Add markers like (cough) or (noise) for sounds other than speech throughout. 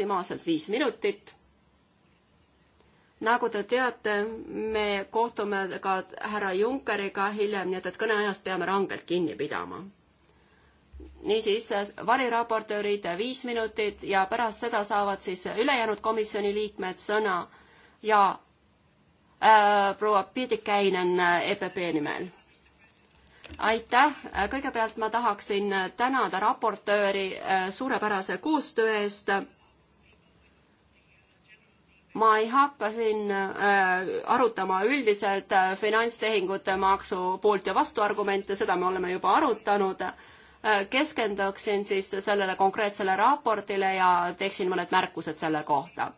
maksimaalselt viis minutit. nagu te teate, me kohtume ka härra Junckeriga hiljem, nii et, et kõneajast peame rangelt kinni pidama. niisiis, variraportöörid viis minutit ja pärast seda saavad siis ülejäänud komisjoni liikmed sõna ja äh, proua Pidikäinen äh, EPP nimel aitäh, kõigepealt ma tahaksin tänada raportööri äh, suurepärase koostöö eest ma ei hakka siin äh, arutama üldiselt äh, finantstehingute maksu poolt ja vastuargumente, seda me oleme juba arutanud. Äh, keskenduksin siis sellele konkreetsele raportile ja teeksin mõned märkused selle kohta.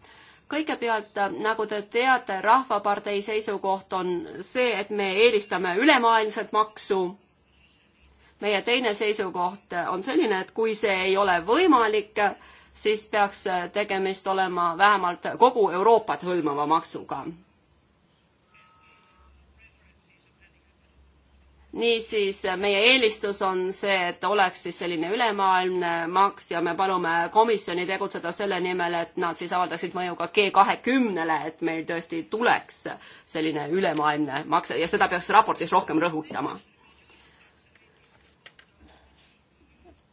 kõigepealt, nagu te teate, Rahvapartei seisukoht on see, et me eelistame ülemaailmset maksu. meie teine seisukoht on selline, et kui see ei ole võimalik, siis peaks äh, tegemist olema vähemalt kogu Euroopat hõlmava maksuga. niisiis, äh, meie eelistus on see, et oleks siis selline ülemaailmne maks ja me palume komisjoni tegutseda selle nimel, et nad siis avaldaksid mõju ka G kahekümnele, et meil tõesti tuleks selline ülemaailmne makse ja seda peaks raportis rohkem rõhutama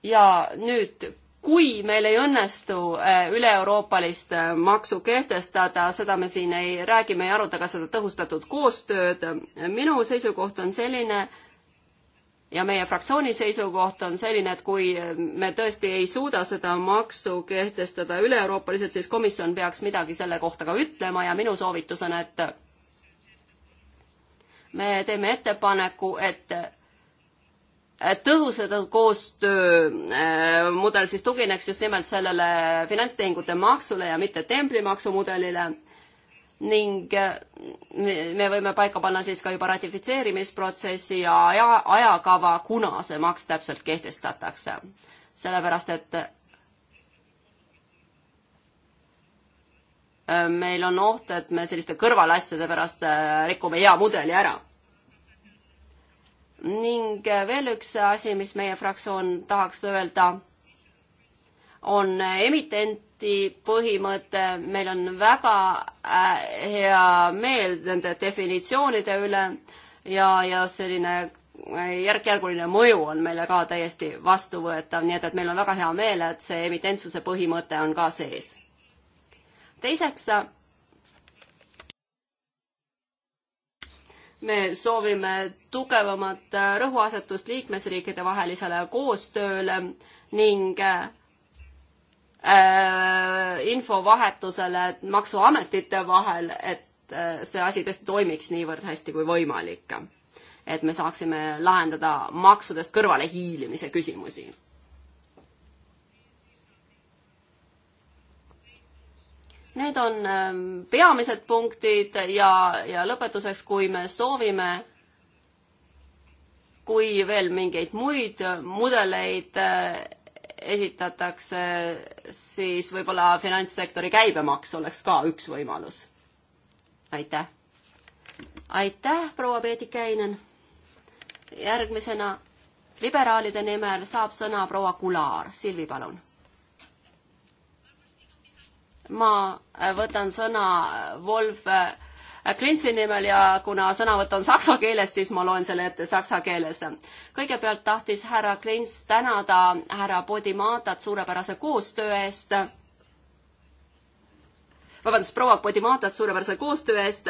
ja nüüd kui meil ei õnnestu äh, üle-euroopalist äh, maksu kehtestada, seda me siin ei räägi, me ei aruta ka seda tõhustatud koostööd. minu seisukoht on selline ja meie fraktsiooni seisukoht on selline, et kui me tõesti ei suuda seda maksu kehtestada üle-euroopaliselt, siis komisjon peaks midagi selle kohta ka ütlema ja minu soovitus on, et me teeme ettepaneku, et Äh, tõhustatud koostöömudel äh, siis tugineks just nimelt sellele finantstehingute maksule ja mitte templimaksumudelile ning äh, me võime paika panna siis ka juba ratifitseerimisprotsessi ja aja, ajakava, kuna see maks täpselt kehtestatakse. sellepärast, et meil on oht, et me selliste kõrvalasjade pärast rikume hea mudeli ära ning äh, veel üks asi, mis meie fraktsioon tahaks öelda, on emitenti põhimõte, meil on väga äh, hea meel nende definitsioonide üle ja, ja selline äh, järk-järguline mõju on meile ka täiesti vastuvõetav, nii et, et meil on väga hea meel, et see emitentsuse põhimõte on ka sees. teiseks me soovime tugevamat äh, rõhuasetust liikmesriikide vahelisele koostööle ning äh, äh, infovahetusele maksuametite vahel, et see asi tõesti toimiks niivõrd hästi kui võimalik. et me saaksime lahendada maksudest kõrvalehiilimise küsimusi Need on ähm, peamised punktid ja, ja lõpetuseks, kui me soovime, kui veel mingeid muid mudeleid äh, esitatakse, siis võib-olla finantssektori käibemaks oleks ka üks võimalus. aitäh. aitäh, proua Peetikäinen. järgmisena liberaalide nimel saab sõna proua Kular. Silvi, palun ma võtan sõna Wolf Klintsi nimel ja kuna sõnavõtt on saksa keeles, siis ma loen selle ette saksa keeles. kõigepealt tahtis härra Klints tänada härra Podimatat suurepärase koostöö eest. vabandust, proua Podimatat suurepärase koostöö eest.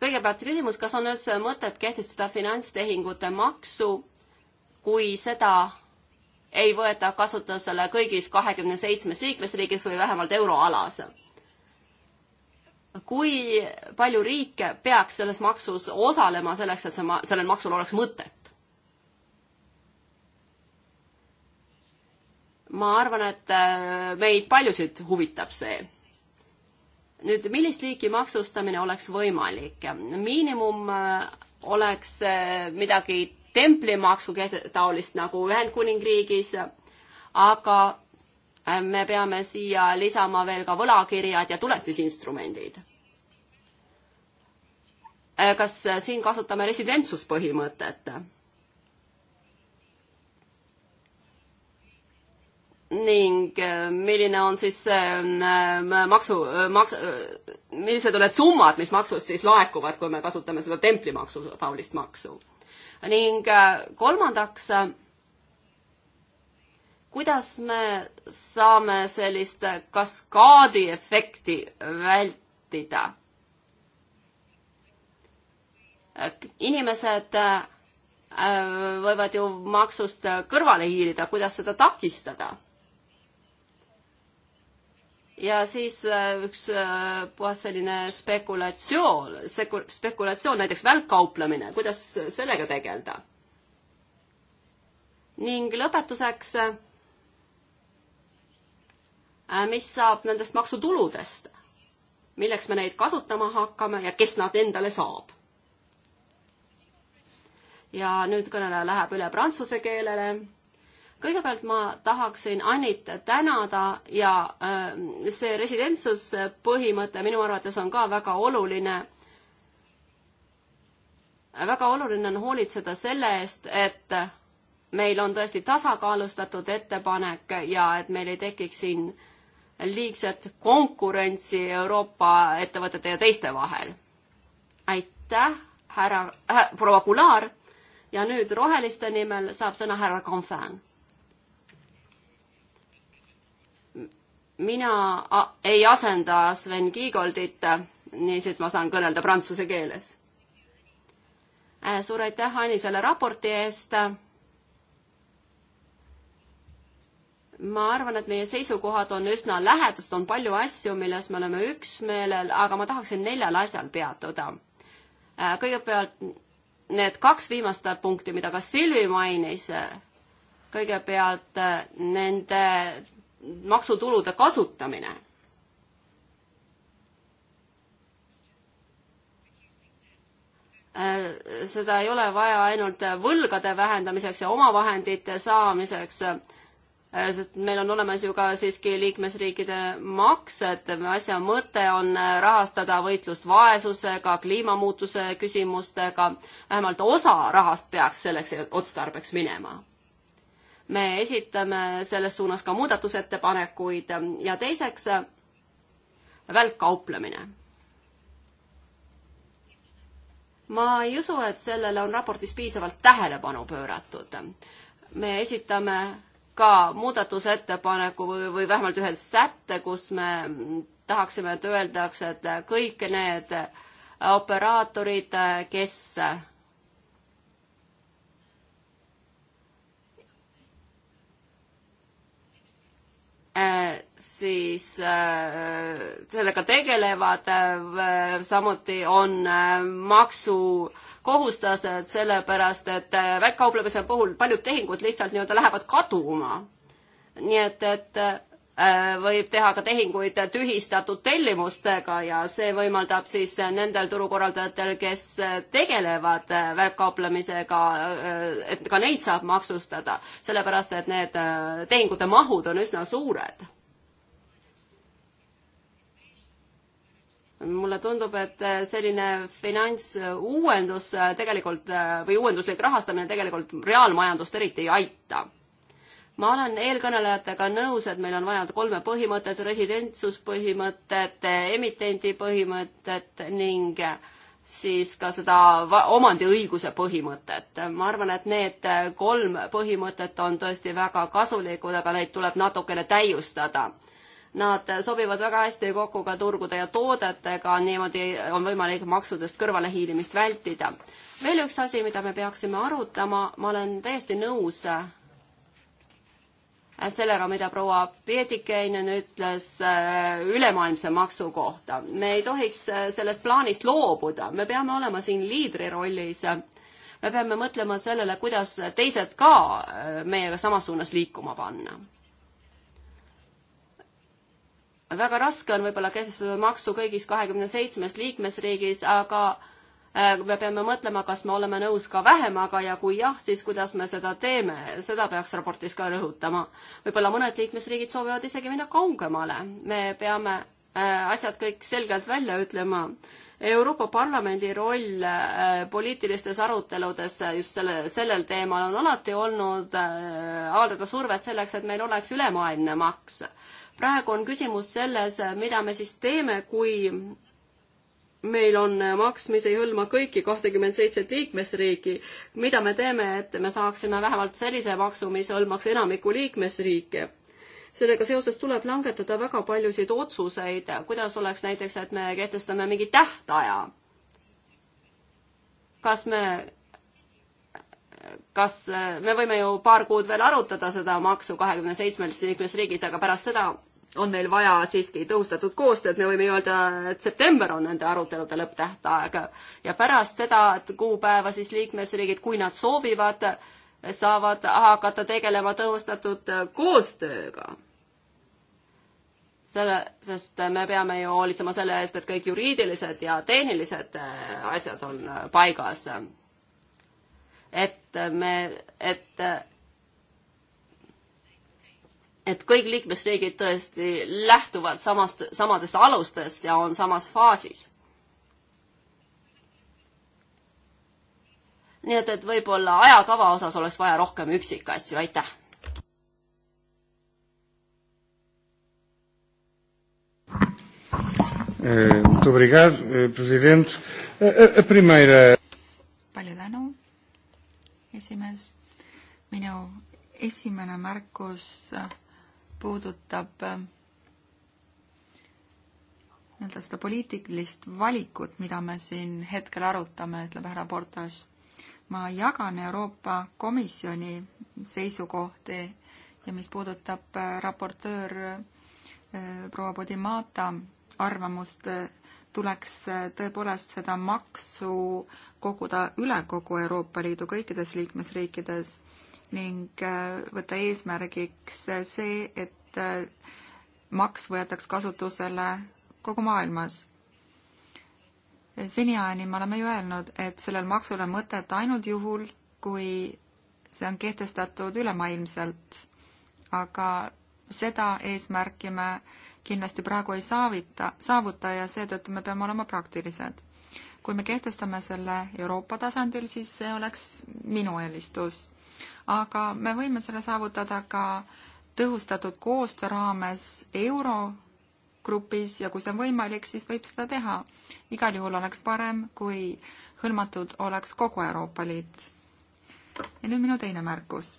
kõigepealt küsimus, kas on üldse mõtet kehtestada finantstehingute maksu, kui seda ei võeta kasutusele kõigis kahekümne seitsmes liikmesriigis või vähemalt euroalas. kui palju riike peaks selles maksus osalema selleks, et see ma-, sellel maksul oleks mõtet? ma arvan, et äh, meid paljusid huvitab see nüüd, millist liiki maksustamine oleks võimalik? miinimum äh, oleks äh, midagi templimaksu taolist nagu Ühendkuningriigis, aga äh, me peame siia lisama veel ka võlakirjad ja tuletisinstrumendid. Äh, kas äh, siin kasutame residentsuspõhimõtet? ning milline on siis see maksu, maks-, millised on need summad, mis maksust siis laekuvad, kui me kasutame seda templimaksu taolist maksu? ning äh, kolmandaks, äh, kuidas me saame sellist kaskaadi efekti vältida? Äh, inimesed võivad ju maksust kõrvale hiilida, kuidas seda takistada ja siis äh, üks äh, puhas selline spekulatsioon, spekulatsioon, näiteks välkkauplemine, kuidas sellega tegeleda. ning lõpetuseks, äh, mis saab nendest maksutuludest, milleks me neid kasutama hakkame ja kes nad endale saab? ja nüüd kõneleja läheb üle prantsuse keelele kõigepealt ma tahaksin Annit tänada ja ähm, see residentsuspõhimõte minu arvates on ka väga oluline. väga oluline on hoolitseda selle eest, et meil on tõesti tasakaalustatud ettepanek ja et meil ei tekiks siin liigset konkurentsi Euroopa ettevõtete ja teiste vahel. aitäh, härra äh,, proua Kular ja nüüd roheliste nimel saab sõna härra Confin mina ei asenda Sven Kiigoldit, niisiis ma saan kõnelda prantsuse keeles. Äh, suur aitäh Ani selle raporti eest. ma arvan, et meie seisukohad on üsna lähedased, on palju asju, milles me oleme üksmeelel, aga ma tahaksin neljal asjal peatuda. Äh, kõigepealt need kaks viimast punkti, mida ka Silvi mainis, kõigepealt äh, nende maksutulude kasutamine. seda ei ole vaja ainult võlgade vähendamiseks ja omavahendite saamiseks, sest meil on olemas ju ka siiski liikmesriikide maksed, asja mõte on rahastada võitlust vaesusega, kliimamuutuse küsimustega, vähemalt osa rahast peaks selleks otstarbeks minema me esitame selles suunas ka muudatusettepanekuid ja teiseks välkkauplemine. ma ei usu, et sellele on raportis piisavalt tähelepanu pööratud. me esitame ka muudatusettepaneku või, või vähemalt ühe sätte, kus me tahaksime, et öeldakse, et kõik need operaatorid, kes Äh, siis äh, sellega tegelevad, äh, samuti on maksukohustused, sellepärast et väikekauplemise puhul paljud tehingud lihtsalt nii-öelda lähevad kaduma. nii et, et Äh, võib teha ka tehinguid tühistatud tellimustega ja see võimaldab siis nendel turukorraldajatel, kes tegelevad väärtkauplemisega, äh, äh, et ka neid saab maksustada, sellepärast et need tehingute mahud on üsna suured. mulle tundub, et selline finantsuuendus tegelikult või uuenduslik rahastamine tegelikult reaalmajandust eriti ei aita ma olen eelkõnelejatega nõus, et meil on vaja kolme põhimõtet, residentsuspõhimõtet, emitendi põhimõtet ning siis ka seda omandiõiguse põhimõtet. ma arvan, et need kolm põhimõtet on tõesti väga kasulikud, aga neid tuleb natukene täiustada. Nad sobivad väga hästi kokku ka turgude ja toodetega, niimoodi on võimalik maksudest kõrvalehiilimist vältida. veel üks asi, mida me peaksime arutama, ma olen täiesti nõus sellega, mida proua Peetikeinen ütles äh, ülemaailmse maksu kohta. me ei tohiks äh, sellest plaanist loobuda, me peame olema siin liidri rollis. me peame mõtlema sellele, kuidas teised ka äh, meiega samas suunas liikuma panna. väga raske on võib-olla kehtestada maksu kõigis kahekümne seitsmes liikmesriigis, aga Äh, me peame mõtlema, kas me oleme nõus ka vähemaga ja kui jah, siis kuidas me seda teeme, seda peaks raportis ka rõhutama. võib-olla mõned liikmesriigid soovivad isegi minna kaugemale, me peame äh, asjad kõik selgelt välja ütlema. Euroopa Parlamendi roll äh, poliitilistes aruteludes just selle, sellel teemal on alati olnud avaldada survet selleks, et meil oleks ülemaailmne maks. praegu on küsimus selles, mida me siis teeme, kui meil on maks, mis ei hõlma kõiki kahtekümmet seitset liikmesriiki. mida me teeme, et me saaksime vähemalt sellise maksu, mis hõlmaks enamikku liikmesriike? sellega seoses tuleb langetada väga paljusid otsuseid, kuidas oleks näiteks, et me kehtestame mingi tähtaja. kas me, kas me võime ju paar kuud veel arutada seda maksu kahekümne seitsmes liikmesriigis, aga pärast seda on meil vaja siiski tõhustatud koostööd, me võime öelda, et september on nende arutelude lõpptähtaeg ja pärast seda kuupäeva siis liikmesriigid, kui nad soovivad, saavad hakata tegelema tõhustatud koostööga. selle, sest me peame ju hoolitsema selle eest, et kõik juriidilised ja tehnilised asjad on paigas. et me, et et kõik liikmesriigid tõesti lähtuvad samast, samadest alustest ja on samas faasis. nii et, et võib-olla ajakava osas oleks vaja rohkem üksikasju, aitäh. Eh, eh, palju tänu, esimees. minu esimene märkus puudutab äh, nii-öelda seda poliitilist valikut, mida me siin hetkel arutame, ütleb härra Portas. ma jagan Euroopa Komisjoni seisukohti ja mis puudutab äh, raportöör äh, proua Podimata arvamust, tuleks tõepoolest seda maksu koguda üle kogu Euroopa Liidu kõikides liikmesriikides ning äh, võtta eesmärgiks äh, see, et äh, maks võetaks kasutusele kogu maailmas. seniajani me oleme ju öelnud, et sellel maksul on mõtet ainult juhul, kui see on kehtestatud ülemaailmselt, aga seda eesmärki me kindlasti praegu ei saavita, saavuta ja seetõttu me peame olema praktilised. kui me kehtestame selle Euroopa tasandil, siis see oleks minu eelistus aga me võime selle saavutada ka tõhustatud koostöö raames eurogrupis ja kui see on võimalik, siis võib seda teha. igal juhul oleks parem, kui hõlmatud oleks kogu Euroopa Liit. ja nüüd minu teine märkus.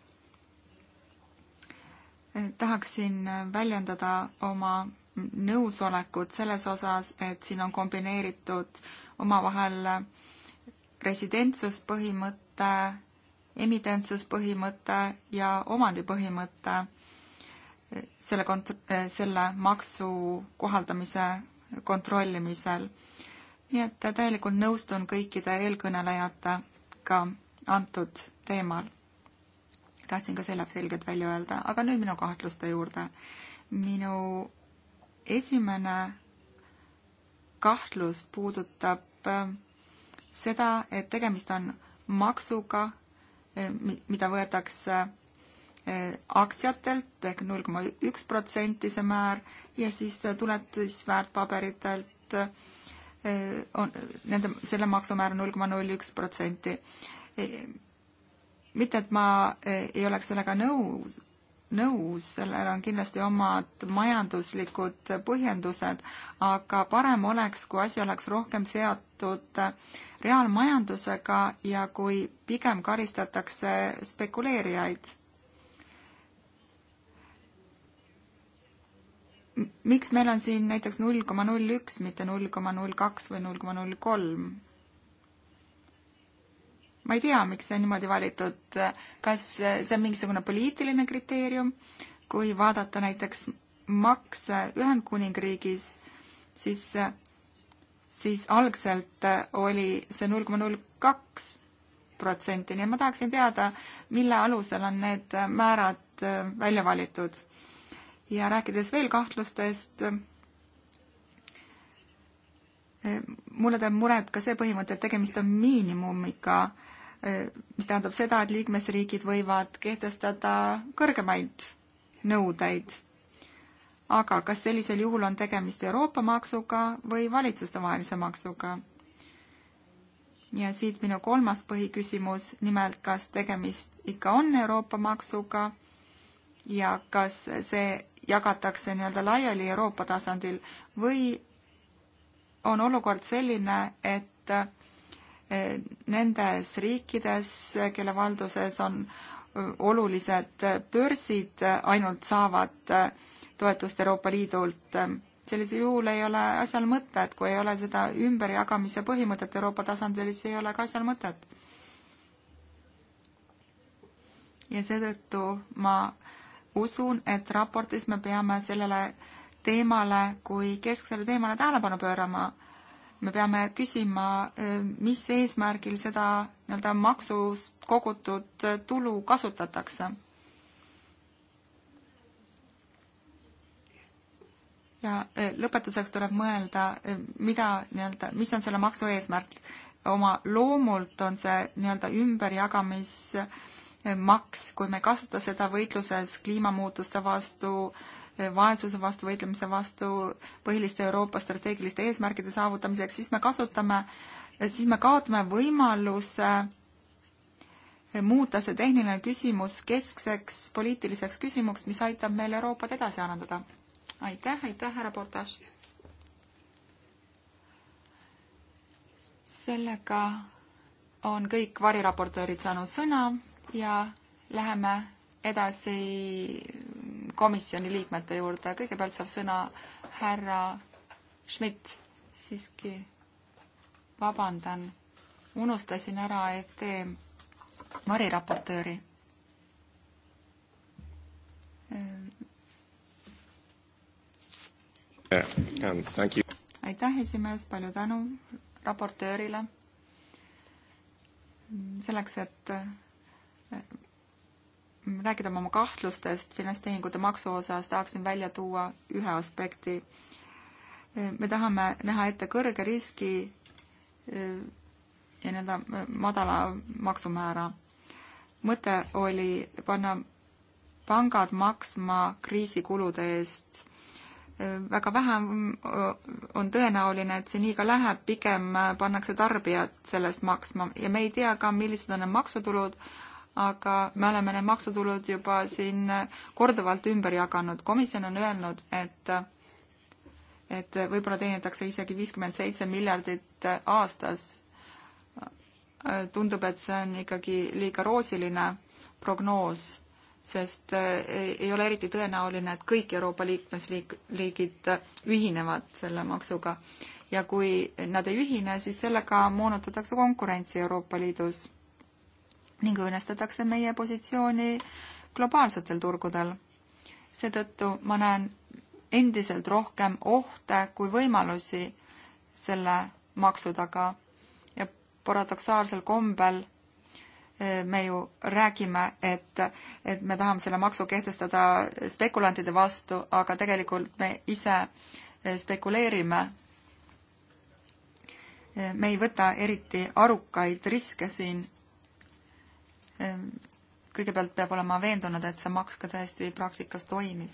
tahaksin väljendada oma nõusolekut selles osas, et siin on kombineeritud omavahel residentsuspõhimõte emitentsuspõhimõte ja omandipõhimõte selle kont-, selle maksu kohaldamise kontrollimisel. nii et täielikult nõustun kõikide eelkõnelejatega antud teemal. tahtsin ka selle selgelt välja öelda, aga nüüd minu kahtluste juurde. minu esimene kahtlus puudutab äh, seda, et tegemist on maksuga, Eh, mida võetakse eh, aktsiatelt ehk null koma üks protsenti see määr ja siis eh, tuletisväärtpaberitelt on nende, selle maksumäär null koma null üks protsenti. mitte, et ma ei oleks sellega nõus, nõus, sellel on kindlasti omad majanduslikud põhjendused, aga parem oleks, kui asi oleks rohkem seotud reaalmajandusega ja kui pigem karistatakse spekuleerijaid. miks meil on siin näiteks null koma null üks, mitte null koma null kaks või null koma null kolm? ma ei tea, miks see on niimoodi valitud, kas see on mingisugune poliitiline kriteerium, kui vaadata näiteks makse Ühendkuningriigis, siis, siis algselt oli see null koma null kaks protsenti, nii et ma tahaksin teada, mille alusel on need määrad välja valitud. ja rääkides veel kahtlustest, mulle teeb muret ka see põhimõte, et tegemist on miinimumiga äh, Äh, mis tähendab seda, et liikmesriigid võivad kehtestada kõrgemaid nõudeid. aga kas sellisel juhul on tegemist Euroopa maksuga või valitsustevahelise maksuga? ja siit minu kolmas põhiküsimus, nimelt kas tegemist ikka on Euroopa maksuga ja kas see jagatakse nii-öelda laiali Euroopa tasandil või on olukord selline, et nendes riikides, kelle valduses on olulised börsid, ainult saavad toetust Euroopa Liidult. sellisel juhul ei ole asjal mõtet, kui ei ole seda ümberjagamise põhimõtet Euroopa tasandil, siis ei ole ka asjal mõtet. ja seetõttu ma usun, et raportis me peame sellele teemale kui kesksele teemale tähelepanu pöörama me peame küsima, äh, mis eesmärgil seda nii-öelda maksust kogutud äh, tulu kasutatakse. ja äh, lõpetuseks tuleb mõelda, mida nii-öelda, mis on selle maksu eesmärk. oma loomult on see nii-öelda ümberjagamis maks, kui me ei kasuta seda võitluses kliimamuutuste vastu äh, vaesuse vastu võitlemise vastu, põhiliste Euroopa strateegiliste eesmärkide saavutamiseks, siis me kasutame, siis me kaotame võimaluse muuta see tehniline küsimus keskseks poliitiliseks küsimuks, mis aitab meil Euroopat edasi arendada. aitäh, aitäh, härra Portaž! sellega on kõik variraportöörid saanud sõna ja läheme edasi komisjoni liikmete juurde. kõigepealt saab sõna härra Schmidt. siiski vabandan, unustasin ära EFT variraportööri. Um, aitäh, esimees, palju tänu raportöörile. selleks, et rääkida oma kahtlustest finantstehingute maksu osas, tahaksin välja tuua ühe aspekti. me tahame näha ette kõrge riski e, ja nii-öelda e, madala maksumäära. mõte oli panna pangad maksma kriisikulude eest. E, väga vähe on tõenäoline, et see nii ka läheb, pigem pannakse tarbijad sellest maksma ja me ei tea ka, millised on need maksutulud aga me oleme need maksutulud juba siin korduvalt ümber jaganud. komisjon on öelnud, et et võib-olla teenitakse isegi viiskümmend seitse miljardit aastas. tundub, et see on ikkagi liiga roosiline prognoos, sest ei ole eriti tõenäoline, et kõik Euroopa liikmesriigid ühinevad selle maksuga. ja kui nad ei ühine, siis sellega moonutatakse konkurentsi Euroopa Liidus ning õõnestatakse meie positsiooni globaalsetel turgudel. seetõttu ma näen endiselt rohkem ohte kui võimalusi selle maksu taga ja paradoksaalsel kombel e, me ju räägime, et, et me tahame selle maksu kehtestada spekulantide vastu, aga tegelikult me ise e, spekuleerime. E, me ei võta eriti arukaid riske siin Ehm, kõigepealt peab olema veendunud, et see maks ka tõesti praktikas toimib.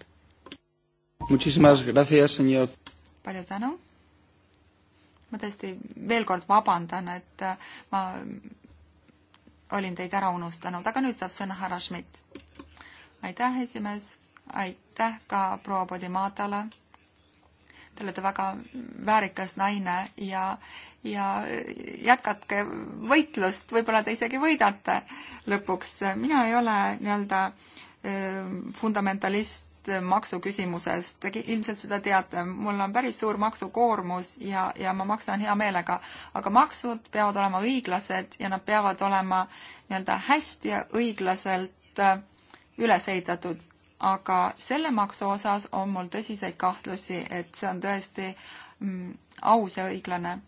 palju tänu. ma tõesti veel kord vabandan, et äh, ma olin teid ära unustanud, aga nüüd saab sõna härra Schmidt. aitäh, esimees, aitäh ka proua Podimatale Te olete väga väärikas naine ja, ja jätkatke võitlust, võib-olla te isegi võidate lõpuks. mina ei ole nii-öelda fundamentalist maksuküsimusest, ilmselt seda teate, mul on päris suur maksukoormus ja, ja ma maksan hea meelega, aga maksud peavad olema õiglased ja nad peavad olema nii-öelda hästi ja õiglaselt üles ehitatud aga selle maksu osas on mul tõsiseid kahtlusi, et see on tõesti mm, aus ja õiglane.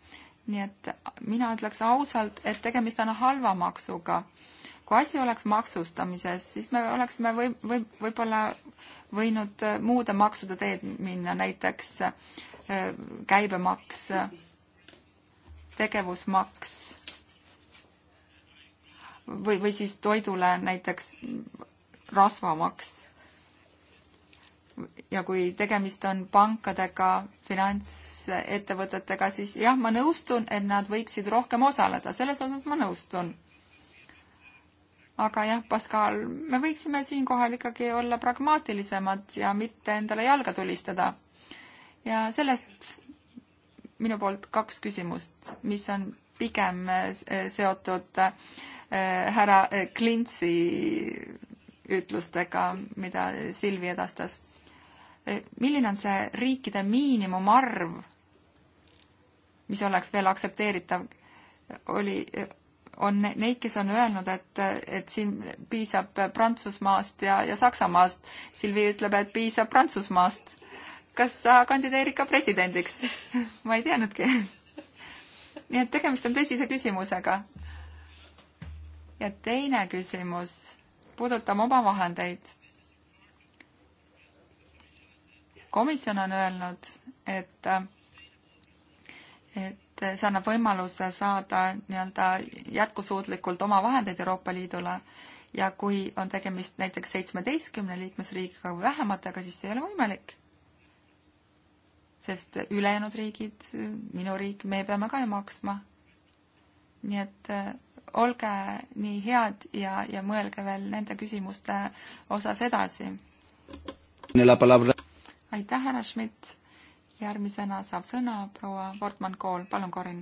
nii et mina ütleks ausalt, et tegemist on halva maksuga. kui asi oleks maksustamises, siis me oleksime või, või võib-olla võinud äh, muude maksude teed minna, näiteks äh, käibemaks, tegevusmaks või, või siis toidule näiteks rasvamaks ja kui tegemist on pankadega, finantsettevõtetega, siis jah, ma nõustun, et nad võiksid rohkem osaleda, selles osas ma nõustun. aga jah, Pascal, me võiksime siinkohal ikkagi olla pragmaatilisemad ja mitte endale jalga tulistada. ja sellest minu poolt kaks küsimust, mis on pigem eh, seotud eh, härra Klintsi ütlustega, mida Silvi edastas Eh, milline on see riikide miinimumarv, mis oleks veel aktsepteeritav, oli, eh, on neid, kes on öelnud, et, eh, et siin piisab Prantsusmaast ja, ja Saksamaast. Silvi ütleb, et piisab Prantsusmaast. kas sa kandideerid ka presidendiks (laughs) ma ei teadnudki. (laughs) nii et tegemist on tõsise küsimusega. ja teine küsimus puudutab omavahendeid komisjon on öelnud, et, et see annab võimaluse saada nii-öelda jätkusuutlikult oma vahendeid Euroopa Liidule ja kui on tegemist näiteks seitsmeteistkümne liikmesriigiga või vähematega, siis see ei ole võimalik. sest ülejäänud riigid, minu riik, me peame ka ju maksma. nii et eh, olge nii head ja, ja mõelge veel nende küsimuste osas edasi aitäh, härra Schmidt. järgmisena saab sõna proua Wortmann Kool, palun, Karin.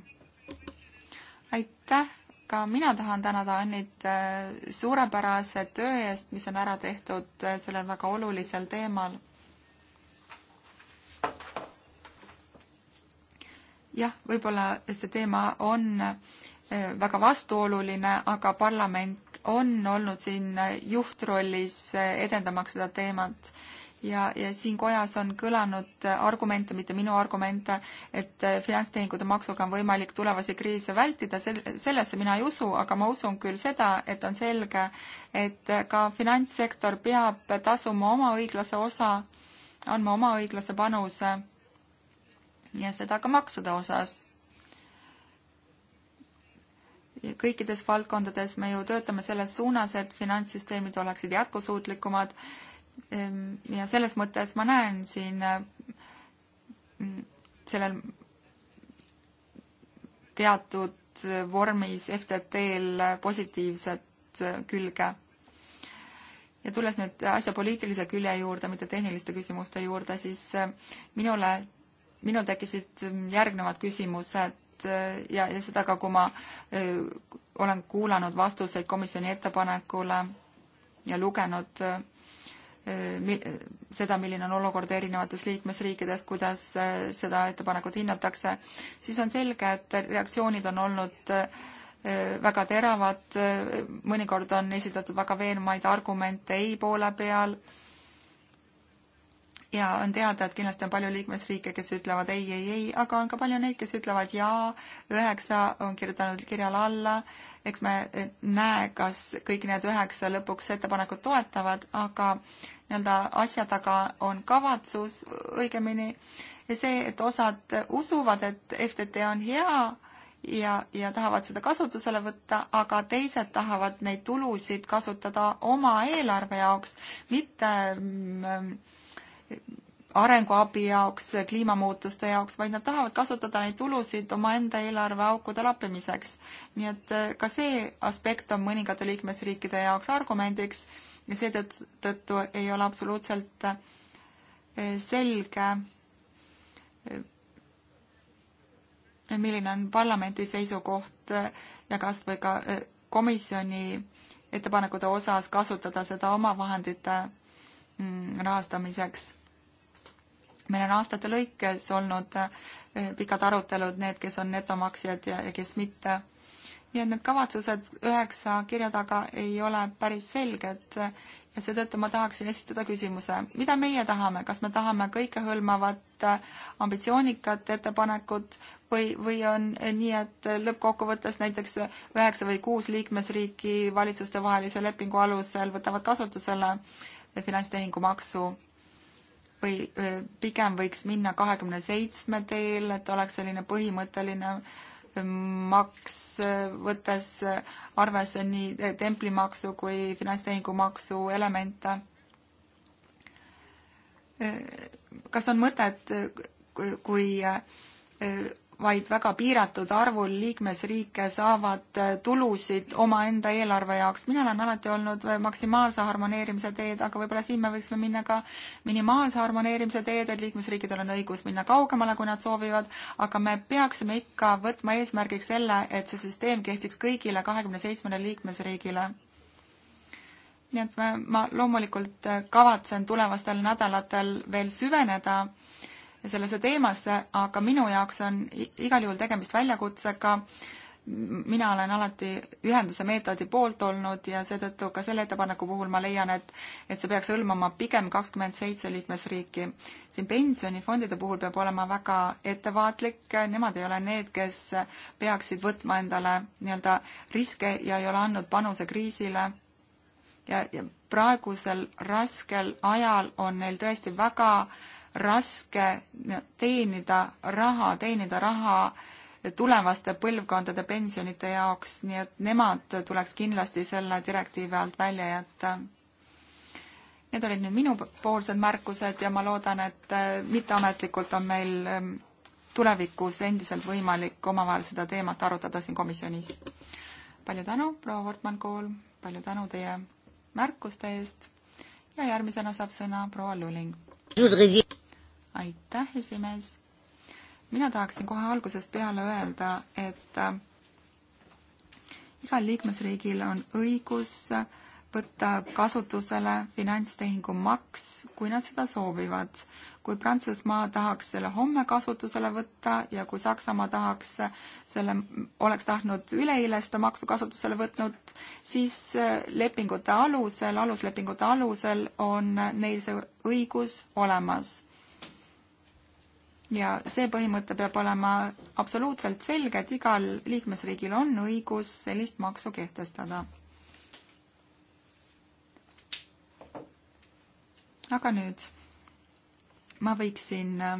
aitäh, ka mina tahan tänada Annit äh, suurepärase töö eest, mis on ära tehtud äh, sellel väga olulisel teemal. jah, võib-olla see teema on äh, väga vastuoluline, aga parlament on olnud siin juhtrollis edendamaks seda teemat ja, ja siin kojas on kõlanud argumente, mitte minu argumente, et finantstehingute maksuga on võimalik tulevasi kriise vältida, sel-, sellesse mina ei usu, aga ma usun küll seda, et on selge, et ka finantssektor peab tasuma oma õiglase osa, andma oma õiglase panuse ja seda ka maksude osas. kõikides valdkondades me ju töötame selles suunas, et finantssüsteemid oleksid jätkusuutlikumad Ehm, ja selles mõttes ma näen siin äh, sellel teatud äh, vormis FTT-l äh, positiivset külge. ja tulles nüüd asja poliitilise külje juurde, mitte tehniliste küsimuste juurde, siis minule, minul tekkisid järgnevad küsimused ja, ja seda ka, kui ma öö, olen kuulanud vastuseid komisjoni ettepanekule ja lugenud öö, Eh, seda, milline on olukord erinevates liikmesriikides, kuidas eh, seda ettepanekut hinnatakse, siis on selge, et reaktsioonid on olnud eh, väga teravad, mõnikord on esitatud väga veenvaid argumente ei poole peal ja on teada, et kindlasti on palju liikmesriike, kes ütlevad ei, ei, ei, aga on ka palju neid, kes ütlevad jaa, üheksa on kirjutanud kirjale alla, eks me eh, näe, kas kõik need üheksa lõpuks ettepanekut toetavad, aga nii-öelda asja taga on kavatsus õigemini ja see, et osad usuvad, et FTT on hea, ja, ja tahavad seda kasutusele võtta, aga teised tahavad neid tulusid kasutada oma eelarve jaoks, mitte mm, arenguabi jaoks, kliimamuutuste jaoks, vaid nad tahavad kasutada neid tulusid omaenda eelarveaukude lappimiseks. nii et eh, ka see aspekt on mõningate liikmesriikide jaoks argumendiks ja seetõttu ei ole absoluutselt eh, selge, eh, milline on parlamendi seisukoht ja kas või ka komisjoni ettepanekute osas kasutada seda omavahendite Mm, rahastamiseks. meil on aastate lõikes olnud eh, pikad arutelud, need, kes on netomaksjad ja, ja kes mitte. nii et need kavatsused üheksa kirja taga ei ole päris selged ja seetõttu ma tahaksin esitada küsimuse, mida meie tahame, kas me tahame kõikehõlmavat eh, ambitsioonikat ettepanekut või, või on nii, et lõppkokkuvõttes näiteks üheksa või kuus liikmesriiki valitsustevahelise lepingu alusel võtavad kasutusele äh, finantstehingumaksu või pigem võiks minna kahekümne seitsme teel, et oleks selline põhimõtteline maks, võttes arvesse nii templimaksu kui finantstehingumaksu elemente. kas on mõtet, kui vaid väga piiratud arvul liikmesriike saavad äh, tulusid omaenda eelarve jaoks. mina olen alati olnud äh, maksimaalse harmoneerimise teed, aga võib-olla siin me võiksime minna ka minimaalse harmoneerimise teed, et liikmesriikidel on õigus minna kaugemale, kui nad soovivad, aga me peaksime ikka võtma eesmärgiks selle, et see süsteem kehtiks kõigile kahekümne seitsmele liikmesriigile nii et ma, ma loomulikult äh, kavatsen tulevastel nädalatel veel süveneda äh, sellesse teemasse, aga minu jaoks on igal juhul tegemist väljakutsega. mina olen alati ühenduse meetodi poolt olnud ja seetõttu ka selle ettepaneku puhul ma leian, et, et see peaks hõlmama pigem kakskümmend seitse liikmesriiki. siin pensionifondide puhul peab olema väga ettevaatlik, nemad ei ole need, kes peaksid võtma endale nii-öelda riske ja ei ole andnud panuse kriisile ja, ja praegusel raskel ajal on neil tõesti väga äh, raske teenida raha, teenida raha tulevaste põlvkondade pensionite jaoks, nii et nemad tuleks kindlasti selle direktiivi alt välja jätta. Need olid nüüd minupoolsed märkused ja ma loodan, et äh, mitteametlikult on meil ähm, tulevikus endiselt võimalik omavahel seda teemat arutada siin komisjonis. palju tänu, proua Wortmann-Kool, palju tänu teie märkuste eest ja järgmisena saab sõna proua Luling aitäh, esimees. mina tahaksin kohe algusest peale öelda, et äh, igal liikmesriigil on õigus äh, võtta kasutusele finantstehingu maks, kui nad seda soovivad. kui Prantsusmaa tahaks selle homme kasutusele võtta ja kui Saksamaa tahaks äh, selle, oleks tahtnud üleeile seda maksu kasutusele võtnud, siis lepingute alusel, aluslepingute alusel on neil see õigus olemas ja see põhimõte peab olema absoluutselt selge, et igal liikmesriigil on õigus sellist maksu kehtestada. aga nüüd ma võiksin äh,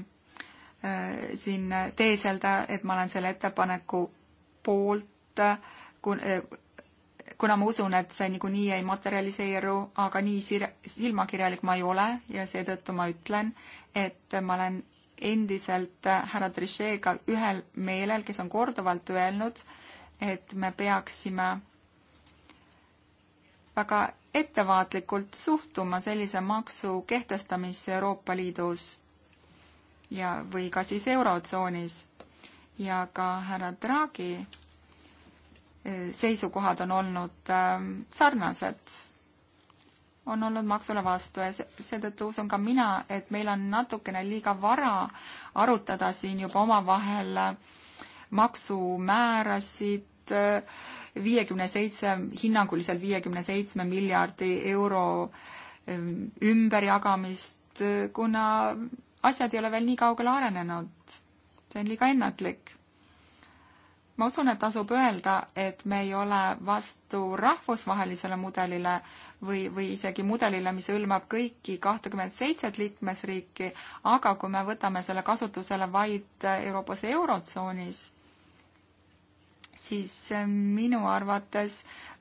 siin teeselda, et ma olen selle ettepaneku poolt, äh, kun- äh,, kuna ma usun, et see niikuinii ei materialiseeru, aga nii sir-, silmakirjalik ma ei ole ja seetõttu ma ütlen, et ma olen endiselt äh, härra Trichet'ga ühel meelel, kes on korduvalt öelnud, et me peaksime väga ettevaatlikult suhtuma sellise maksu kehtestamisse Euroopa Liidus ja, või ka siis Eurotsoonis. ja ka härra Draghi äh, seisukohad on olnud äh, sarnased on olnud maksule vastu ja seetõttu usun ka mina, et meil on natukene liiga vara arutada siin juba omavahel äh, maksumäärasid äh, viiekümne seitse, hinnanguliselt viiekümne seitsme miljardi euro ähm, ümberjagamist, äh, kuna asjad ei ole veel nii kaugele arenenud. see on liiga ennatlik. ma usun, et tasub öelda, et me ei ole vastu rahvusvahelisele mudelile, või, või isegi mudelile, mis hõlmab kõiki kahtekümmet seitset liikmesriiki, aga kui me võtame selle kasutusele vaid Euroopas Eurotsoonis, siis eh, minu arvates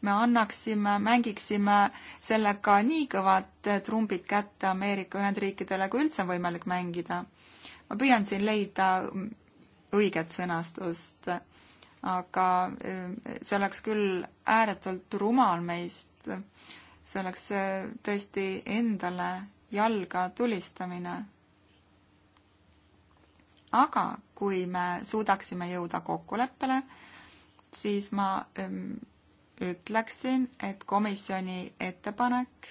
me annaksime, mängiksime sellega nii kõvad trumbid kätte Ameerika Ühendriikidele, kui üldse on võimalik mängida. ma püüan siin leida õiget sõnastust, aga eh, see oleks küll ääretult rumal meist see oleks eh, tõesti endale jalga tulistamine. aga kui me suudaksime jõuda kokkuleppele, siis ma ehm, ütleksin, et komisjoni ettepanek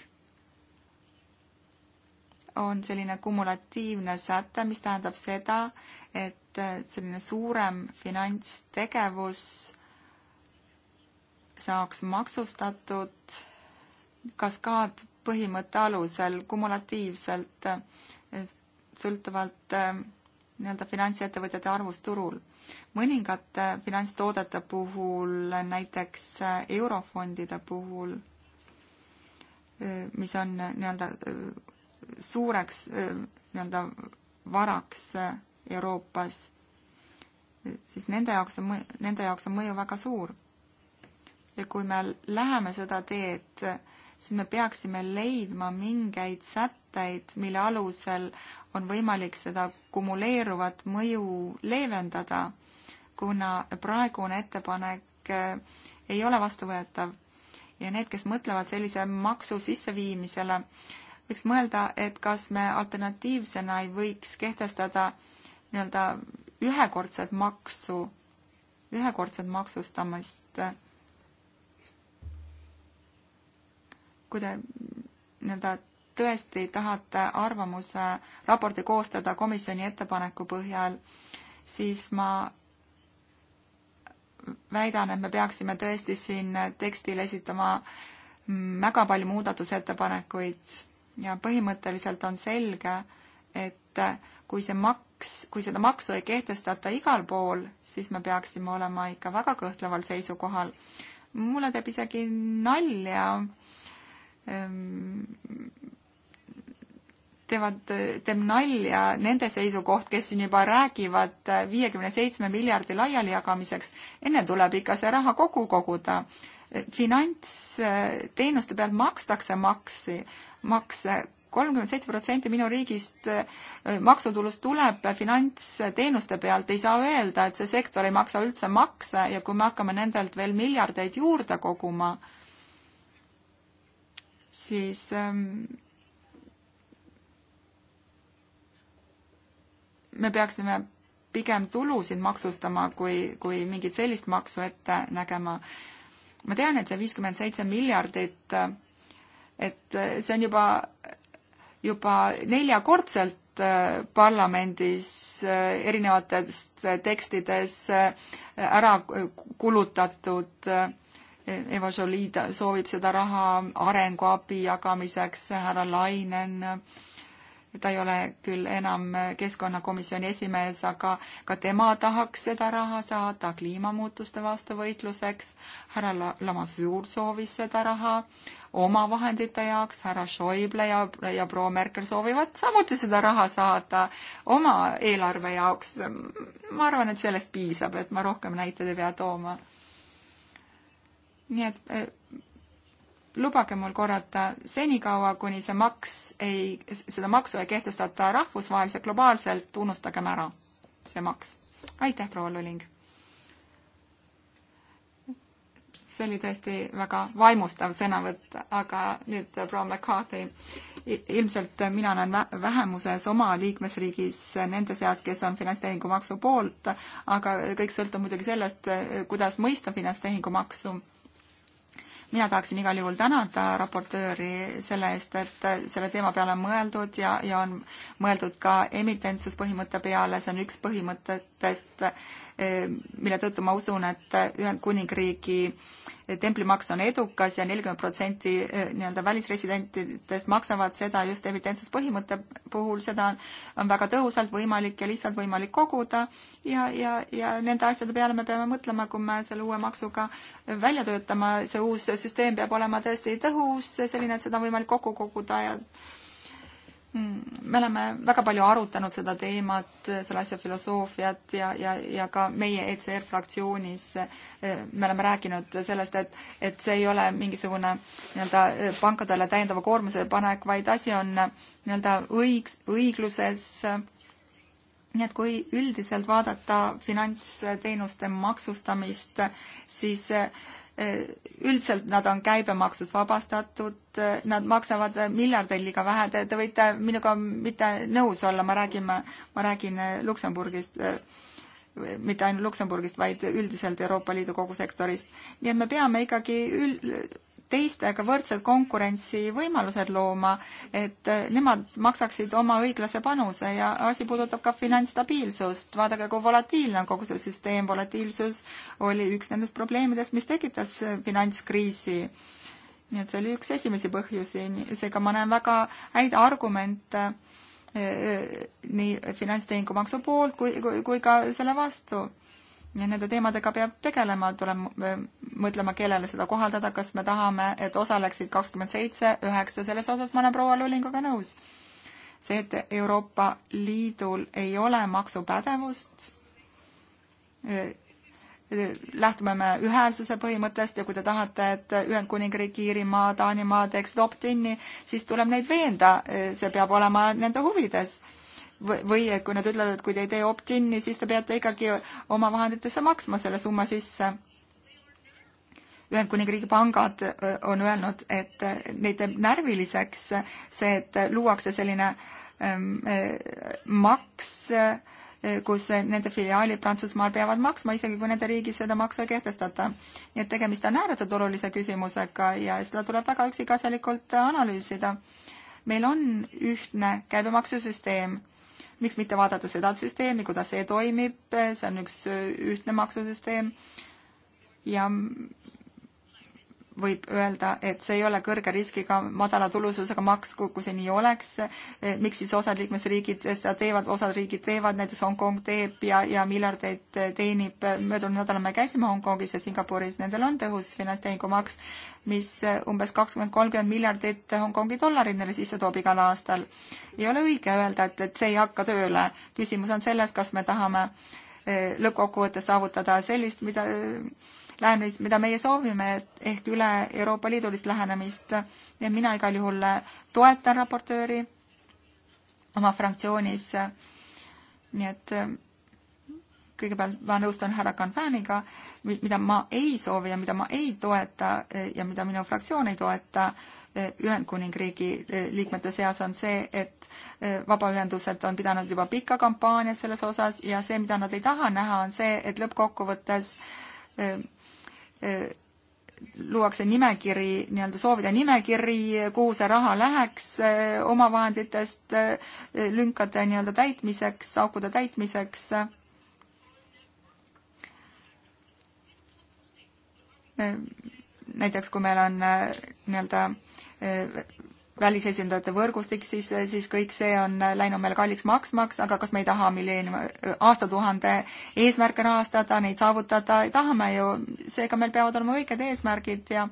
on selline kumulatiivne säte, mis tähendab seda, et eh, selline suurem finantstegevus saaks maksustatud kaskaadpõhimõtte alusel kumulatiivselt eh, sõltuvalt eh, nii-öelda finantsettevõtjate arvust turul. mõningate finantstoodete puhul, näiteks eh, eurofondide puhul, mis on nii-öelda suureks nii-öelda varaks Euroopas, siis nende jaoks on, nende jaoks on mõju väga suur. ja kui me läheme seda teed, siis me peaksime leidma mingeid sätteid, mille alusel on võimalik seda kumuleeruvat mõju leevendada, kuna praegune ettepanek eh, ei ole vastuvõetav. ja need, kes mõtlevad sellise maksu sisseviimisele, võiks mõelda, et kas me alternatiivsena ei võiks kehtestada nii-öelda ühekordset maksu, ühekordset maksustamist kui te nii-öelda tõesti tahate arvamuse raporti koostada komisjoni ettepaneku põhjal, siis ma väidan, et me peaksime tõesti siin tekstil esitama väga palju muudatusettepanekuid ja põhimõtteliselt on selge, et kui see maks, kui seda maksu ei kehtestata igal pool, siis me peaksime olema ikka väga kõhtleval seisukohal. mulle teeb isegi nalja äh, Ehm, teevad, teeb nalja nende seisukoht, kes siin juba räägivad viiekümne seitsme miljardi laialijagamiseks, enne tuleb ikka see raha kokku koguda. finantsteenuste pealt makstakse maksi, makse, kolmkümmend seitse protsenti minu riigist eh, maksutulust tuleb finantsteenuste pealt, ei saa öelda, et see sektor ei maksa üldse makse ja kui me hakkame nendelt veel miljardeid juurde koguma, siis ähm, me peaksime pigem tulusid maksustama, kui, kui mingit sellist maksu ette nägema. ma tean, et see viiskümmend seitse miljardit, et see on juba, juba neljakordselt äh, parlamendis äh, erinevates tekstides äh, ära kulutatud Eva Jolie soovib seda raha arenguabi jagamiseks, härra Lainen, ta ei ole küll enam keskkonnakomisjoni esimees, aga ka tema tahaks seda raha saada kliimamuutuste vastu võitluseks. härra Lamassuur soovis seda raha oma vahendite jaoks, härra Schäuble ja, ja proua Merkel soovivad samuti seda raha saada oma eelarve jaoks. ma arvan, et sellest piisab, et ma rohkem näiteid ei pea tooma nii et eh, lubage mul korrata, senikaua, kuni see maks ei, seda maksu ei kehtestata rahvusvaheliselt, globaalselt, unustagem ära see maks. aitäh, proua Luling! see oli tõesti väga vaimustav sõnavõtt, aga nüüd eh, proua McCarthy, ilmselt mina olen vähemuses oma liikmesriigis nende seas, kes on finantstehingumaksu poolt, aga kõik sõltub muidugi sellest, eh, kuidas mõista finantstehingumaksu mina tahaksin igal juhul tänada raportööri selle eest, et selle teema peale on mõeldud ja, ja on mõeldud ka emitentsuspõhimõtte peale, see on üks põhimõtetest, Eh, mille tõttu ma usun, et Ühendkuningriigi templimaks on edukas ja nelikümmend protsenti eh, nii-öelda välisresidentidest maksavad seda just evidentsuspõhimõtte puhul, seda on väga tõhusalt võimalik ja lihtsalt võimalik koguda ja, ja, ja nende asjade peale me peame mõtlema, kui me selle uue maksuga välja töötama, see uus süsteem peab olema tõesti tõhus, selline, et seda on võimalik kokku koguda ja Mm, me oleme väga palju arutanud seda teemat, selle asja filosoofiat ja, ja, ja ka meie ECR fraktsioonis eh, me oleme rääkinud sellest, et, et see ei ole mingisugune nii-öelda eh, pankadele täiendava koormuse panek, vaid asi on nii-öelda õigs, õigluses. nii et kui üldiselt vaadata finantsteenuste maksustamist, siis eh, Äh, üldiselt nad on käibemaksust vabastatud, äh, nad maksavad miljardeid liiga vähe, te, te võite minuga mitte nõus olla, ma räägin, ma räägin äh, Luksemburgist, mitte ainult Luksemburgist, vaid üldiselt Euroopa Liidu kogu sektorist. nii et me peame ikkagi ül-, teistega võrdsed konkurentsivõimalused looma, et nemad maksaksid oma õiglase panuse ja asi puudutab ka finantsstabiilsust. vaadake, kui volatiilne on kogu see süsteem, volatiilsus oli üks nendest probleemidest, mis tekitas finantskriisi. nii et see oli üks esimesi põhjusi, seega ma näen väga häid argumente eh, eh, nii finantstehingumaksu poolt kui, kui, kui ka selle vastu ja nende teemadega peab tegelema, tuleb äh, mõtlema, kellele seda kohaldada, kas me tahame, et osaleksid kakskümmend seitse, üheksa, selles osas ma olen proua Lullinguga nõus. see, et Euroopa Liidul ei ole maksupädevust, äh, lähtume me ühelsuse põhimõttest ja kui te tahate, et Ühendkuningriik, Iirimaa, Taanimaa teeksid opt-in'i, siis tuleb neid veenda, äh, see peab olema nende huvides või kui nad ütlevad, et kui te ei tee opt-in'i, siis te peate ikkagi oma vahenditesse maksma selle summa sisse. Ühendkuningriigi pangad on öelnud, et neid teeb närviliseks see, et luuakse selline ähm, maks, kus nende filiaalid Prantsusmaal peavad maksma, isegi kui nende riigis seda maksu ei kehtestata. nii et tegemist on ääretult olulise küsimusega ja seda tuleb väga üksikasjalikult analüüsida. meil on ühtne käibemaksusüsteem miks mitte vaadata seda süsteemi, kuidas see toimib, see on üks ühtne maksusüsteem ja võib öelda, et see ei ole kõrge riskiga, madala tulususega maks, kui see nii oleks, e, miks siis osad liikmesriigid seda teevad, osad riigid teevad, näiteks Hongkong teeb ja, ja miljardeid teenib, möödunud nädalal me käisime Hongkongis ja Singapuris, nendel on tõhus finantstehingumaks, mis umbes kakskümmend, kolmkümmend miljardit Hongkongi dollarit neile sisse toob igal aastal. ei ole õige öelda, et, et see ei hakka tööle, küsimus on selles, kas me tahame e, lõppkokkuvõttes saavutada sellist, mida lähenemist, mida meie soovime, et ehk üle Euroopa Liidulist lähenemist. ja mina igal juhul toetan raportööri oma fraktsioonis. nii et kõigepealt ma nõustun härra Kanfaniga, mida ma ei soovi ja mida ma ei toeta ja mida minu fraktsioon ei toeta Ühendkuningriigi liikmete seas on see, et vabaühendused on pidanud juba pika kampaaniat selles osas ja see, mida nad ei taha näha, on see, et lõppkokkuvõttes luuakse nimekiri, nii-öelda soovide nimekiri, kuhu see raha läheks eh, omavahenditest eh, lünkade nii-öelda täitmiseks, aukude täitmiseks. Eh, näiteks kui meil on nii-öelda välisesindajate võrgustik, siis, siis kõik see on läinud meile kalliks maksmaks, aga kas me ei taha milleenium-, aastatuhande eesmärke rahastada, neid saavutada, tahame ju, seega meil peavad olema õiged eesmärgid ja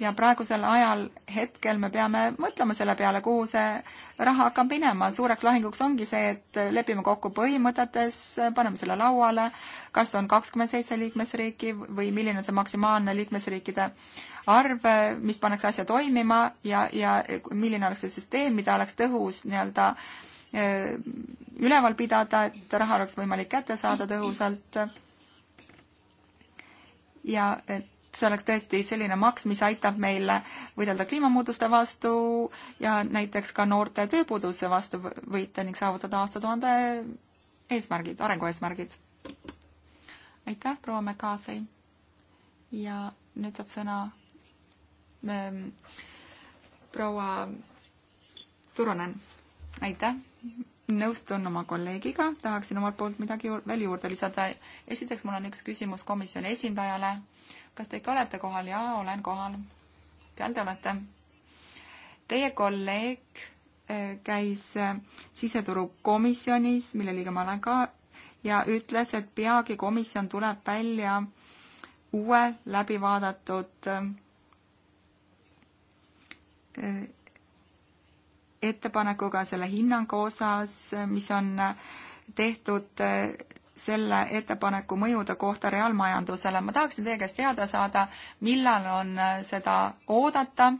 ja praegusel ajal hetkel me peame mõtlema selle peale, kuhu see raha hakkab minema. suureks lahinguks ongi see, et lepime kokku põhimõtetes, paneme selle lauale, kas on kakskümmend seitse liikmesriiki või milline on see maksimaalne liikmesriikide arv, mis pannakse asja toimima ja, ja milline oleks see süsteem, mida oleks tõhus nii-öelda eh, üleval pidada, et raha oleks võimalik kätte saada tõhusalt. ja et see oleks tõesti selline maks, mis aitab meil võidelda kliimamuutuste vastu ja näiteks ka noorte tööpuuduse vastu võita ning saavutada aastatuhande eesmärgid, arengueesmärgid. aitäh, proua McCarthy. ja nüüd saab sõna ähm, proua Turunen. aitäh nõustun oma kolleegiga, tahaksin omalt poolt midagi juur, veel juurde lisada. esiteks, mul on üks küsimus komisjoni esindajale kas te ikka olete kohal? jaa, olen kohal. seal te olete. Teie kolleeg äh, käis äh, siseturukomisjonis, mille liige ma olen ka, ja ütles, et peagi komisjon tuleb välja uue läbivaadatud äh, ettepanekuga selle hinnangu osas, mis on tehtud selle ettepaneku mõjude kohta reaalmajandusele. ma tahaksin teie käest teada saada, millal on äh, seda oodata.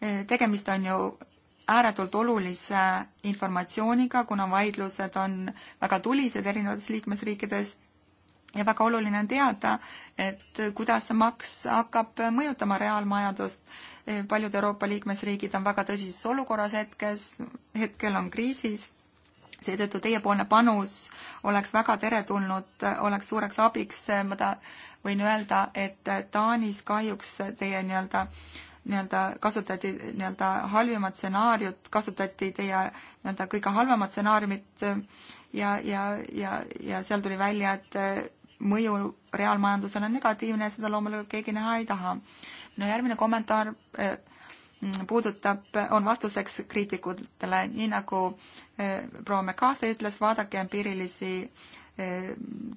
Äh, tegemist on ju ääretult olulise informatsiooniga, kuna vaidlused on väga tulised erinevates liikmesriikides ja väga oluline on teada, et kuidas see maks hakkab mõjutama reaalmajandust. Äh, paljud Euroopa liikmesriigid on väga tõsises olukorras hetkes, hetkel on kriisis seetõttu teiepoolne panus oleks väga teretulnud, oleks suureks abiks, ma ta-, võin öelda, et Taanis kahjuks teie nii-öelda nii-öelda kasutati nii-öelda halvimat stsenaariumit, kasutati teie nii-öelda kõige halvemat stsenaariumit ja, ja, ja, ja seal tuli välja, et mõju reaalmajandusele on negatiivne, seda loomulikult keegi näha ei taha. minu järgmine kommentaar äh, puudutab, on vastuseks kriitikutele, nii nagu eh, proua McCarthy ütles, vaadake empiirilisi eh,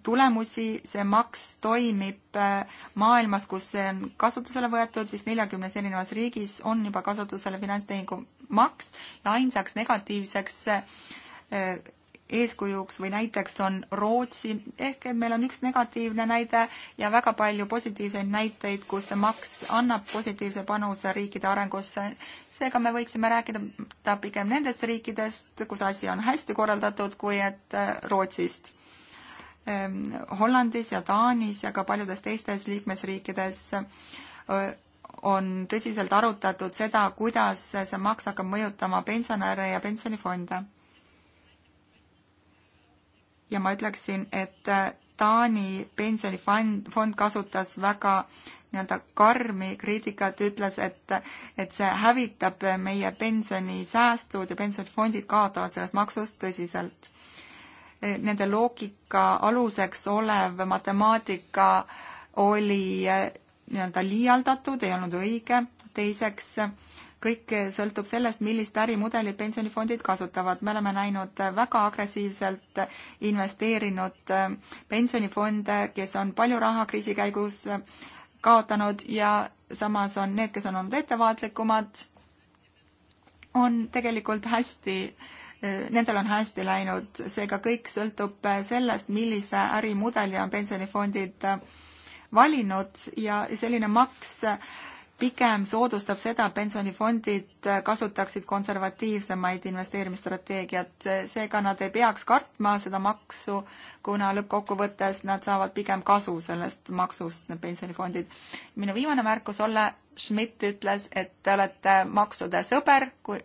tulemusi, see maks toimib eh, maailmas, kus see on kasutusele võetud, vist neljakümnes erinevas riigis on juba kasutusele finantstehingu maks ja ainsaks negatiivseks eeskujuks või näiteks on Rootsi, ehk et meil on üks negatiivne näide ja väga palju positiivseid näiteid, kus see maks annab positiivse panuse riikide arengusse. seega me võiksime rääkida pigem nendest riikidest, kus asi on hästi korraldatud, kui et äh, Rootsist. Ehm, Hollandis ja Taanis ja ka paljudes teistes liikmesriikides äh, on tõsiselt arutatud seda, kuidas see maks hakkab mõjutama pensionäre ja pensionifonde ja ma ütleksin, et äh, Taani pensionifond, fond kasutas väga nii-öelda karmi kriitikat, ütles, et, et see hävitab meie pensionisäästud ja pensionifondid kaotavad sellest maksust tõsiselt. E, nende loogika aluseks olev matemaatika oli äh, nii-öelda liialdatud, ei olnud õige, teiseks äh, kõik sõltub sellest, millist ärimudelit pensionifondid kasutavad. me oleme näinud väga agressiivselt investeerinud pensionifonde, kes on palju raha kriisi käigus kaotanud ja samas on need, kes on olnud ettevaatlikumad, on tegelikult hästi nendel on hästi läinud, seega kõik sõltub sellest, millise ärimudeli on pensionifondid valinud ja selline maks äh, pigem soodustab seda, et pensionifondid kasutaksid konservatiivsemaid investeerimisstrateegiat, seega nad ei peaks kartma seda maksu, kuna lõppkokkuvõttes nad saavad pigem kasu sellest maksust, need pensionifondid. minu viimane märkus, Olle Schmidt ütles, et te olete maksude sõber, kui,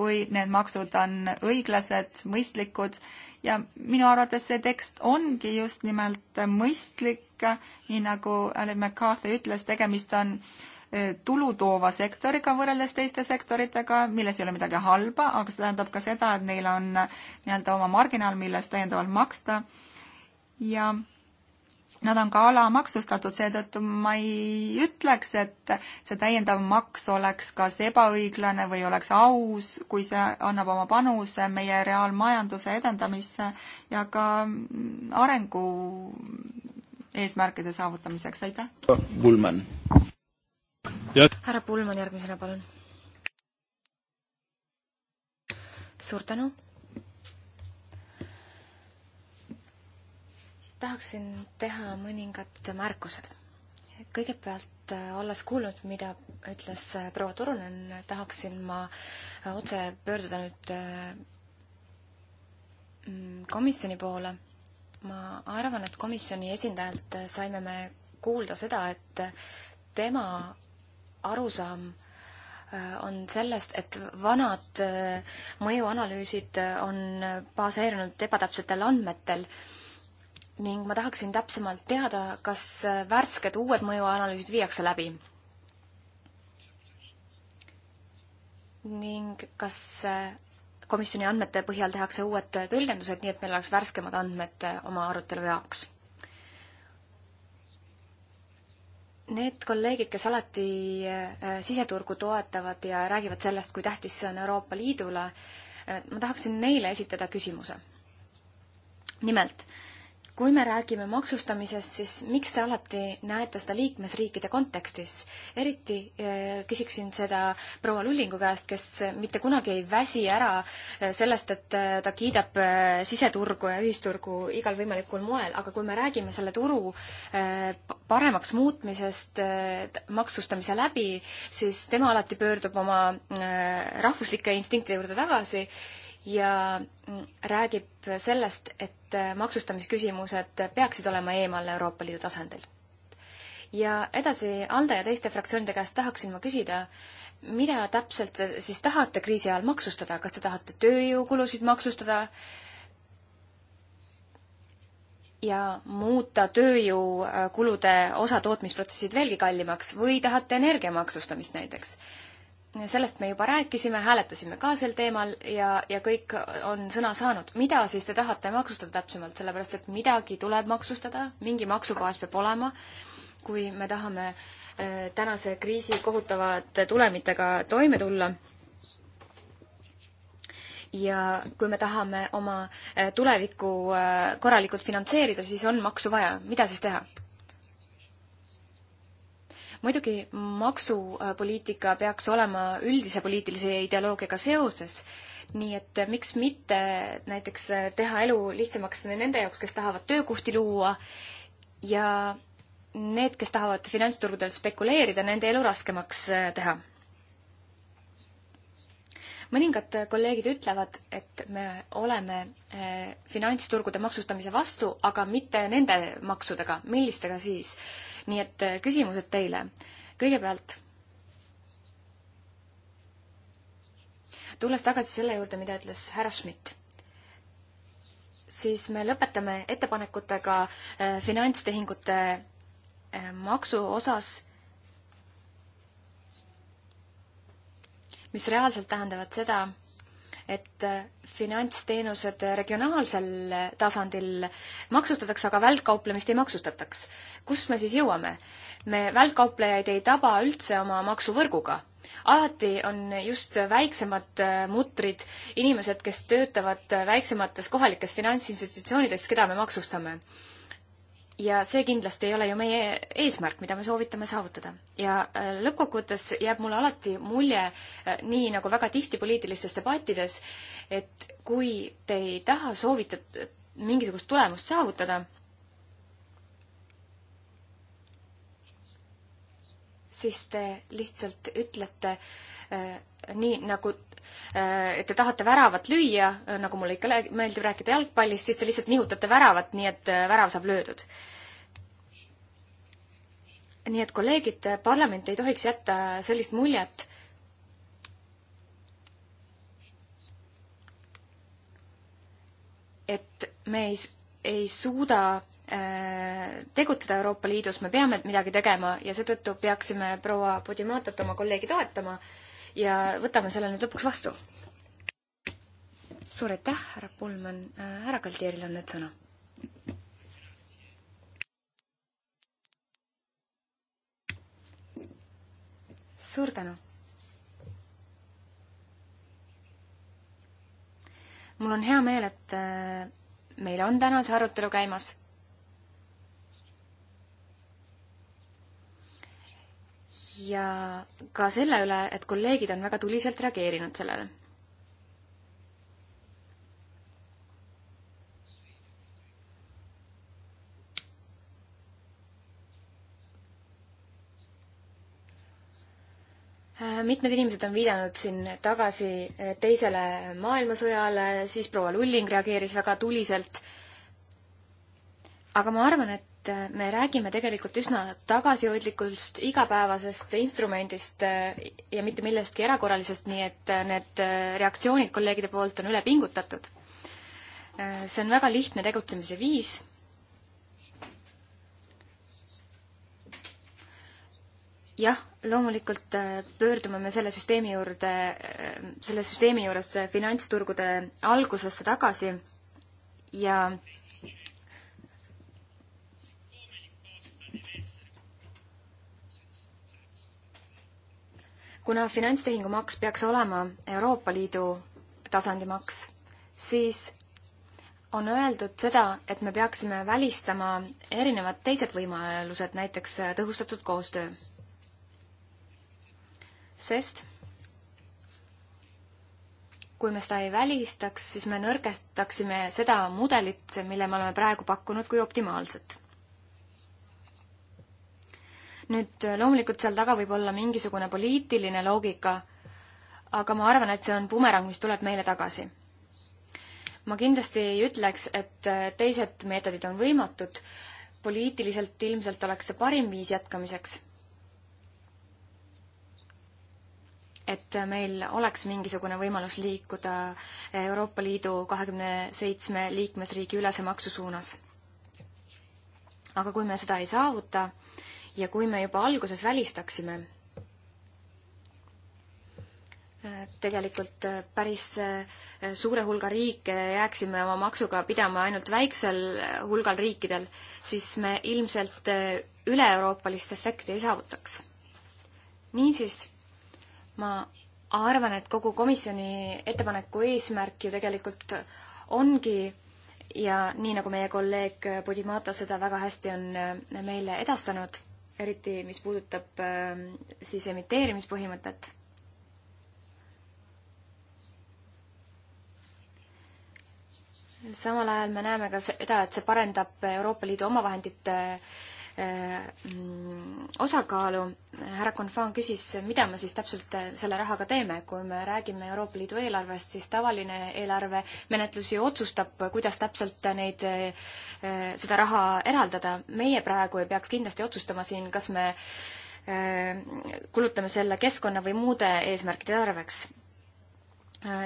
kui need maksud on õiglased, mõistlikud ja minu arvates see tekst ongi just nimelt mõistlik, nii nagu Alan McCarthy ütles, tegemist on äh, Eh, tulu toova sektoriga võrreldes teiste sektoritega, milles ei ole midagi halba, aga see tähendab ka seda, et neil on eh, nii-öelda oma marginaal, millest täiendavalt maksta ja nad on ka alamaksustatud, seetõttu ma ei ütleks, et see täiendav maks oleks kas ebaõiglane või oleks aus, kui see annab oma panuse meie reaalmajanduse edendamisse ja ka mm, arengu eesmärkide saavutamiseks, aitäh! Bullmann härra Pullmann järgmisena, palun. suur tänu. tahaksin teha mõningad märkused. kõigepealt, äh, olles kuulnud, mida ütles äh, proua Turunen, tahaksin ma äh, otse pöörduda nüüd mm, komisjoni poole. ma arvan, et komisjoni esindajalt saime me kuulda seda, et tema arusaam äh, on sellest, et vanad äh, mõjuanalüüsid äh, on baseerunud ebatäpsetel andmetel ning ma tahaksin täpsemalt teada, kas värsked uued mõjuanalüüsid viiakse läbi ning kas komisjoni andmete põhjal tehakse uued tõlgendused, nii et meil oleks värskemad andmed oma arutelu jaoks? Need kolleegid, kes alati äh, siseturgu toetavad ja räägivad sellest, kui tähtis see on Euroopa Liidule, äh, ma tahaksin neile esitada küsimuse. nimelt, kui me räägime maksustamisest, siis miks te alati näete seda liikmesriikide kontekstis? eriti eh, küsiksin seda proua Lullingu käest, kes mitte kunagi ei väsi ära eh, sellest, et eh, ta kiidab siseturgu ja ühisturgu igal võimalikul moel, aga kui me räägime selle turu paremaks muutmisest maksustamise läbi, siis tema alati pöördub oma rahvuslike instinktide juurde tagasi ja mm, räägib sellest, et äh, maksustamisküsimused peaksid olema eemal Euroopa Liidu tasandil. ja edasi Alde ja teiste fraktsioonide käest tahaksin ma küsida, mida täpselt siis tahate kriisi ajal maksustada, kas te tahate tööjõukulusid maksustada ja muuta tööjõukulude osatootmisprotsessid veelgi kallimaks või tahate energia maksustamist näiteks? sellest me juba rääkisime, hääletasime ka sel teemal ja, ja kõik on sõna saanud. mida siis te tahate maksustada täpsemalt, sellepärast et midagi tuleb maksustada, mingi maksubaas peab olema, kui me tahame äh, tänase kriisi kohutavate tulemitega toime tulla ja kui me tahame oma äh, tulevikku äh, korralikult finantseerida, siis on maksu vaja. mida siis teha? muidugi maksupoliitika peaks olema üldise poliitilise ideoloogiaga seoses, nii et miks mitte näiteks teha elu lihtsamaks nende jaoks, kes tahavad töökohti luua ja need, kes tahavad finantsturgudel spekuleerida, nende elu raskemaks teha mõningad kolleegid ütlevad, et me oleme eh, finantsturgude maksustamise vastu, aga mitte nende maksudega, millistega siis? nii et eh, küsimused teile. kõigepealt, tulles tagasi selle juurde, mida ütles härra Schmidt, siis me lõpetame ettepanekutega eh, finantstehingute maksu osas mis reaalselt tähendavad seda, et äh, finantsteenused äh, regionaalsel äh, tasandil maksustatakse, aga välkkauplemist ei maksustataks. kus me siis jõuame? me välkkauplejaid ei taba üldse oma maksuvõrguga. alati on just väiksemad mutrid, inimesed, kes töötavad väiksemates kohalikes finantsinstitutsioonides, keda me maksustame ja see kindlasti ei ole ju meie eesmärk, mida me soovitame saavutada. ja äh, lõppkokkuvõttes jääb mulle alati mulje, äh, nii nagu väga tihti poliitilistes debattides, et kui te ei taha soovitada mingisugust tulemust saavutada, siis te lihtsalt ütlete äh, nii, nagu Äh, et te tahate väravat lüüa, äh, nagu mulle ikka meeldib rääkida jalgpallist, siis te lihtsalt nihutate väravat, nii et äh, värav saab löödud. nii et kolleegid, parlament ei tohiks jätta sellist muljet, et me ei, ei suuda tegutseda Euroopa Liidus, me peame midagi tegema ja seetõttu peaksime proua Podimatot, oma kolleegi, toetama äh, ja võtame selle nüüd lõpuks vastu. suur aitäh, härra Pullmann, äh, härra Kaldieril on nüüd sõna. suur tänu. mul on hea meel, et äh, meil on täna see arutelu käimas ja ka selle üle, et kolleegid on väga tuliselt reageerinud sellele. mitmed inimesed on viidanud siin tagasi teisele maailmasõjale, siis proua Lulling reageeris väga tuliselt äh, aga ma arvan, et äh, me räägime tegelikult üsna tagasihoidlikust igapäevasest instrumendist äh, ja mitte millestki erakorralisest, nii et äh, need reaktsioonid kolleegide poolt on üle pingutatud. see on väga lihtne tegutsemise viis. jah, loomulikult pöördume me selle süsteemi juurde, selle süsteemi juures finantsturgude algusesse tagasi ja kuna finantstehingumaks peaks olema Euroopa Liidu tasandi maks, siis on öeldud seda, et me peaksime välistama erinevad teised võimalused, näiteks tõhustatud koostöö. sest kui me seda ei välistaks, siis me nõrgestaksime seda mudelit, mille me oleme praegu pakkunud kui optimaalset nüüd äh, loomulikult seal taga võib olla mingisugune poliitiline loogika, aga ma arvan, et see on bumerang, mis tuleb meile tagasi. ma kindlasti ei ütleks, et äh, teised meetodid on võimatud, poliitiliselt ilmselt oleks see parim viis jätkamiseks. et äh, meil oleks mingisugune võimalus liikuda Euroopa Liidu kahekümne seitsme liikmesriigi ülese maksu suunas. aga kui me seda ei saavuta, ja kui me juba alguses välistaksime äh, tegelikult äh, päris äh, suure hulga riike jääksime oma maksuga pidama ainult väiksel hulgal riikidel, siis me ilmselt üle-euroopalist efekti ei saavutaks. niisiis, ma arvan, et kogu komisjoni ettepaneku eesmärk ju tegelikult ongi ja nii, nagu meie kolleeg Budimata seda väga hästi on meile edastanud eriti mis puudutab ähm, siis emiteerimispõhimõtet. samal ajal me näeme ka seda, et see parendab Euroopa Liidu omavahendite Äh, mm, osakaalu. härra Confan küsis, mida me siis täpselt äh, selle rahaga teeme, kui me räägime Euroopa Liidu eelarvest, siis tavaline eelarvemenetlus ju otsustab, kuidas täpselt neid, äh, seda raha eraldada. meie praegu ei peaks kindlasti otsustama siin, kas me kulutame selle keskkonna või muude eesmärkide tarveks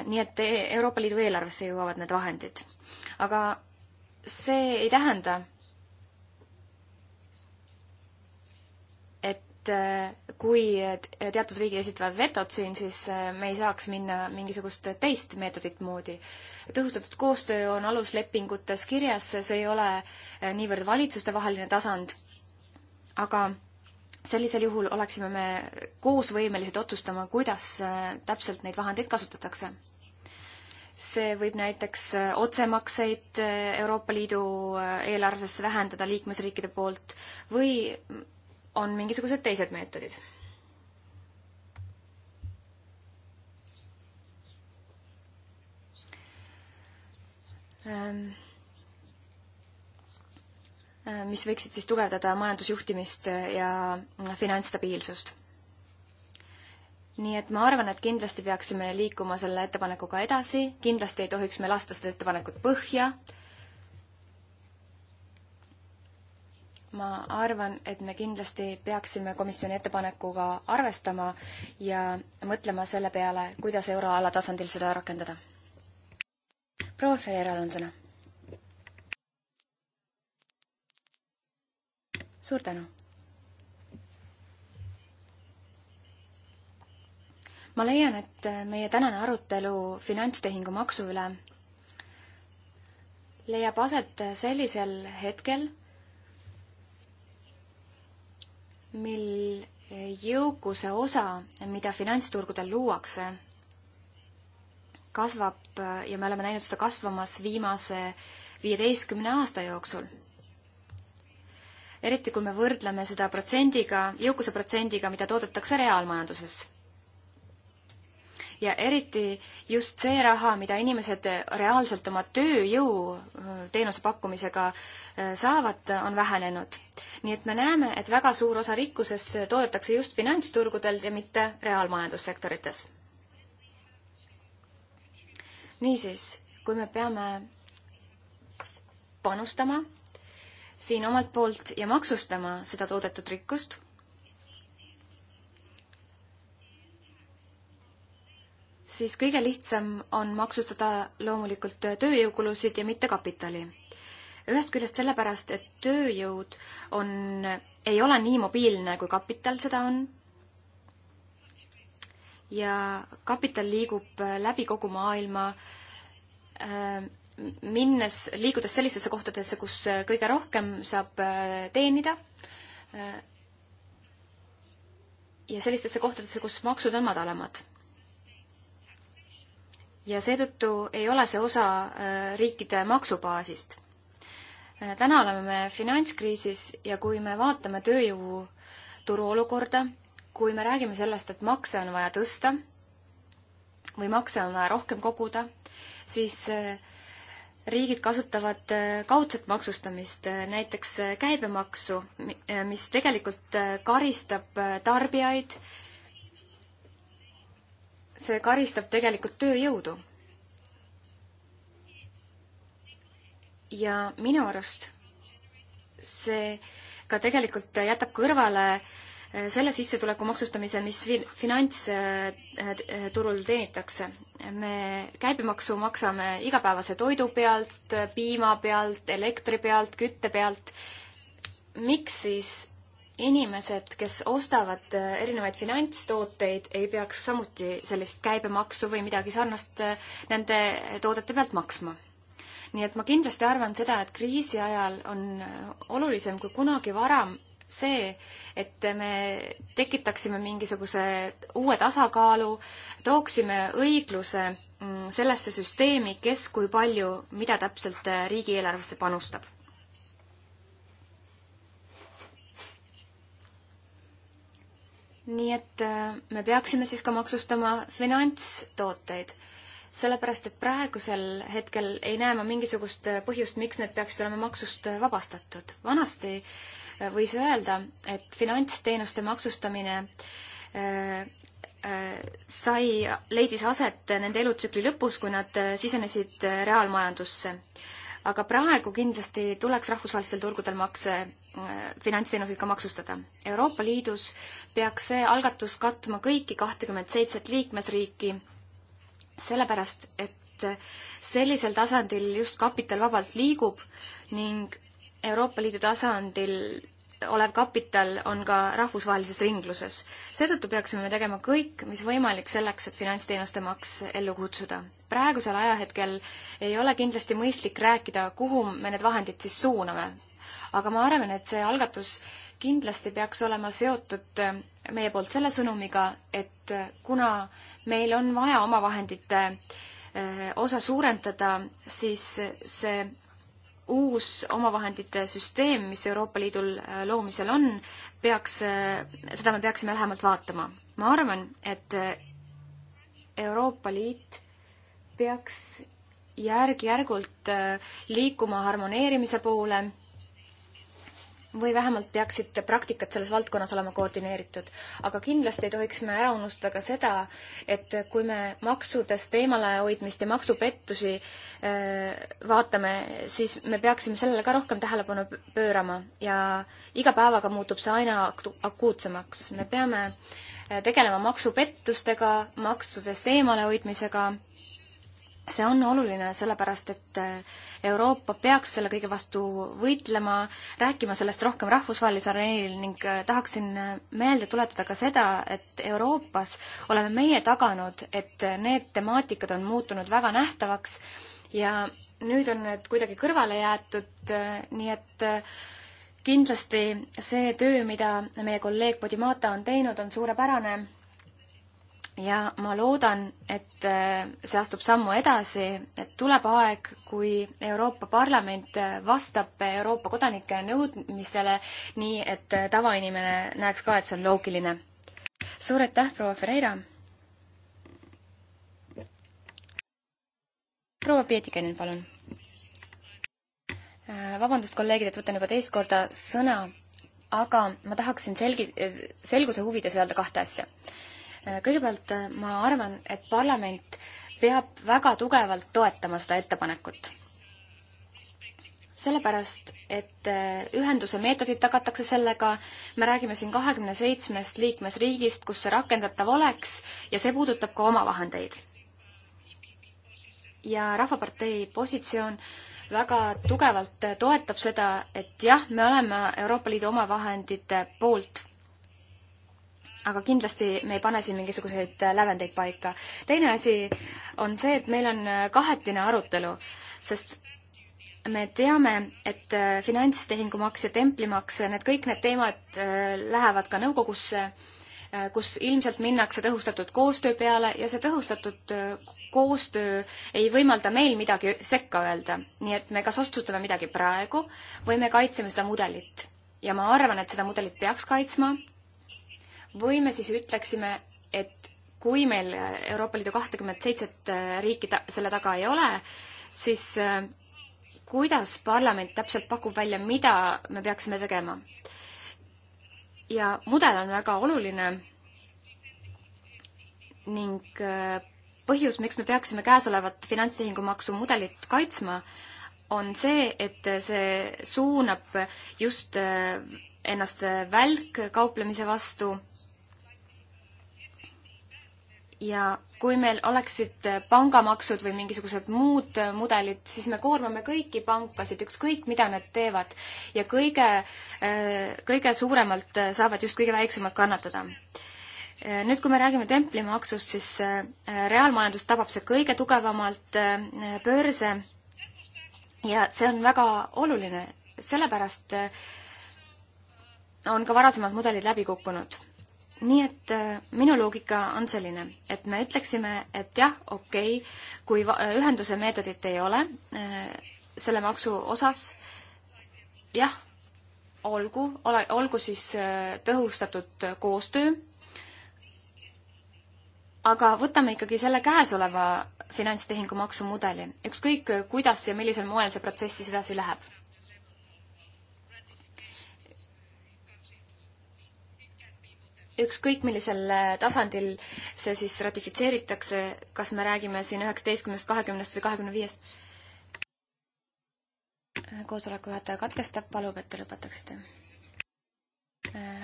nii et Euroopa Liidu eelarvesse jõuavad need vahendid. aga see ei tähenda, et äh, kui teatud riigid esitavad vetot siin, siis äh, me ei saaks minna mingisugust teist meetodit moodi. tõhustatud koostöö on aluslepingutes kirjas, see ei ole äh, niivõrd valitsustevaheline tasand, aga sellisel juhul oleksime me koos võimelised otsustama, kuidas täpselt neid vahendeid kasutatakse. see võib näiteks otsemakseid Euroopa Liidu eelarvesse vähendada liikmesriikide poolt või on mingisugused teised meetodid. Ehm, ehm, mis võiksid siis tugevdada majandusjuhtimist ja finantsstabiilsust. nii et ma arvan, et kindlasti peaksime liikuma selle ettepanekuga edasi, kindlasti ei tohiks me lasta seda ettepanekut põhja äh,, ma arvan, et me kindlasti peaksime komisjoni ettepanekuga arvestama ja mõtlema selle peale, kuidas euroala tasandil seda rakendada. proua Ferreiral on sõna. suur tänu. ma leian, et meie tänane arutelu finantstehingumaksu üle leiab aset sellisel hetkel, mil jõukuse osa, mida finantsturgudel luuakse, kasvab ja me oleme näinud seda kasvamas viimase viieteistkümne aasta jooksul. eriti, kui me võrdleme seda protsendiga, jõukuse protsendiga, mida toodetakse reaalmajanduses ja eriti just see raha, mida inimesed reaalselt oma tööjõu teenuse pakkumisega saavad, on vähenenud. nii et me näeme, et väga suur osa rikkuses toodetakse just finantsturgudel ja mitte reaalmajandussektorites. niisiis, kui me peame panustama siin omalt poolt ja maksustama seda toodetud rikkust siis kõige lihtsam on maksustada loomulikult tööjõukulusid ja mitte kapitali. ühest küljest sellepärast, et tööjõud on, ei ole nii mobiilne, kui kapital seda on. ja kapital liigub läbi kogu maailma, äh, minnes, liigudes sellistesse kohtadesse, kus kõige rohkem saab äh, teenida, äh, ja sellistesse kohtadesse, kus maksud on madalamad ja seetõttu ei ole see osa äh, riikide maksubaasist. Äh, täna oleme me finantskriisis ja kui me vaatame tööjõuturu olukorda, kui me räägime sellest, et makse on vaja tõsta või makse on vaja rohkem koguda, siis äh, riigid kasutavad kaudset maksustamist, näiteks käibemaksu, mis tegelikult karistab tarbijaid see karistab tegelikult tööjõudu. ja minu arust see ka tegelikult jätab kõrvale eh, selle sissetuleku maksustamise, mis finantsturul teenitakse. me käibemaksu maksame igapäevase toidu pealt, piima pealt, elektri pealt, kütte pealt. miks siis inimesed, kes ostavad äh, erinevaid finantstooteid, ei peaks samuti sellist käibemaksu või midagi sarnast äh, nende toodete pealt maksma. nii et ma kindlasti arvan seda, et kriisi ajal on äh, olulisem kui kunagi varem see, et me tekitaksime mingisuguse uue tasakaalu, tooksime õigluse mm, sellesse süsteemi, kes kui palju, mida täpselt riigieelarvesse panustab nii et äh, me peaksime siis ka maksustama finantstooteid, sellepärast et praegusel hetkel ei näe ma mingisugust äh, põhjust, miks need peaksid olema maksust äh, vabastatud. vanasti võis öelda, et finantsteenuste maksustamine sai, leidis aset nende elutsükli lõpus, kui nad sisenesid reaalmajandusse aga praegu kindlasti tuleks rahvusvahelistel turgudel makse, äh, finantsteenuseid ka maksustada. Euroopa Liidus peaks see algatus katma kõiki kahtekümmet seitset liikmesriiki, sellepärast et sellisel tasandil just kapital vabalt liigub ning Euroopa Liidu tasandil olev kapital on ka rahvusvahelises ringluses. seetõttu peaksime me tegema kõik, mis võimalik selleks, et finantsteenuste maks ellu kutsuda. praegusel ajahetkel ei ole kindlasti mõistlik rääkida, kuhu me need vahendid siis suuname. aga ma arvan, et see algatus kindlasti peaks olema seotud meie poolt selle sõnumiga, et kuna meil on vaja omavahendite eh, osa suurendada, siis see uus omavahendite süsteem, mis Euroopa Liidul äh, loomisel on, peaks, äh, seda me peaksime lähemalt vaatama. ma arvan, et äh, Euroopa Liit peaks järg-järgult liikuma harmoneerimise poole või vähemalt peaksid praktikad selles valdkonnas olema koordineeritud. aga kindlasti ei tohiks me ära unustada ka seda, et kui me maksudest eemalehoidmist ja maksupettusi äh, vaatame, siis me peaksime sellele ka rohkem tähelepanu pöörama ja iga päevaga muutub see aina akuutsemaks. me peame äh, tegelema maksupettustega, maksudest eemalehoidmisega see on oluline sellepärast, et äh, Euroopa peaks selle kõige vastu võitlema, rääkima sellest rohkem rahvusvahelisel areenil ning äh, tahaksin äh, meelde tuletada ka seda, et Euroopas oleme meie taganud, et need temaatikad on muutunud väga nähtavaks ja nüüd on need kuidagi kõrvale jäetud, nii et kindlasti see töö, mida meie kolleeg Podimata on teinud, on suurepärane ja ma loodan, et äh, see astub sammu edasi, et tuleb aeg, kui Euroopa Parlament äh, vastab Euroopa kodanike nõudmisele nii, et äh, tavainimene näeks ka, et see on loogiline. suur aitäh, proua Ferreira! proua Pietikäinen, palun! vabandust, kolleegid, et võtan juba teist korda sõna, aga ma tahaksin selgi-, selguse huvides öelda kahte asja Äh, kõigepealt äh, ma arvan, et parlament peab väga tugevalt toetama seda ettepanekut. sellepärast, et äh, ühenduse meetodid tagatakse sellega, me räägime siin kahekümne seitsmest liikmesriigist, kus see rakendatav oleks ja see puudutab ka omavahendeid. ja Rahvapartei positsioon väga tugevalt toetab seda, et jah, me oleme Euroopa Liidu omavahendite poolt aga kindlasti me ei pane siin mingisuguseid lävendeid paika. teine asi on see, et meil on äh, kahetine arutelu, sest me teame, et äh, finantstehingumaks ja templimaks, need kõik need teemad äh, lähevad ka nõukogusse, kus ilmselt minnakse tõhustatud koostöö peale ja see tõhustatud koostöö ei võimalda meil midagi sekka öelda. nii et me kas otsustame midagi praegu või me kaitseme seda mudelit. ja ma arvan, et seda mudelit peaks kaitsma või me siis ütleksime, et kui meil Euroopa Liidu kahtekümmet seitset äh, riiki ta-, selle taga ei ole, siis äh, kuidas parlament täpselt pakub välja, mida me peaksime tegema? ja mudel on väga oluline ning äh, põhjus, miks me peaksime käesolevat finantstehingumaksu mudelit kaitsma, on see, et see suunab just ennast välkkauplemise vastu ja kui meil oleksid pangamaksud või mingisugused muud mudelid, siis me koormame kõiki pankasid, ükskõik mida nad teevad. ja kõige, äh, kõige suuremalt äh, saavad just kõige väiksemad kannatada. Äh, nüüd, kui me räägime templimaksust, siis reaalmajandust tabab see kõige tugevamalt börse ja see on väga oluline, sellepärast on ka varasemad mudelid läbi kukkunud nii et äh, minu loogika on selline, et me ütleksime, et jah, okei okay,, kui äh, ühenduse meetodit ei ole äh, selle maksu osas, jah, olgu, ole, olgu siis tõhustatud koostöö, aga võtame ikkagi selle käesoleva finantstehingu maksumudeli, ükskõik kuidas ja millisel moel see protsess siis edasi läheb ükskõik millisel tasandil see siis ratifitseeritakse, kas me räägime siin üheksateistkümnest, kahekümnest või kahekümne viiest. koosoleku juhataja katkestab, palub, et te lõpetaksite.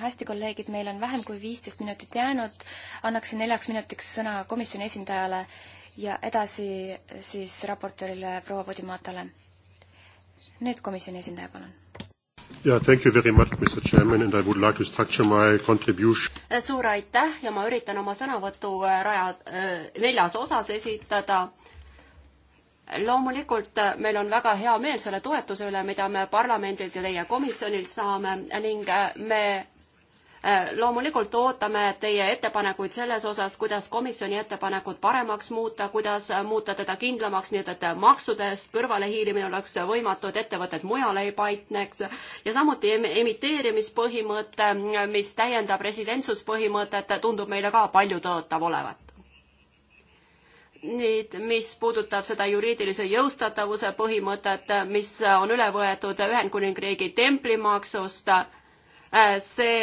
hästi, kolleegid, meil on vähem kui viisteist minutit jäänud, annaksin neljaks minutiks sõna komisjoni esindajale ja edasi siis raportöörile proua Podimatale. nüüd komisjoni esindaja, palun Yeah, thank you very much, Mr Chairman, and I would like to structure my contribution. Eh, suur aitäh ja ma üritan oma sõnavõtu eh, raja eh, neljas osas esitada. loomulikult meil on väga hea meel selle toetuse üle, mida me parlamendilt ja teie komisjonilt saame ning me Äh, loomulikult ootame teie ettepanekuid selles osas, kuidas komisjoni ettepanekut paremaks muuta, kuidas äh, muuta teda kindlamaks, nii et, et maksudest kõrvalehiilimine oleks võimatu, et ettevõtted mujal ei paikneks ja samuti emiteerimispõhimõte, mis täiendab residentsuspõhimõtet, tundub meile ka paljutõotav olevat nüüd, mis puudutab seda juriidilise jõustatavuse põhimõtet, mis on üle võetud Ühendkuningriigi templimaksust, äh, see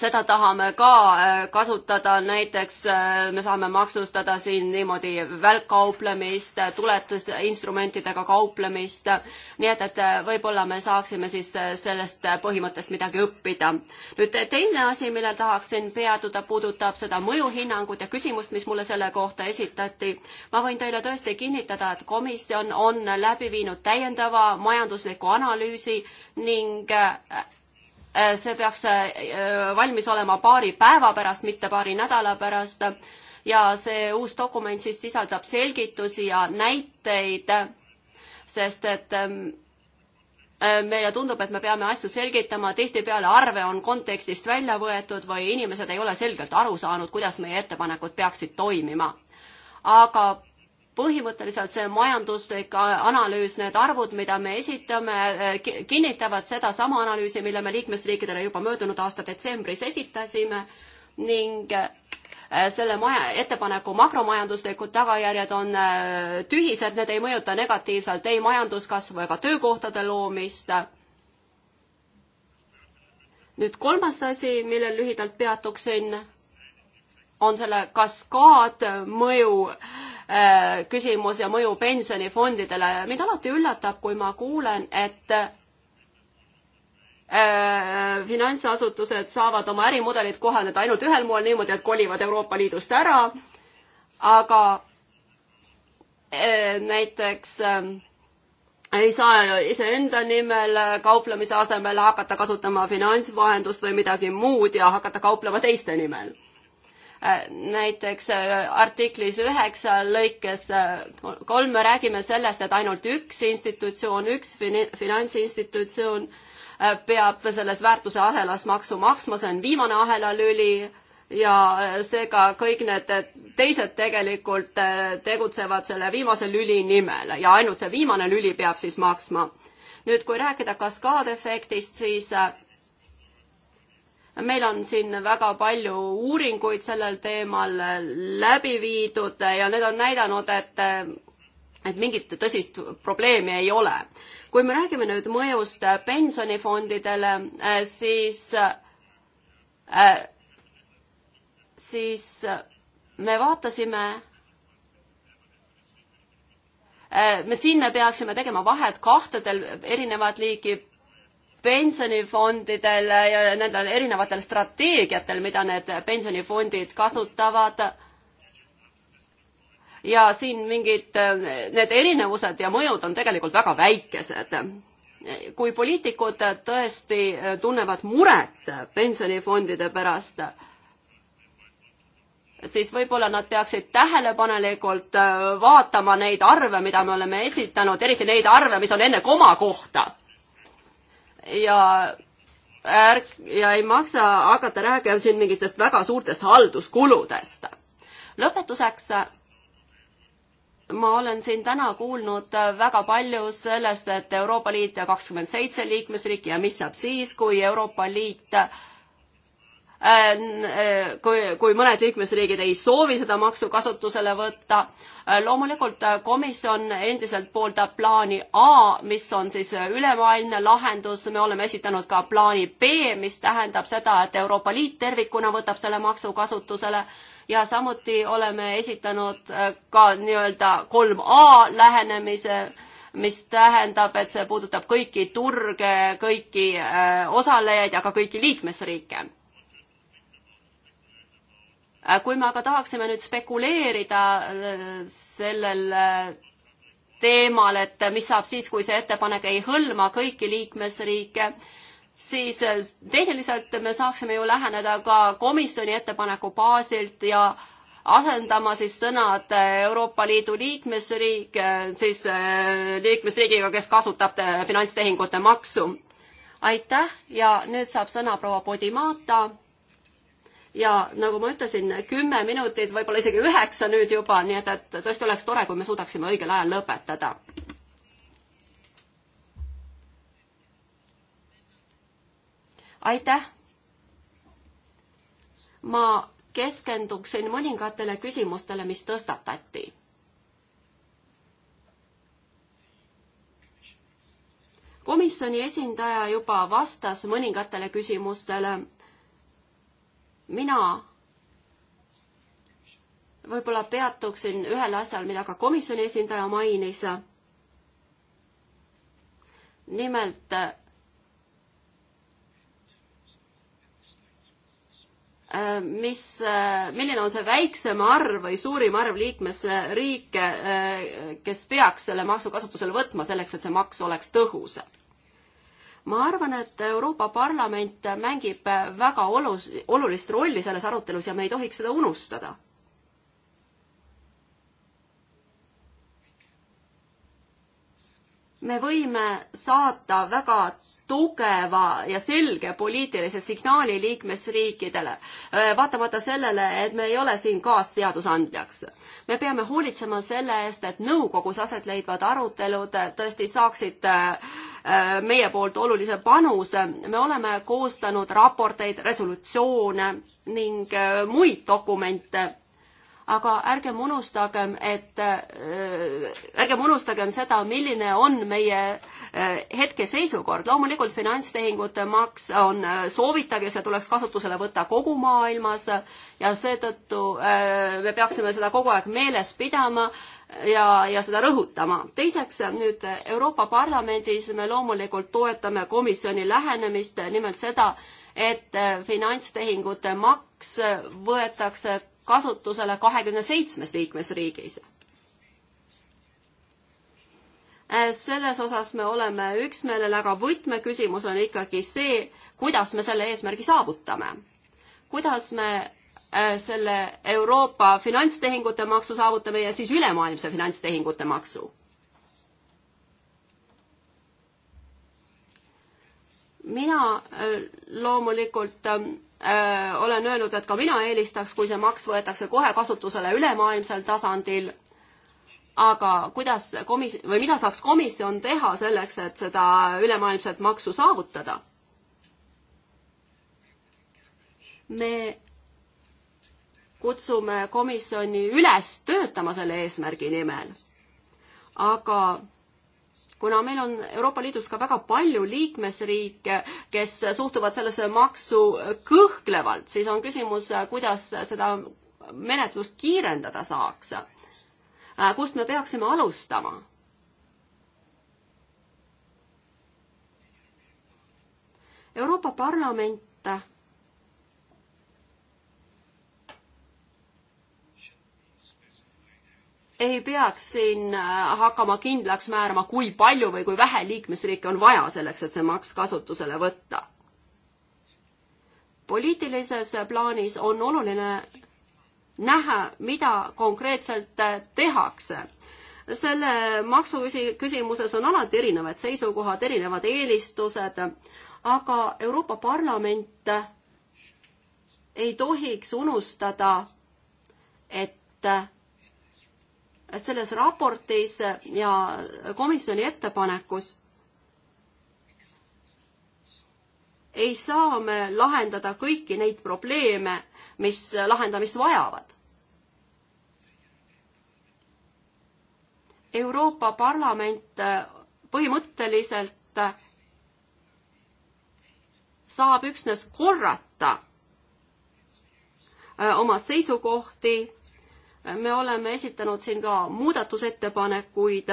seda tahame ka äh, kasutada, näiteks äh, me saame maksustada siin niimoodi välkkauplemist, äh, tuletusinstrumentidega kauplemist, nii et, et võib-olla me saaksime siis sellest põhimõttest midagi õppida. nüüd teine asi, millel tahaksin peatuda, puudutab seda mõjuhinnangut ja küsimust, mis mulle selle kohta esitati. ma võin teile tõesti kinnitada, et komisjon on läbi viinud täiendava majandusliku analüüsi ning Äh, see peaks äh, valmis olema paari päeva pärast, mitte paari nädala pärast. ja see uus dokument siis sisaldab selgitusi ja näiteid, sest et ähm, äh, meile tundub, et me peame asju selgitama, tihtipeale arve on kontekstist välja võetud või inimesed ei ole selgelt aru saanud, kuidas meie ettepanekud peaksid toimima. aga põhimõtteliselt see majanduslik analüüs, need arvud, mida me esitame, eh, kinnitavad sedasama analüüsi, mille me liikmesriikidele juba möödunud aasta detsembris esitasime ning eh, selle maja, ettepaneku makromajanduslikud tagajärjed on eh, tühised, need ei mõjuta negatiivselt ei majanduskasvu ega töökohtade loomist. nüüd kolmas asi, millel lühidalt peatuksin, on selle kaskaadmõju äh, Äh, küsimus ja mõju pensionifondidele. mind alati üllatab, kui ma kuulen, et äh, finantsasutused saavad oma ärimudelit kohaneda ainult ühel moel, niimoodi, et kolivad Euroopa Liidust ära, aga äh, näiteks ei saa iseenda nimel kauplemise asemel hakata kasutama finantsvahendust või midagi muud ja hakata kauplema teiste nimel näiteks äh, artiklis üheksa lõikes äh, kolm me räägime sellest, et ainult üks institutsioon, üks finantsinstitutsioon äh, peab selles väärtuse ahelas maksu maksma, see on viimane ahelalüli ja seega kõik need teised tegelikult tegutsevad selle viimase lüli nimel ja ainult see viimane lüli peab siis maksma. nüüd, kui rääkida kaskaadefektist, siis meil on siin väga palju uuringuid sellel teemal läbi viidud ja need on näidanud, et et mingit tõsist probleemi ei ole. kui me räägime nüüd mõjust pensionifondidele, siis siis me vaatasime me siin me peaksime tegema vahet kahtedel erinevat liiki pensionifondidel ja nendel erinevatel strateegiatel, mida need pensionifondid kasutavad. ja siin mingid, need erinevused ja mõjud on tegelikult väga väikesed. kui poliitikud tõesti tunnevad muret pensionifondide pärast, siis võib-olla nad peaksid tähelepanelikult vaatama neid arve, mida me oleme esitanud, eriti neid arve, mis on enne koma kohta ja ärk- ja ei maksa hakata rääkima siin mingitest väga suurtest halduskuludest. lõpetuseks ma olen siin täna kuulnud väga palju sellest, et Euroopa Liit ja kakskümmend seitse liikmesriiki ja mis saab siis, kui Euroopa Liit äh, äh, kui, kui mõned liikmesriigid ei soovi seda maksu kasutusele võtta, Äh, loomulikult äh, komisjon endiselt pooldab plaani A, mis on siis äh, ülemaailmne lahendus, me oleme esitanud ka plaani B, mis tähendab seda, et Euroopa Liit tervikuna võtab selle maksu kasutusele ja samuti oleme esitanud ka nii-öelda kolm A lähenemise mis tähendab, et see puudutab kõiki turge, kõiki osalejaid ja ka kõiki liikmesriike Äh, kui me aga tahaksime nüüd spekuleerida äh, sellel äh, teemal, et mis saab siis, kui see ettepanek ei hõlma kõiki liikmesriike, siis tehniliselt me saaksime ju läheneda ka komisjoni ettepaneku baasilt ja asendama siis sõnad Euroopa Liidu liikmesriik siis liikmesriigiga, kes kasutab finantstehingute maksu. aitäh ja nüüd saab sõna proua Podimata ja nagu ma ütlesin, kümme minutit, võib-olla isegi üheksa nüüd juba, nii et, et tõesti oleks tore, kui me suudaksime õigel ajal lõpetada. aitäh! ma keskenduksin mõningatele küsimustele, mis tõstatati. komisjoni esindaja juba vastas mõningatele küsimustele mina võib-olla peatuksin ühel asjal, mida ka komisjoni esindaja mainis. nimelt mis, milline on see väiksem arv või suurim arv liikmesriike, kes peaks selle maksu kasutusele võtma selleks, et see maks oleks tõhus ma arvan, et Euroopa Parlament mängib väga olus-, olulist rolli selles arutelus ja me ei tohiks seda unustada me võime saata väga tugeva ja selge poliitilise signaali liikmesriikidele, vaatamata sellele, et me ei ole siin kaasseadusandjaks. me peame hoolitsema selle eest, et nõukogus aset leidvad arutelud tõesti saaksid meie poolt olulise panuse. me oleme koostanud raporteid, resolutsioone ning muid dokumente aga ärgem unustagem, et äh, ärgem unustagem seda, milline on meie äh, hetkeseisukord. loomulikult finantstehingute maks on äh, soovitav ja see tuleks kasutusele võtta kogu maailmas ja seetõttu me peaksime seda kogu aeg meeles pidama ja, ja seda rõhutama. teiseks nüüd Euroopa Parlamendis me loomulikult toetame komisjoni lähenemist, nimelt seda, et finantstehingute maks võetakse kasutusele kahekümne seitsmes liikmesriigis. Äh, selles osas me oleme üksmeelel, aga võtmeküsimus on ikkagi see, kuidas me selle eesmärgi saavutame. kuidas me äh, selle Euroopa finantstehingute maksu saavutame ja siis ülemaailmse finantstehingute maksu mina äh, loomulikult ähm, Äh, olen öelnud, et ka mina eelistaks, kui see maks võetakse kohe kasutusele ülemaailmsel tasandil. aga kuidas komis- või mida saaks komisjon teha selleks, et seda ülemaailmset maksu saavutada? me kutsume komisjoni üles töötama selle eesmärgi nimel. aga kuna meil on Euroopa Liidus ka väga palju liikmesriike, kes suhtuvad sellesse maksu kõhklevalt, siis on küsimus, kuidas seda menetlust kiirendada saaks. Äh, kust me peaksime alustama? Euroopa Parlament ei peaks siin äh, hakkama kindlaks määrama, kui palju või kui vähe liikmesriike on vaja selleks, et see maks kasutusele võtta. poliitilises plaanis on oluline näha, mida konkreetselt äh, tehakse. selle maksu küsimuses on alati erinevad seisukohad, erinevad eelistused, aga Euroopa Parlament ei tohiks unustada, et äh, selles raportis ja komisjoni ettepanekus ei saa me lahendada kõiki neid probleeme, mis lahendamist vajavad. Euroopa Parlament põhimõtteliselt saab üksnes korrata oma seisukohti me oleme esitanud siin ka muudatusettepanekuid.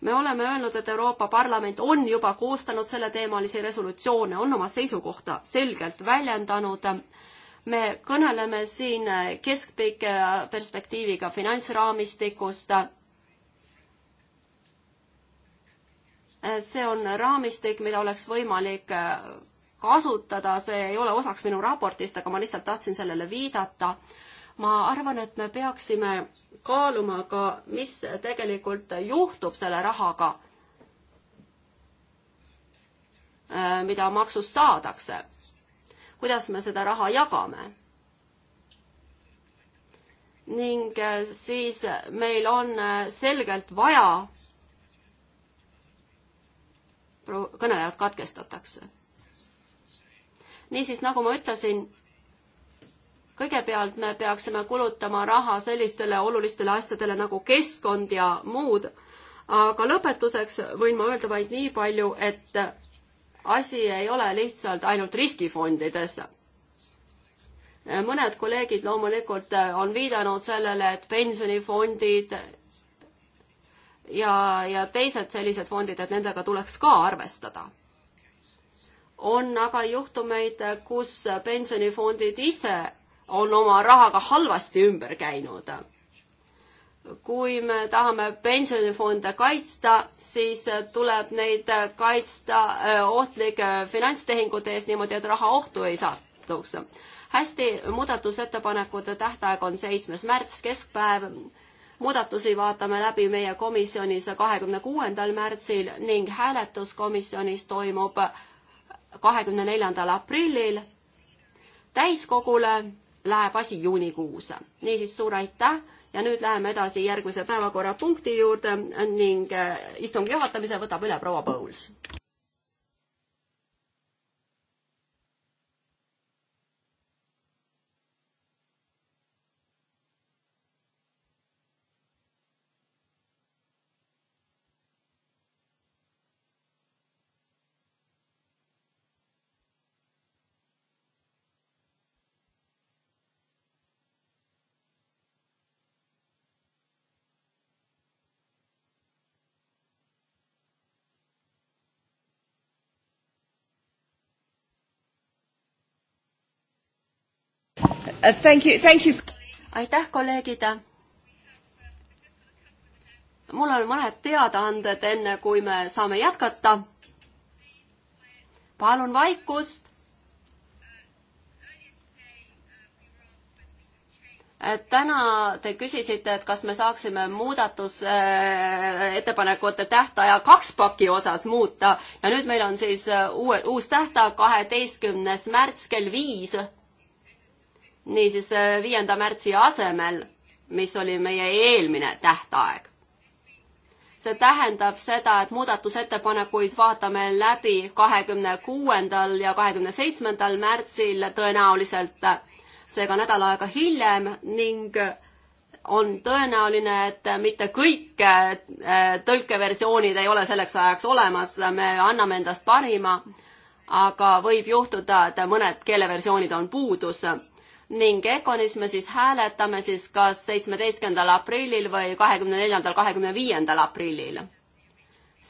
me oleme öelnud, et Euroopa Parlament on juba koostanud selleteemalisi resolutsioone, on oma seisukohta selgelt väljendanud. me kõneleme siin keskpika perspektiiviga finantsraamistikust see on raamistik, mida oleks võimalik kasutada, see ei ole osaks minu raportist, aga ma lihtsalt tahtsin sellele viidata. ma arvan, et me peaksime kaaluma ka, mis tegelikult juhtub selle rahaga, äh, mida maksust saadakse. kuidas me seda raha jagame ning äh, siis meil on äh, selgelt vaja, kõnelejad katkestatakse niisiis, nagu ma ütlesin, kõigepealt me peaksime kulutama raha sellistele olulistele asjadele nagu keskkond ja muud, aga lõpetuseks võin ma öelda vaid nii palju, et asi ei ole lihtsalt ainult riskifondides mõned kolleegid loomulikult on viidanud sellele, et pensionifondid ja, ja teised sellised fondid, et nendega tuleks ka arvestada on aga juhtumeid, kus pensionifondid ise on oma rahaga halvasti ümber käinud. kui me tahame pensionifonde kaitsta, siis tuleb neid kaitsta äh, ohtlike finantstehingute eest niimoodi, et raha ohtu ei satuks. hästi, muudatusettepanekute tähtaeg on seitsmes märts, keskpäev muudatusi vaatame läbi meie komisjonis kahekümne kuuendal märtsil ning hääletus komisjonis toimub kahekümne neljandal aprillil. täiskogule läheb asi juunikuus. niisiis, suur aitäh ja nüüd läheme edasi järgmise päevakorrapunkti juurde ning äh, istungi juhatamise võtab üle proua Pauls. Uh, thank you, thank you. aitäh, kolleegid. mul on mõned teadaanded, enne kui me saame jätkata. palun vaikust. Uh, täna te küsisite, et kas me saaksime muudatusettepanekute tähtaja kaks paki osas muuta ja nüüd meil on siis uh, uue, uus tähtaeg, kaheteistkümnes märts kell viis niisiis äh, viienda märtsi asemel, mis oli meie eelmine tähtaeg. see tähendab seda, et muudatusettepanekuid vaatame läbi kahekümne kuuendal ja kahekümne seitsmendal märtsil tõenäoliselt, seega nädal aega hiljem ning on tõenäoline, et mitte kõik äh, tõlkeversioonid ei ole selleks ajaks olemas, me anname endast parima, aga võib juhtuda, et mõned keeleversioonid on puudus ning Econis me siis hääletame siis kas seitsmeteistkümnendal aprillil või kahekümne neljandal, kahekümne viiendal aprillil.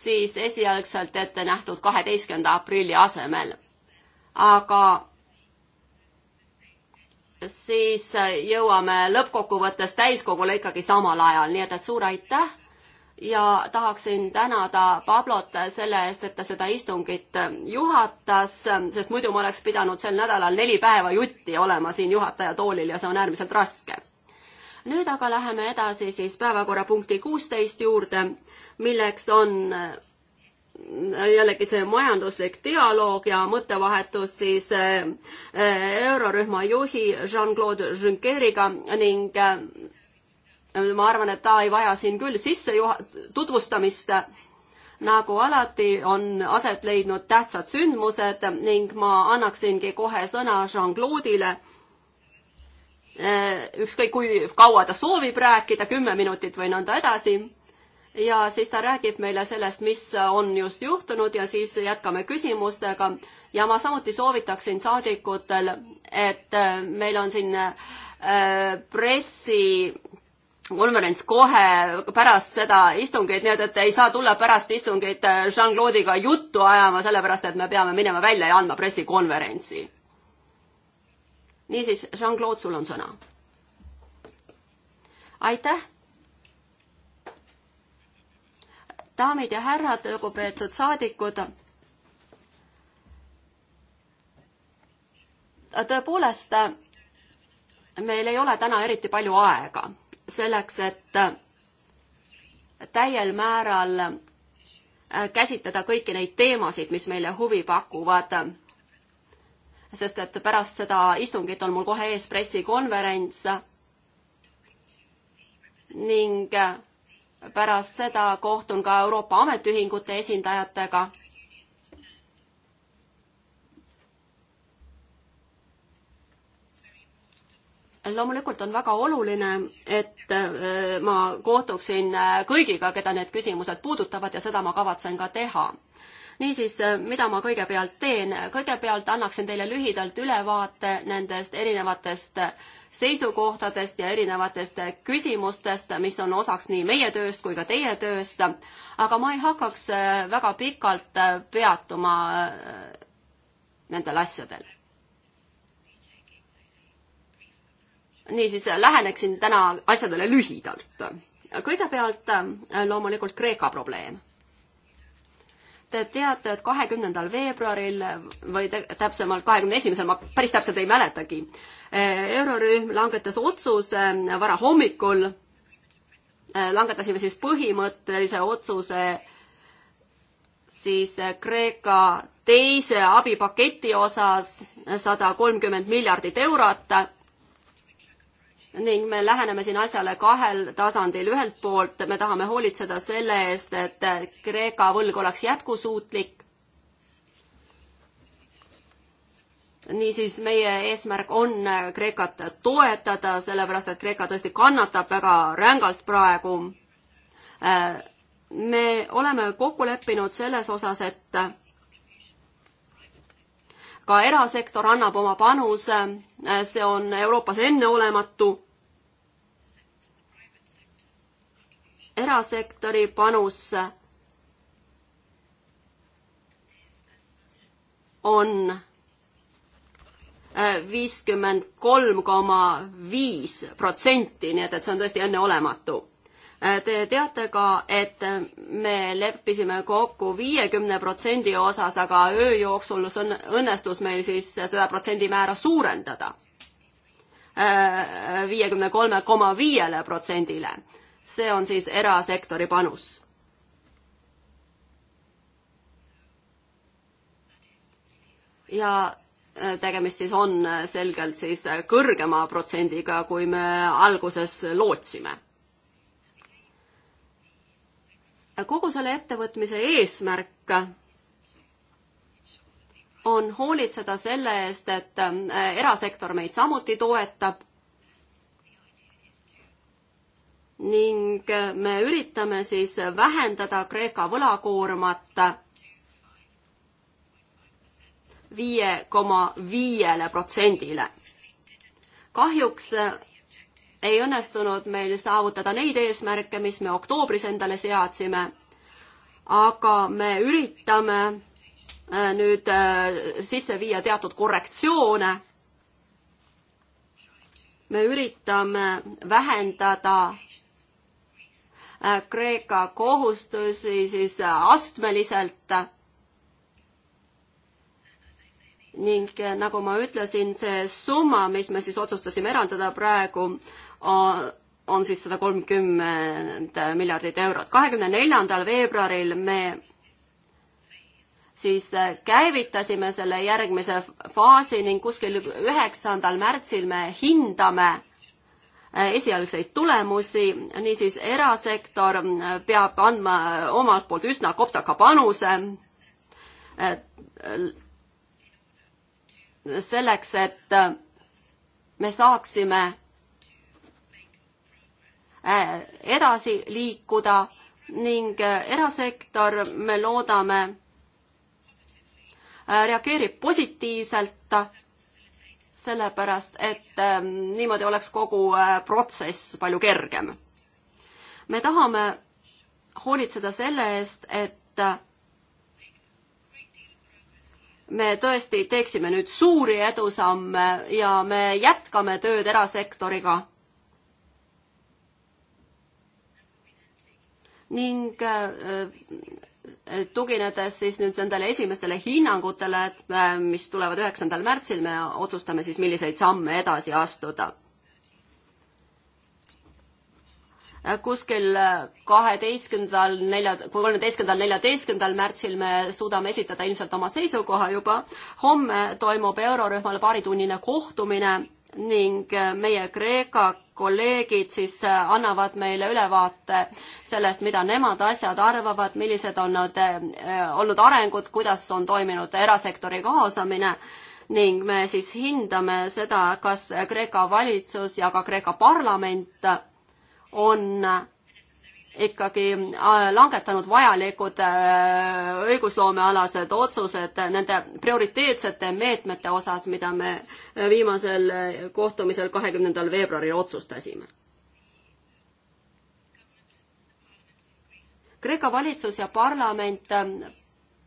siis esialgselt ette nähtud kaheteistkümnenda aprilli asemel. aga siis jõuame lõppkokkuvõttes täiskogule ikkagi samal ajal, nii et, et suur aitäh ja tahaksin tänada Pablot selle eest, et ta seda istungit juhatas, sest muidu ma oleks pidanud sel nädalal neli päeva jutti olema siin juhataja toolil ja see on äärmiselt raske. nüüd aga läheme edasi siis päevakorrapunkti kuusteist juurde, milleks on jällegi see majanduslik dialoog ja mõttevahetus siis eh, eh, eurorühma juhi Jean-Claude Junckeriga ning eh, ma arvan, et ta ei vaja siin küll sissejuha-, tutvustamist. nagu alati on aset leidnud tähtsad sündmused ning ma annaksingi kohe sõna Jean-Claude'ile. Äh, ükskõik kui kaua ta soovib rääkida, kümme minutit või nõnda edasi. ja siis ta räägib meile sellest, mis on just juhtunud ja siis jätkame küsimustega. ja ma samuti soovitaksin saadikutel, et äh, meil on siin äh, pressi konverents kohe pärast seda istungit, nii et, et ei saa tulla pärast istungit äh, Jean-Claude'iga juttu ajama, sellepärast et me peame minema välja ja andma pressikonverentsi. niisiis, Jean-Claude, sul on sõna. aitäh. daamid ja härrad, lugupeetud saadikud. tõepoolest, meil ei ole täna eriti palju aega selleks, et äh, täiel määral äh, käsitleda kõiki neid teemasid, mis meile huvi pakuvad. sest et pärast seda istungit on mul kohe ees pressikonverents ning äh, pärast seda kohtun ka Euroopa Ametiühingute esindajatega loomulikult on väga oluline, et äh, ma kohtuksin äh, kõigiga, keda need küsimused puudutavad ja seda ma kavatsen ka teha. niisiis, äh, mida ma kõigepealt teen? kõigepealt annaksin teile lühidalt ülevaate nendest erinevatest seisukohtadest ja erinevatest küsimustest, mis on osaks nii meie tööst kui ka teie tööst, aga ma ei hakkaks väga pikalt peatuma nendel asjadel niisiis läheneksin täna asjadele lühidalt. kõigepealt äh, loomulikult Kreeka probleem. Te teate, et kahekümnendal veebruaril või täpsemalt kahekümne esimesel, ma päris täpselt ei mäletagi, äh, eurorühm langetas otsuse äh, varahommikul, langetasime siis põhimõttelise otsuse siis Kreeka teise abipaketi osas sada kolmkümmend miljardit eurot ning me läheneme siin asjale kahel tasandil. ühelt poolt me tahame hoolitseda selle eest, et Kreeka võlg oleks jätkusuutlik. niisiis, meie eesmärk on Kreekat toetada, sellepärast et Kreeka tõesti kannatab väga rängalt praegu. Äh, me oleme kokku leppinud selles osas, et ka erasektor annab oma panuse, see on Euroopas enneolematu. erasektori panus on äh, viiskümmend kolm koma viis protsenti, nii et, et see on tõesti enneolematu Te teate ka, et me leppisime kokku viiekümne protsendi osas, aga öö jooksul õnnestus meil siis seda protsendimäära suurendada äh, viiekümne kolme koma viiele protsendile. see on siis erasektori panus. ja äh, tegemist siis on äh, selgelt siis kõrgema protsendiga, kui me alguses lootsime kogu selle ettevõtmise eesmärk on hoolitseda selle eest, et äh, erasektor meid samuti toetab. ning äh, me üritame siis vähendada Kreeka võlakoormat viie koma viiele protsendile. kahjuks äh, ei õnnestunud meil saavutada neid eesmärke, mis me oktoobris endale seadsime, aga me üritame äh, nüüd äh, sisse viia teatud korrektsioone. me üritame vähendada äh, Kreeka kohustusi siis astmeliselt ning nagu ma ütlesin, see summa, mis me siis otsustasime eraldada praegu, on siis sada kolmkümmend miljardit eurot. kahekümne neljandal veebruaril me siis käivitasime selle järgmise faasi ning kuskil üheksandal märtsil me hindame esialgseid tulemusi, niisiis erasektor peab andma omalt poolt üsna kopsaka panuse selleks, et me saaksime Äh, edasi liikuda ning äh, erasektor, me loodame, äh, reageerib positiivselt, sellepärast et ähm, niimoodi oleks kogu protsess palju kergem. me tahame hoolitseda selle eest, et me tõesti teeksime nüüd suuri edusamme ja me jätkame tööd erasektoriga ning äh, tuginedes siis nüüd nendele esimestele hinnangutele, äh, mis tulevad üheksandal märtsil, me otsustame siis, milliseid samme edasi astuda äh, kuskil kaheteistkümnendal, nelja, kolmeteistkümnendal, neljateistkümnendal märtsil me suudame esitada ilmselt oma seisukoha juba. homme toimub eurorühmal paaritunnine kohtumine ning meie Kreeka kolleegid siis äh, annavad meile ülevaate sellest, mida nemad asjad arvavad, millised on nad äh, äh, olnud arengud, kuidas on toiminud erasektori kaasamine ning me siis hindame seda, kas Kreeka valitsus ja ka Kreeka parlament on ikkagi äh, langetanud vajalikud äh, õigusloomealased otsused nende prioriteetsete meetmete osas, mida me äh, viimasel kohtumisel, kahekümnendal veebruaril otsustasime. Kreeka valitsus ja parlament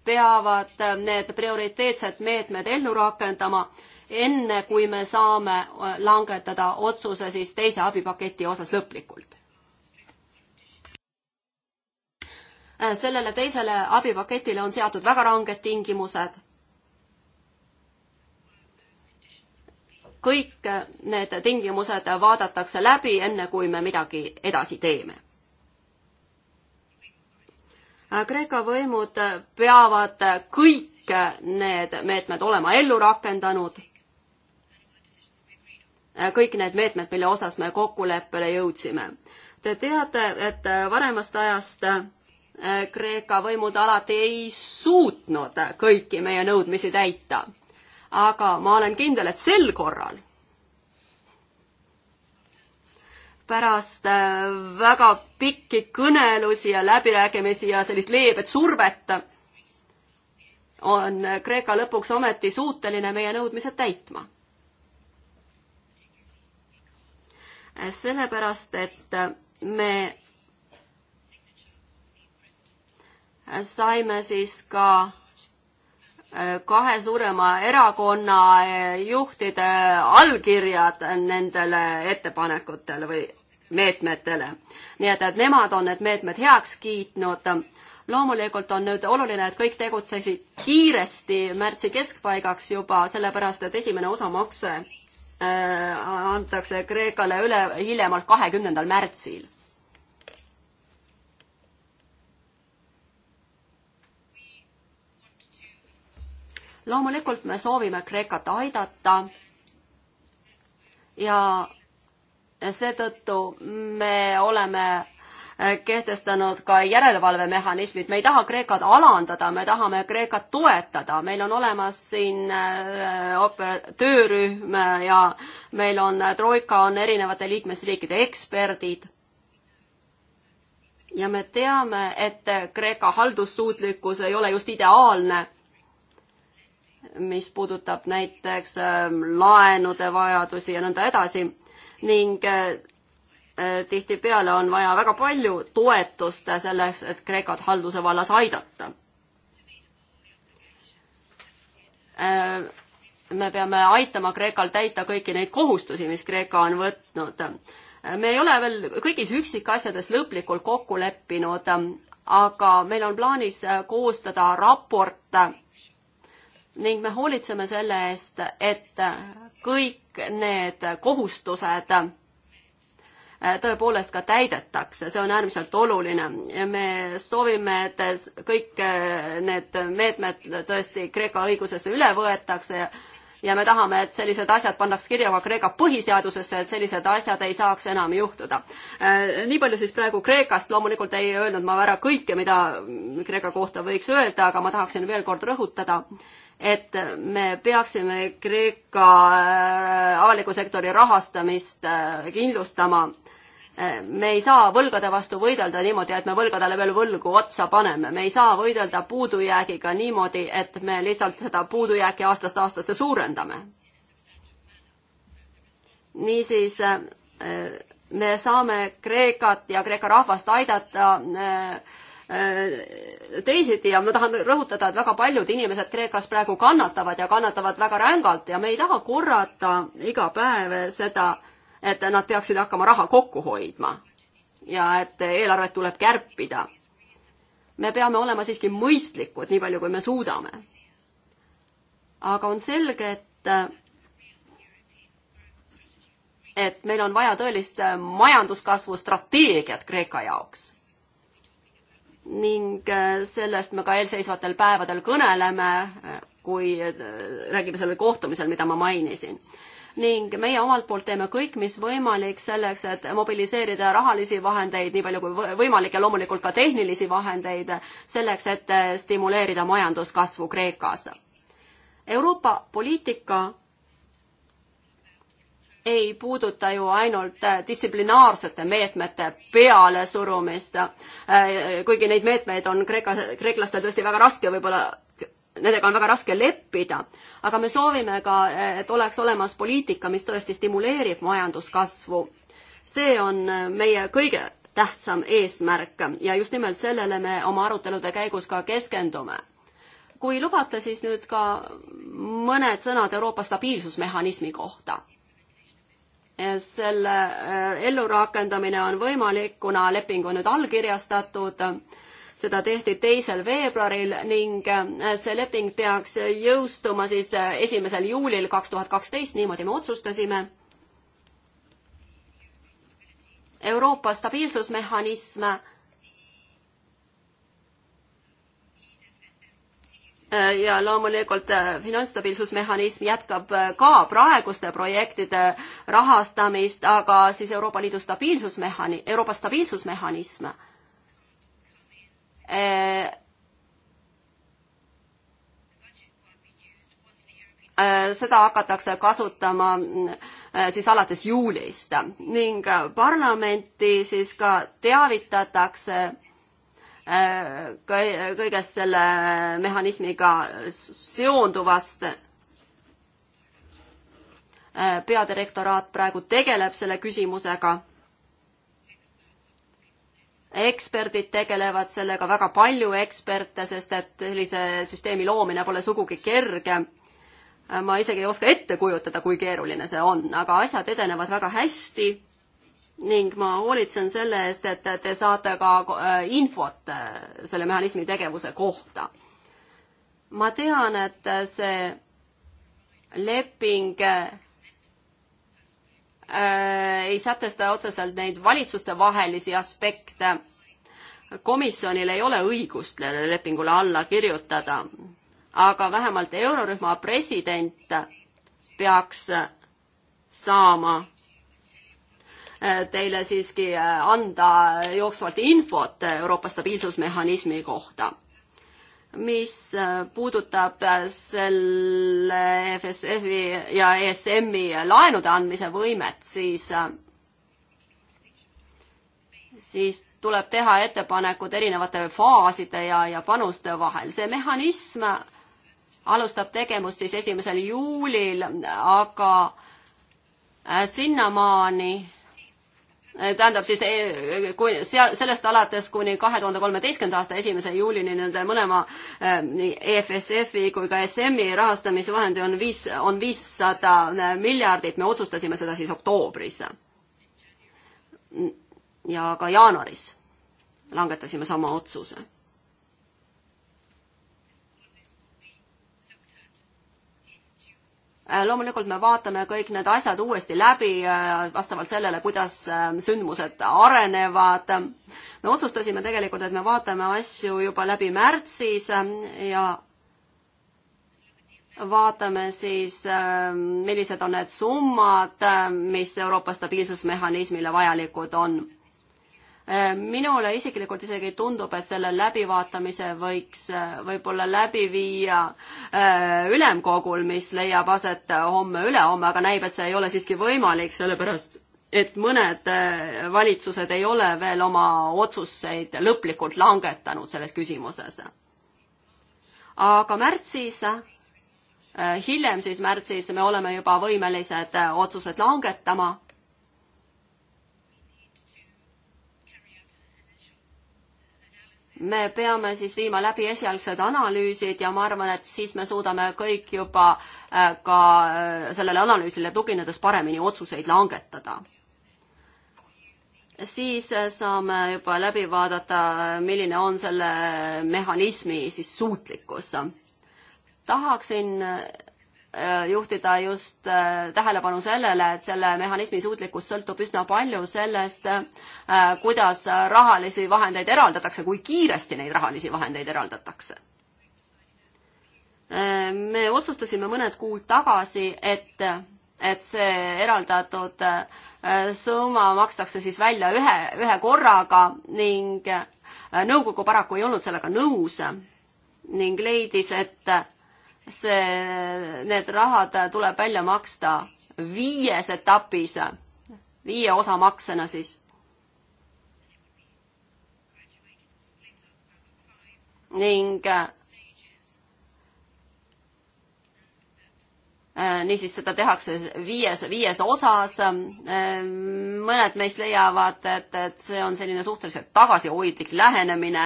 peavad need prioriteetsed meetmed ellu rakendama, enne kui me saame langetada otsuse siis teise abipaketi osas lõplikult Äh, sellele teisele abipaketile on seatud väga ranged tingimused. kõik need tingimused vaadatakse läbi, enne kui me midagi edasi teeme. Äh, Kreeka võimud peavad kõik need meetmed olema ellu rakendanud. Äh, kõik need meetmed, mille osas me kokkuleppele jõudsime. Te teate, et varemast ajast Kreeka võimud alati ei suutnud kõiki meie nõudmisi täita. aga ma olen kindel, et sel korral pärast äh, väga pikki kõnelusi ja läbirääkimisi ja sellist leebet survet on Kreeka lõpuks ometi suuteline meie nõudmised täitma. sellepärast, et me saime siis ka äh, kahe suurema erakonna äh, juhtide allkirjad nendele ettepanekutele või meetmetele. nii et, et nemad on need meetmed heaks kiitnud. loomulikult on nüüd oluline, et kõik tegutsesid kiiresti märtsi keskpaigaks juba, sellepärast et esimene osamakse äh, antakse Kreekale üle hiljemalt kahekümnendal märtsil loomulikult me soovime Kreekat aidata ja seetõttu me oleme eh, kehtestanud ka järelevalvemehhanismid, me ei taha Kreekat alandada, me tahame Kreekat toetada, meil on olemas siin eh, oper-, töörühm ja meil on, eh, Troika on erinevate liikmesriikide eksperdid. ja me teame, et Kreeka haldussuutlikkus ei ole just ideaalne mis puudutab näiteks ähm, laenude vajadusi ja nõnda edasi ning äh, äh, tihtipeale on vaja väga palju toetust selleks, et Kreekat halduse vallas aidata. Äh, me peame aitama Kreekal täita kõiki neid kohustusi, mis Kreeka on võtnud. me ei ole veel kõigis üksikasjades lõplikult kokku leppinud, aga meil on plaanis koostada raport ning me hoolitseme selle eest, et kõik need kohustused äh, tõepoolest ka täidetakse, see on äärmiselt oluline. me soovime, et kõik äh, need meetmed tõesti Kreeka õigusesse üle võetakse ja me tahame, et sellised asjad pannakse kirja ka Kreeka põhiseadusesse, et sellised asjad ei saaks enam juhtuda. Äh, nii palju siis praegu Kreekast, loomulikult ei öelnud ma ära kõike, mida Kreeka kohta võiks öelda, aga ma tahaksin veel kord rõhutada, et me peaksime Kreeka äh, avaliku sektori rahastamist äh, kindlustama. Äh, me ei saa võlgade vastu võidelda niimoodi, et me võlgadele veel võlgu otsa paneme, me ei saa võidelda puudujäägiga niimoodi, et me lihtsalt seda puudujääki aastast aastasse suurendame. niisiis me saame Kreekat ja Kreeka rahvast aidata äh, Äh, teisiti ja ma tahan rõhutada, et väga paljud inimesed Kreekas praegu kannatavad ja kannatavad väga rängalt ja me ei taha korrata iga päev seda, et nad peaksid hakkama raha kokku hoidma ja et eelarvet tuleb kärpida. me peame olema siiski mõistlikud, nii palju kui me suudame. aga on selge, et et meil on vaja tõelist majanduskasvu strateegiat Kreeka jaoks ning äh, sellest me ka eelseisvatel päevadel kõneleme, äh, kui äh, räägime sellel kohtumisel, mida ma mainisin. ning meie omalt poolt teeme kõik, mis võimalik selleks, et mobiliseerida rahalisi vahendeid nii palju kui võimalik ja loomulikult ka tehnilisi vahendeid selleks, et stimuleerida majanduskasvu Kreekas. Euroopa poliitika ei puuduta ju ainult äh, distsiplinaarsete meetmete pealesurumist, äh, kuigi neid meetmeid on kreeka, kreeklastel tõesti väga raske võib-olla nendega on väga raske leppida, aga me soovime ka, et oleks olemas poliitika, mis tõesti stimuleerib majanduskasvu. see on äh, meie kõige tähtsam eesmärk ja just nimelt sellele me oma arutelude käigus ka keskendume. kui lubate, siis nüüd ka mõned sõnad Euroopa stabiilsusmehhanismi kohta selle äh, ellurakendamine on võimalik, kuna leping on nüüd allkirjastatud. seda tehti teisel veebruaril ning äh, see leping peaks jõustuma siis äh, esimesel juulil kaks tuhat kaksteist, niimoodi me otsustasime. Euroopa stabiilsusmehhanism Äh, ja loomulikult äh, finantsstabiilsusmehhanism jätkab äh, ka praeguste projektide rahastamist, aga siis Euroopa Liidu stabiilsusmehhani-, Euroopa stabiilsusmehhanism seda hakatakse kasutama siis alates juulist ning parlamenti siis ka teavitatakse Äh, kõigest selle mehhanismiga seonduvast. Äh, peadirektoraat praegu tegeleb selle küsimusega. eksperdid tegelevad sellega, väga palju eksperte, sest et sellise süsteemi loomine pole sugugi kerge äh, ma isegi ei oska ette kujutada, kui keeruline see on, aga asjad edenevad väga hästi ning ma hoolitsen selle eest, et te saate ka äh, infot äh, selle mehhanismi tegevuse kohta. ma tean, et see leping äh, ei sätesta otseselt neid valitsustevahelisi aspekte. komisjonil ei ole õigust lepingule alla kirjutada, aga vähemalt eurorühma president peaks saama teile siiski äh, anda jooksvalt infot Euroopa stabiilsusmehhanismi kohta mis äh, puudutab äh, selle FSF-i ja ESM-i laenude andmise võimet, siis, siis tuleb teha ettepanekud erinevate faaside ja, ja panuste vahel. see mehhanism alustab tegevust siis esimesel juulil, aga sinnamaani tähendab siis eh, kui seal, sellest alates kuni kahe tuhande kolmeteistkümnenda aasta esimese juulini nende mõlema nii eh, EFSF-i kui ka SM-i rahastamisvahendi on viis, on viissada eh, miljardit, me otsustasime seda siis oktoobris. ja ka jaanuaris langetasime sama otsuse Äh, loomulikult me vaatame kõik need asjad uuesti läbi äh, vastavalt sellele, kuidas ähm, sündmused arenevad. me otsustasime tegelikult, et me vaatame asju juba läbi märtsis ähm, ja vaatame siis, ähm, millised on need summad, mis Euroopa stabiilsusmehhanismile vajalikud on Äh, minule isiklikult isegi tundub, et selle läbivaatamise võiks äh, võib-olla läbi viia äh, ülemkogul, mis leiab aset homme-ülehomme, aga näib, et see ei ole siiski võimalik, sellepärast et mõned valitsused ei ole veel oma otsuseid lõplikult langetanud selles küsimuses. aga märtsis, hiljem siis märtsis me oleme juba võimelised otsused langetama me peame siis viima läbi esialgsed analüüsid ja ma arvan, et siis me suudame kõik juba äh, ka äh, sellele analüüsile tuginedes paremini otsuseid langetada. siis äh, saame juba läbi vaadata, milline on selle mehhanismi siis suutlikkus. tahaksin Äh, juhtida just äh, tähelepanu sellele, et selle mehhanismi suutlikkus sõltub üsna palju sellest, äh, kuidas rahalisi vahendeid eraldatakse, kui kiiresti neid rahalisi vahendeid eraldatakse. me otsustasime mõned kuud tagasi, et, et see eraldatud summa makstakse siis välja ühe, ühe korraga ning nõukogu paraku ei olnud sellega nõus ning leidis, et see, need rahad tuleb välja maksta viies etapis, viie osa maksena siis. ning äh, niisiis seda tehakse viies, viies osas. Äh, mõned meist leiavad, et, et see on selline suhteliselt tagasihoidlik lähenemine,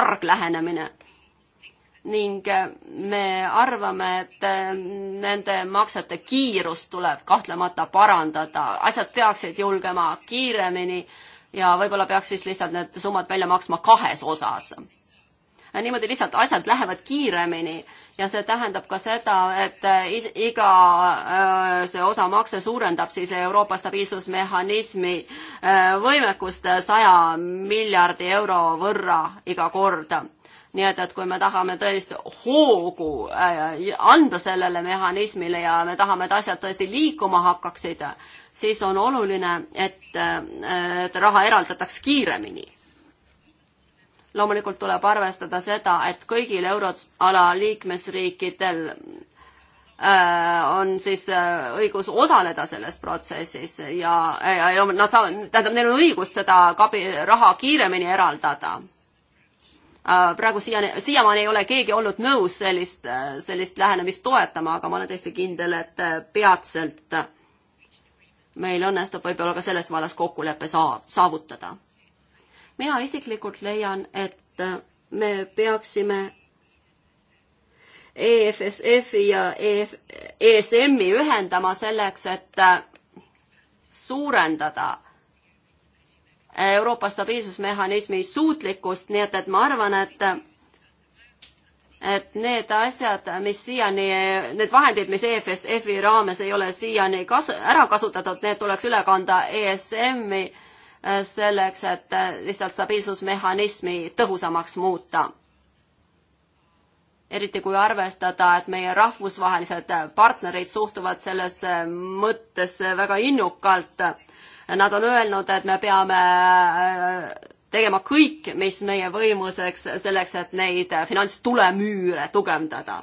arg lähenemine ning äh, me arvame, et äh, nende maksete kiirust tuleb kahtlemata parandada, asjad peaksid julgema kiiremini ja võib-olla peaks siis lihtsalt need summad välja maksma kahes osas. niimoodi lihtsalt asjad lähevad kiiremini ja see tähendab ka seda, et äh, is, iga see osamakse suurendab siis Euroopa stabiilsusmehhanismi võimekust saja miljardi euro võrra iga kord nii et, et kui me tahame tõesti hoogu äh, anda sellele mehhanismile ja me tahame, et asjad tõesti liikuma hakkaksid, siis on oluline, et, äh, et raha eraldataks kiiremini. loomulikult tuleb arvestada seda, et kõigil euroala liikmesriikidel äh, on siis õigus osaleda selles protsessis ja, ja, ja nad saavad, tähendab, neil on õigus seda kabi, raha kiiremini eraldada Äh, praegu siiani, siiamaani ei ole keegi olnud nõus sellist, äh, sellist lähenemist toetama, aga ma olen täiesti kindel, et äh, peatselt meil õnnestub võib-olla ka selles vallas kokkulepe saa-, saavutada. mina isiklikult leian, et me peaksime EFSF-i ja EF, ESM-i ühendama selleks, et suurendada Euroopa stabiilsusmehhanismi suutlikkust, nii et, et ma arvan, et et need asjad, mis siiani, need vahendid, mis EFSF-i raames ei ole siiani kas-, ära kasutatud, need tuleks üle kanda ESM-i äh, selleks, et äh, lihtsalt stabiilsusmehhanismi tõhusamaks muuta. eriti kui arvestada, et meie rahvusvahelised partnerid suhtuvad sellesse mõttesse väga innukalt Nad on öelnud, et me peame äh, tegema kõik, mis meie võimuseks, selleks, et neid finantstulemüüre tugevdada.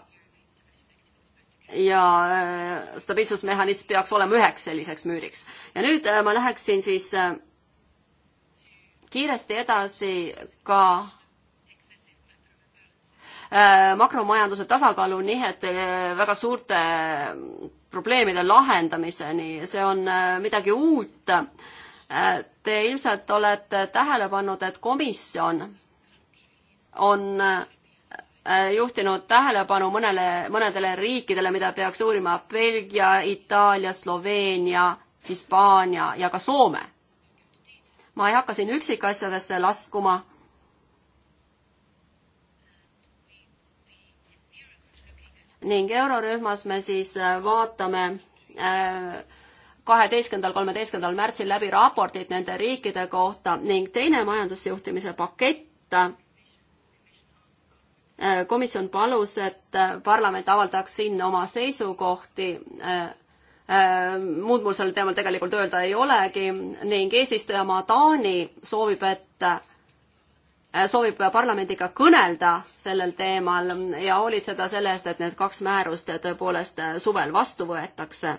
ja äh, stabiilsusmehhanism peaks olema üheks selliseks müüriks. ja nüüd äh, ma läheksin siis kiiresti edasi ka Äh, makromajanduse tasakaalu nihete äh, väga suurte mm, probleemide lahendamiseni, see on äh, midagi uut. Te ilmselt olete tähele pannud, et komisjon on juhtinud tähelepanu mõnele, mõnedele riikidele, mida peaks uurima Belgia, Itaalia, Sloveenia, Hispaania ja ka Soome. ma ei hakka siin üksikasjadesse laskuma ning eurorühmas me siis äh, vaatame äh, kaheteistkümnendal, kolmeteistkümnendal märtsil läbi raportid nende riikide kohta ning teine majandusjuhtimise pakett. Äh, komisjon palus, et parlament avaldaks siin oma seisukohti muud mul sel teemal tegelikult öelda ei olegi ning eesistujamaa Taani soovib, et Äh, soovib parlamendiga kõnelda sellel teemal ja hoolitseda selle eest, et need kaks määrust äh, tõepoolest äh, suvel vastu võetakse.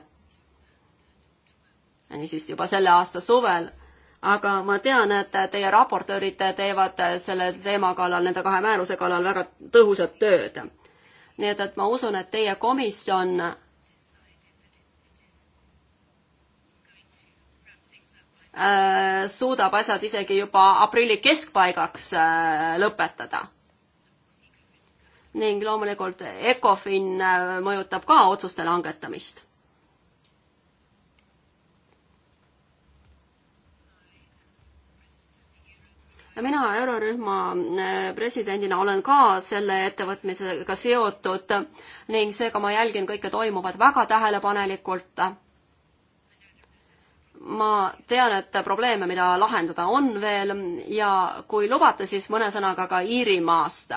niisiis juba selle aasta suvel. aga ma tean, et teie raportöörid teevad selle teema kallal, nende kahe määruse kallal väga tõhusat tööd. nii et, et ma usun, et teie komisjon Äh, suudab asjad isegi juba aprilli keskpaigaks äh, lõpetada. ning loomulikult Ecofin äh, mõjutab ka otsuste langetamist. mina eurorühma presidendina olen ka selle ettevõtmisega seotud ning seega ma jälgin kõike toimuvat väga tähelepanelikult ma tean, et probleeme, mida lahendada, on veel ja kui lubate, siis mõne sõnaga ka Iirimaast.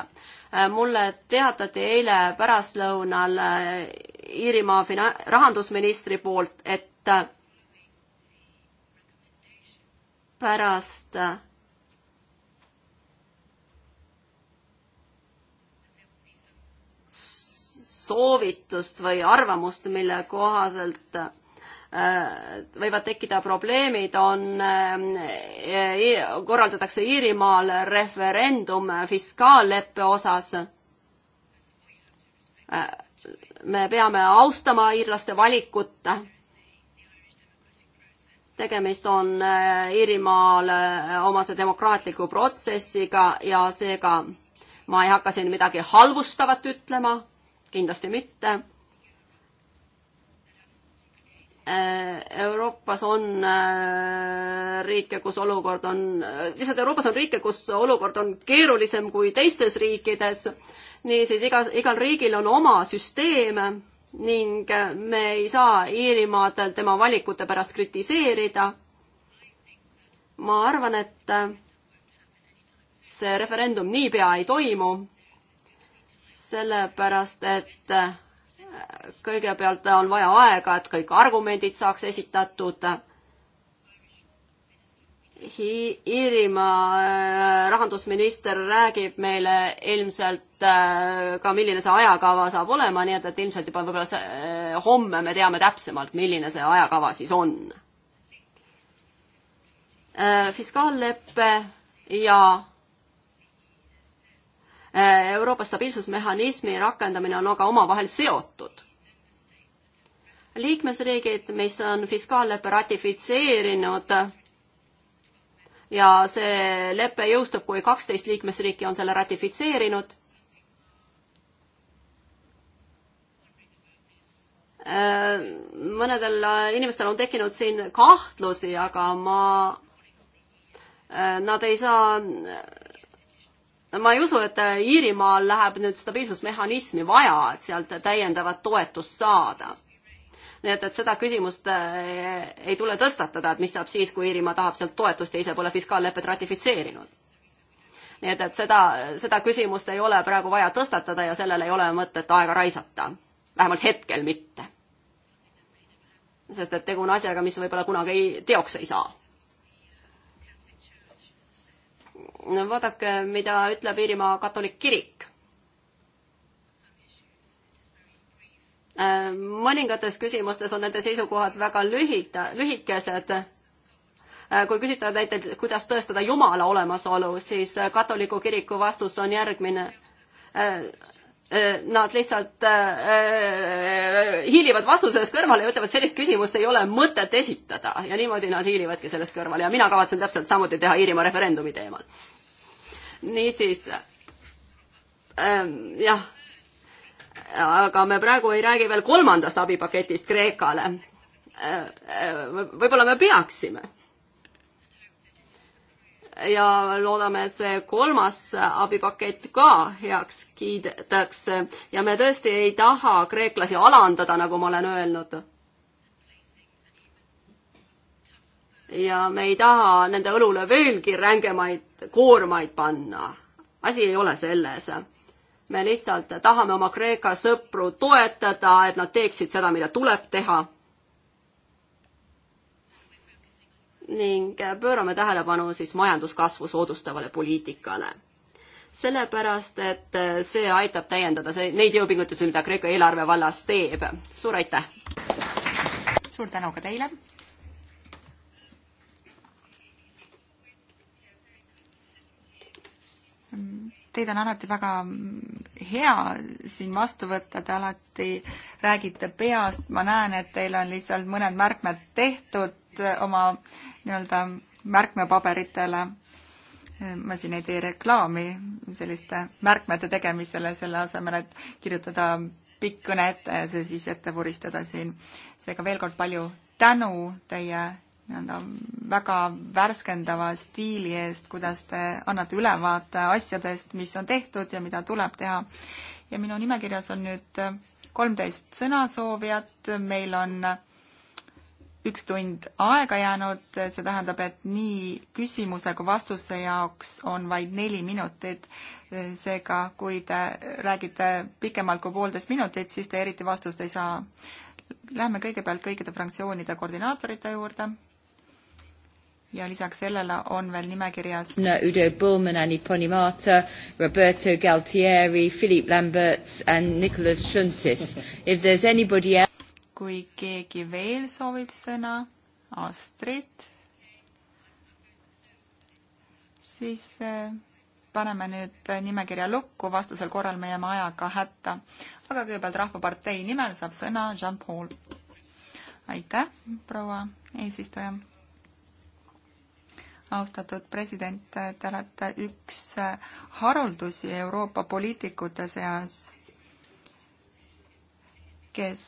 mulle teatati eile pärastlõunal eh, Iirimaa fina-, rahandusministri poolt, et pärast eh, soovitust või arvamust, mille kohaselt Äh, võivad tekkida probleemid, on, äh, korraldatakse Iirimaal referendum fiskaalleppe osas. Äh, me peame austama iirlaste valikut. tegemist on Iirimaal omase demokraatliku protsessiga ja seega ma ei hakka siin midagi halvustavat ütlema, kindlasti mitte Äh, Euroopas on äh, riike, kus olukord on, äh, lihtsalt Euroopas on riike, kus olukord on keerulisem kui teistes riikides. niisiis igas, igal riigil on oma süsteem ning me ei saa Iirimaad tema valikute pärast kritiseerida. ma arvan, et see referendum niipea ei toimu, sellepärast et kõigepealt on vaja aega, et kõik argumendid saaks esitatud Hi. Iirimaa äh, rahandusminister räägib meile ilmselt äh, ka, milline see ajakava saab olema, nii et, et ilmselt juba võib-olla see, äh, homme me teame täpsemalt, milline see ajakava siis on. fiskaalleppe ja Äh, Euroopa stabiilsusmehhanismi rakendamine on aga omavahel seotud. liikmesriigid, mis on fiskaalleppe ratifitseerinud ja see lepe jõustub, kui kaksteist liikmesriiki on selle ratifitseerinud äh, mõnedel äh, inimestel on tekkinud siin kahtlusi, aga ma, nad ei saa ma ei usu, et äh, Iirimaal läheb nüüd stabiilsusmehhanismi vaja, et sealt täiendavat toetust saada. nii et, et seda küsimust äh, ei tule tõstatada, et mis saab siis, kui Iirimaa tahab sealt toetust ja ise pole fiskaallepet ratifitseerinud nii et, et seda, seda küsimust ei ole praegu vaja tõstatada ja sellele ei ole mõtet aega raisata. vähemalt hetkel mitte. sest et tegu on asjaga, mis võib-olla kunagi ei, teoks ei saa. vaadake, mida ütleb Iirimaa katolik kirik. Äh, mõningates küsimustes on nende seisukohad väga lühida, lühikesed äh, kui küsida näiteks, kuidas tõestada Jumala olemasolu, siis äh, katoliku kiriku vastus on järgmine. Äh, nad lihtsalt äh, äh hiilivad vastusest kõrvale ja ütlevad, sellist küsimust ei ole mõtet esitada ja niimoodi nad hiilivadki sellest kõrvale ja mina kavatsen täpselt samuti teha Iirimaa referendumi teemal. niisiis ähm,, jah, aga me praegu ei räägi veel kolmandast abipaketist Kreekale. Äh, võib-olla me peaksime ja loodame, et see kolmas abipakett ka heaks kiidetakse ja me tõesti ei taha kreeklasi alandada, nagu ma olen öelnud. ja me ei taha nende õlule veelgi rängemaid koormaid panna. asi ei ole selles. me lihtsalt tahame oma Kreeka sõpru toetada, et nad teeksid seda, mida tuleb teha ning pöörame tähelepanu siis majanduskasvu soodustavale poliitikale. sellepärast, et see aitab täiendada see, neid jõupingutusi, mida Kreeka eelarve vallas teeb. suur aitäh! suur tänu ka teile! Teid on alati väga hea siin vastu võtta, te alati räägite peast, ma näen, et teil on lihtsalt mõned märkmed tehtud, oma nii-öelda märkmepaberitele. ma siin ei tee reklaami selliste märkmete tegemisele, selle asemel, et kirjutada pikk kõne ette ja see siis ette vuristada siin. seega veel kord palju tänu teie nii-öelda väga värskendava stiili eest, kuidas te annate ülevaate asjadest, mis on tehtud ja mida tuleb teha. ja minu nimekirjas on nüüd kolmteist sõnasoovijat, meil on äh, üks tund aega jäänud, see tähendab, et nii küsimuse kui vastuse jaoks on vaid neli minutit. seega, kui te räägite pikemalt kui poolteist minutit, siis te eriti vastust ei saa. Lähme kõigepealt kõikide fraktsioonide koordinaatorite juurde. ja lisaks sellele on veel nimekirjas Udo Bullmann, Anni Ponimata, Roberto Galtieri, Philip Lamberts and Nicolas Šuntis. If there is anybody else kui keegi veel soovib sõna, Astrid, siis äh, paneme nüüd äh, nimekirja lukku, vastasel korral me jääme ajaga hätta. aga kõigepealt Rahvapartei nimel saab sõna Jean-Paul. aitäh, proua eesistuja. austatud president, äh, te olete üks haruldusi Euroopa poliitikute seas, kes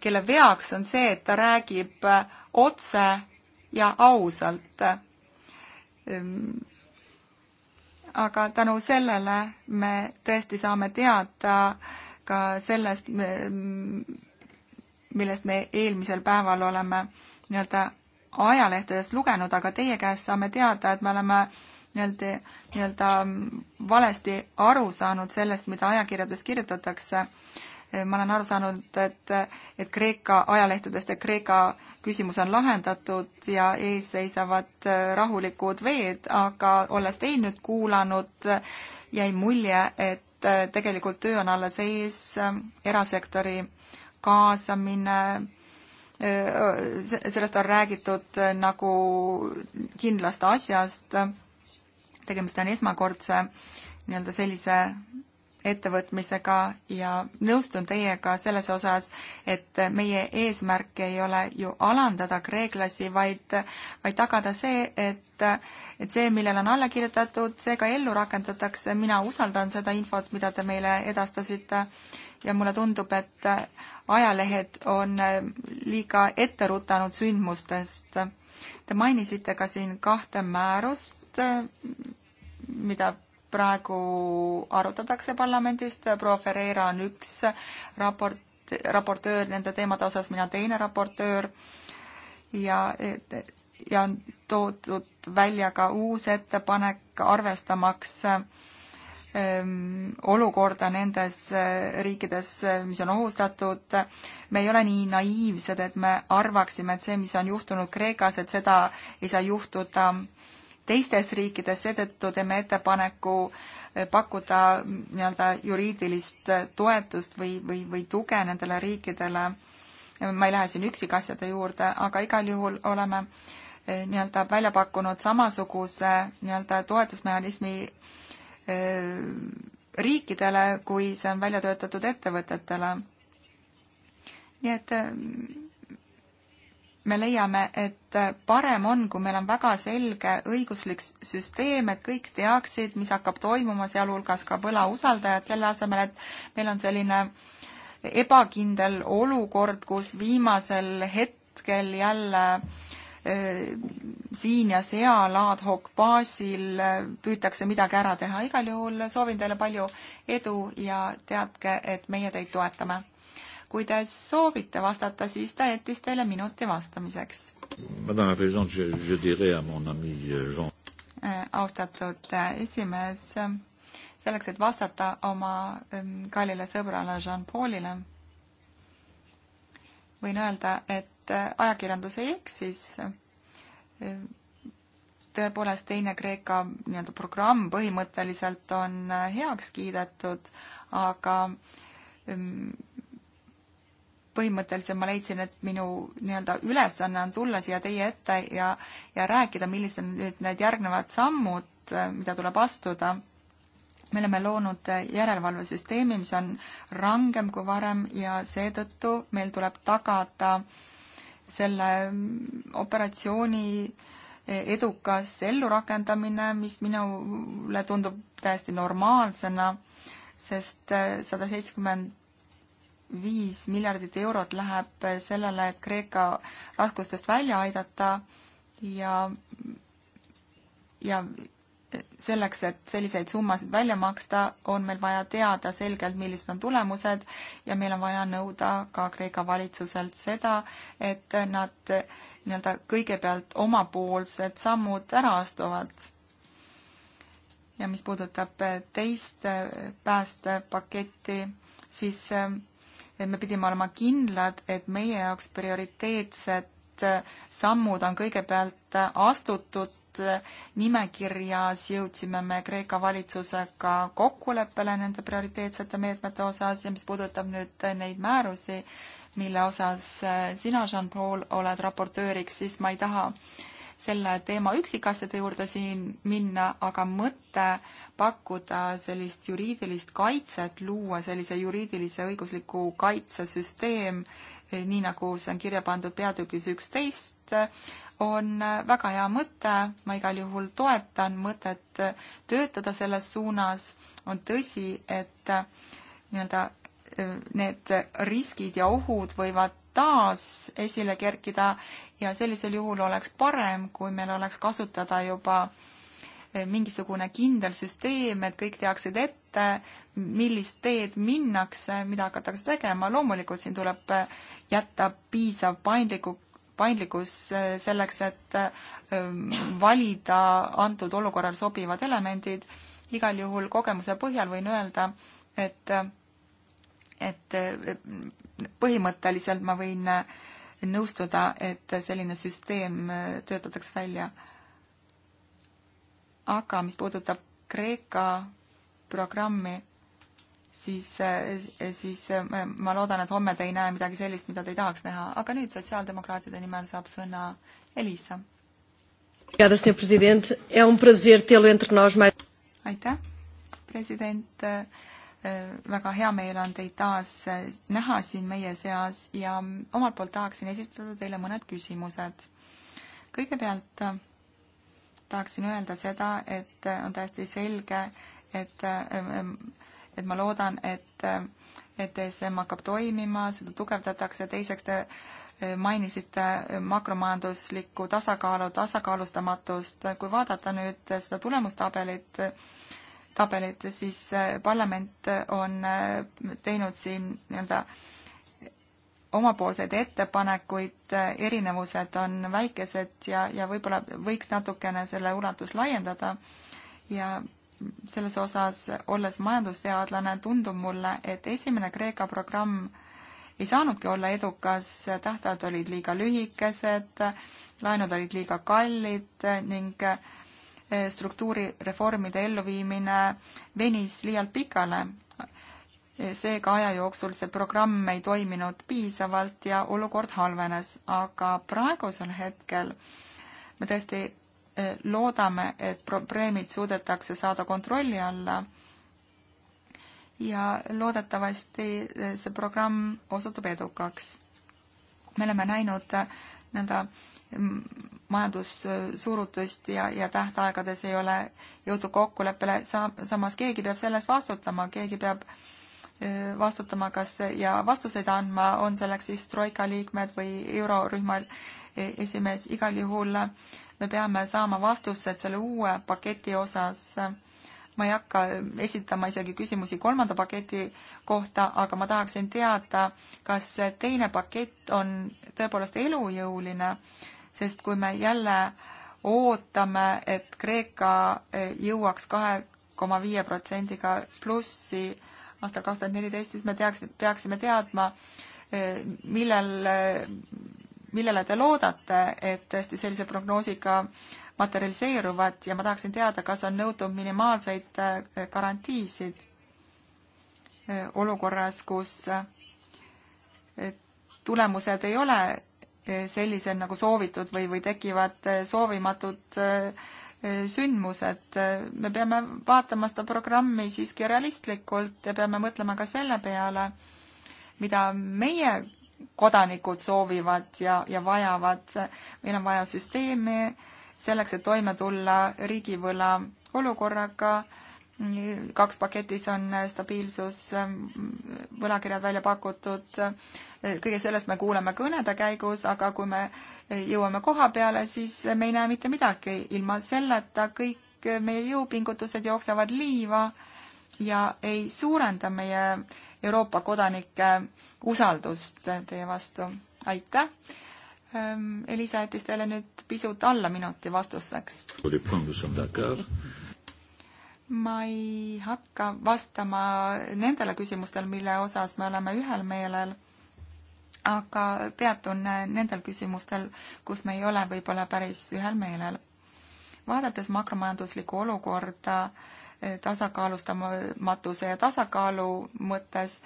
kelle veaks on see, et ta räägib äh, otse ja ausalt. Ehm, aga tänu sellele me tõesti saame teada ka sellest, mm, millest me eelmisel päeval oleme nii-öelda ajalehtedest lugenud, aga teie käest saame teada, et me oleme nii-öelda, nii-öelda mm, valesti aru saanud sellest, mida ajakirjades kirjutatakse Eh, ma olen aru saanud, et, et Kreeka ajalehtedest, et Kreeka küsimus on lahendatud ja ees seisavad eh, rahulikud veed, aga olles teid nüüd kuulanud, jäi mulje, et eh, tegelikult töö on alles ees, erasektori kaasamine, sellest on räägitud nagu kindlast asjast, tegemist on esmakordse nii-öelda sellise ettevõtmisega ja nõustun teiega selles osas, et meie eesmärk ei ole ju alandada kreeklasi, vaid, vaid tagada see, et, et see, millele on alla kirjutatud, see ka ellu rakendatakse. mina usaldan seda infot, mida te meile edastasite ja mulle tundub, et ajalehed on liiga ette rutanud sündmustest. Te mainisite ka siin kahte määrust, mida praegu arutatakse parlamendist, proua Ferreira on üks raport, raportöör nende teemade osas, mina teine raportöör ja, ja on toodud välja ka uus ettepanek arvestamaks ehm, olukorda nendes riikides, mis on ohustatud. me ei ole nii naiivsed, et me arvaksime, et see, mis on juhtunud Kreekas, et seda ei saa juhtuda äh, teistes riikides, seetõttu teeme ettepaneku eh, pakkuda nii-öelda juriidilist eh, toetust või, või, või tuge nendele riikidele. ma ei lähe siin üksikasjade juurde, aga igal juhul oleme eh, nii-öelda välja pakkunud samasuguse nii-öelda toetusmehhanismi riikidele, kui see on välja töötatud ettevõtetele. nii et me leiame, et parem on, kui meil on väga selge õiguslik süsteem, et kõik teaksid, mis hakkab toimuma, sealhulgas ka võlausaldajad, selle asemel, et meil on selline ebakindel olukord, kus viimasel hetkel jälle siin ja seal ad hoc baasil püütakse midagi ära teha. igal juhul soovin teile palju edu ja teadke, et meie teid toetame kui te soovite vastata, siis ta jättis teile minuti vastamiseks. Euh, äh, austatud äh, esimees, äh, selleks, et vastata oma ähm, kallile sõbrale Jean-Paulile, võin öelda, et ajakirjandus ei eksis tõepoolest teine Kreeka nii-öelda programm põhimõtteliselt on heaks kiidetud, aga ähm, põhimõtteliselt ma leidsin, et minu nii-öelda ülesanne on tulla siia teie ette ja, ja rääkida, millised on nüüd need järgnevad sammud, äh, mida tuleb astuda. me oleme loonud äh, järelevalvesüsteemi, mis on rangem kui varem ja seetõttu meil tuleb tagada selle mm, operatsiooni e, edukas ellurakendamine, mis minule tundub täiesti normaalsena, sest äh, sada seitsekümmend viis miljardit eurot läheb sellele, et Kreeka raskustest välja aidata ja, ja selleks, et selliseid summasid välja maksta, on meil vaja teada selgelt, millised on tulemused ja meil on vaja nõuda ka Kreeka valitsuselt seda, et nad nii-öelda kõigepealt omapoolsed sammud ära astuvad. ja mis puudutab teist päästepaketti, siis et me pidime olema kindlad, et meie jaoks prioriteetsed sammud on kõigepealt astutud, nimekirjas jõudsime me Kreeka valitsusega kokkuleppele nende prioriteetsete meetmete osas ja mis puudutab nüüd neid määrusi, mille osas sina, Jean-Paul, oled raportööriks, siis ma ei taha äh, selle teema üksikasjade juurde siin minna, aga mõte pakkuda sellist juriidilist kaitset, luua sellise juriidilise õigusliku kaitsesüsteem, eh, nii nagu see on kirja pandud peatükis üksteist, on väga hea mõte, ma igal juhul toetan mõtet töötada selles suunas, on tõsi, et eh, nii-öelda eh, need riskid ja ohud võivad taas esile kerkida ja sellisel juhul oleks parem, kui meil oleks kasutada juba eh, mingisugune kindel süsteem, et kõik teaksid ette, millist teed minnakse, mida hakatakse tegema, loomulikult siin tuleb eh, jätta piisav paindliku, paindlikkus eh, selleks, et valida antud olukorral sobivad elemendid, igal juhul kogemuse põhjal võin öelda, et et eh, põhimõtteliselt ma võin eh, nõustuda, et selline süsteem eh, töötataks välja. aga mis puudutab Kreeka programmi, siis, siis ma loodan, et homme te ei näe midagi sellist, mida te ei tahaks näha, aga nüüd sotsiaaldemokraatide nimel saab sõna Elisa. Um aitäh, president väga hea meel on teid taas äh, näha siin meie seas ja omalt poolt tahaksin esitada teile mõned küsimused. kõigepealt äh, tahaksin öelda seda, et äh, on täiesti selge, et, et ma loodan, et, et ESM hakkab toimima, seda tugevdatakse, teiseks te mainisite makromajanduslikku tasakaalu, tasakaalustamatust, kui vaadata nüüd seda tulemustabelit, tabelit, siis äh, parlament äh, on äh, teinud siin nii-öelda omapoolseid ettepanekuid, erinevused on väikesed ja, ja võib-olla võiks natukene selle ulatust laiendada ja selles osas, olles majandusteadlane, tundub mulle, et esimene Kreeka programm ei saanudki olla edukas, tähtajad olid liiga lühikesed, laenud olid liiga kallid ning äh, struktuurireformide elluviimine venis liialt pikale. seega aja jooksul see programm ei toiminud piisavalt ja olukord halvenes, aga praegusel hetkel me tõesti eh, loodame, et probleemid suudetakse saada kontrolli alla ja loodetavasti eh, see programm osutub edukaks. me oleme näinud eh, nii-öelda majandussurutust äh, ja, ja tähtaegades ei ole jõutud kokkuleppele, samas keegi peab selle eest vastutama, keegi peab äh, vastutama, kas ja vastuseid andma, on selleks siis Troika liikmed või eurorühma e-, esimees, igal juhul me peame saama vastused selle uue paketi osas ma ei hakka esitama isegi küsimusi kolmanda paketi kohta, aga ma tahaksin teada, kas teine pakett on tõepoolest elujõuline sest kui me jälle ootame, et Kreeka eh, jõuaks kahe koma viie protsendiga plussi aastal kaks tuhat neliteist, siis me teaks, peaksime teadma, eh, millel, eh, millele te loodate, et tõesti sellise prognoosiga materialiseeruvad ja ma tahaksin teada, kas on nõutud minimaalseid garantiisid olukorras, kus tulemused ei ole Eh, sellisel, nagu soovitud või, või tekivad eh, soovimatud eh, sündmused. me peame vaatama seda programmi siiski realistlikult ja peame mõtlema ka selle peale, mida meie kodanikud soovivad ja, ja vajavad. meil on vaja süsteemi selleks, et toime tulla riigivõla olukorraga kaks paketis on stabiilsus, ähm, võlakirjad välja pakutud, kõige sellest me kuuleme kõnede käigus, aga kui me jõuame koha peale, siis me ei näe mitte midagi. ilma selleta kõik meie jõupingutused jooksevad liiva ja ei suurenda meie Euroopa kodanike usaldust teie vastu. aitäh! Ähm, Elisa jättis teile nüüd pisut alla minuti vastuseks ma ei hakka vastama nendele küsimustele, mille osas me oleme ühel meelel, aga peatun nendel küsimustel, kus me ei ole võib-olla päris ühel meelel. vaadates makromajanduslikku olukorda eh, tasakaalustamatuse ja tasakaalu mõttes,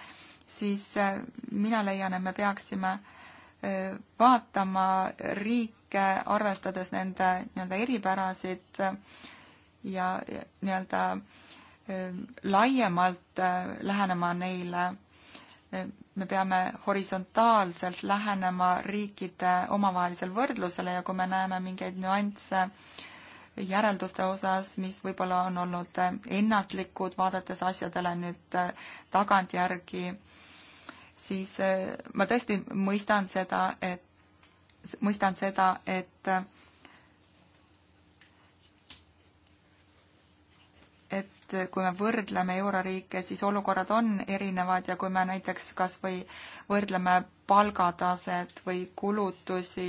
siis eh, mina leian, et me peaksime eh, vaatama riike, arvestades nende nii-öelda eripärasid, ja, ja nii-öelda ähm, laiemalt äh, lähenema neile. Äh, me peame horisontaalselt lähenema riikide omavahelisel võrdlusele ja kui me näeme mingeid nüansse järelduste osas, mis võib-olla on olnud äh, ennatlikud, vaadates asjadele nüüd tagantjärgi, siis ma tõesti mõistan seda, et, mõistan seda, et et kui me võrdleme euroriike, siis olukorrad on erinevad ja kui me näiteks kas või võrdleme palgataset või kulutusi,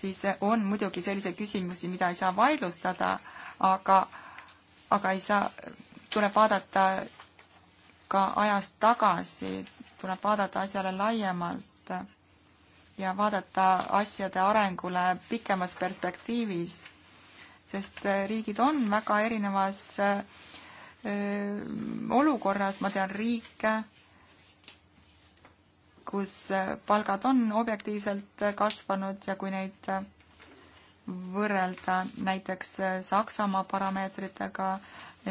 siis on muidugi selliseid küsimusi, mida ei saa vaidlustada, aga, aga ei saa, tuleb vaadata ka ajas tagasi, tuleb vaadata asjale laiemalt ja vaadata asjade arengule pikemas perspektiivis sest äh, riigid on väga erinevas äh, olukorras, ma tean riike, kus äh, palgad on objektiivselt kasvanud ja kui neid võrrelda näiteks Saksamaa parameetritega,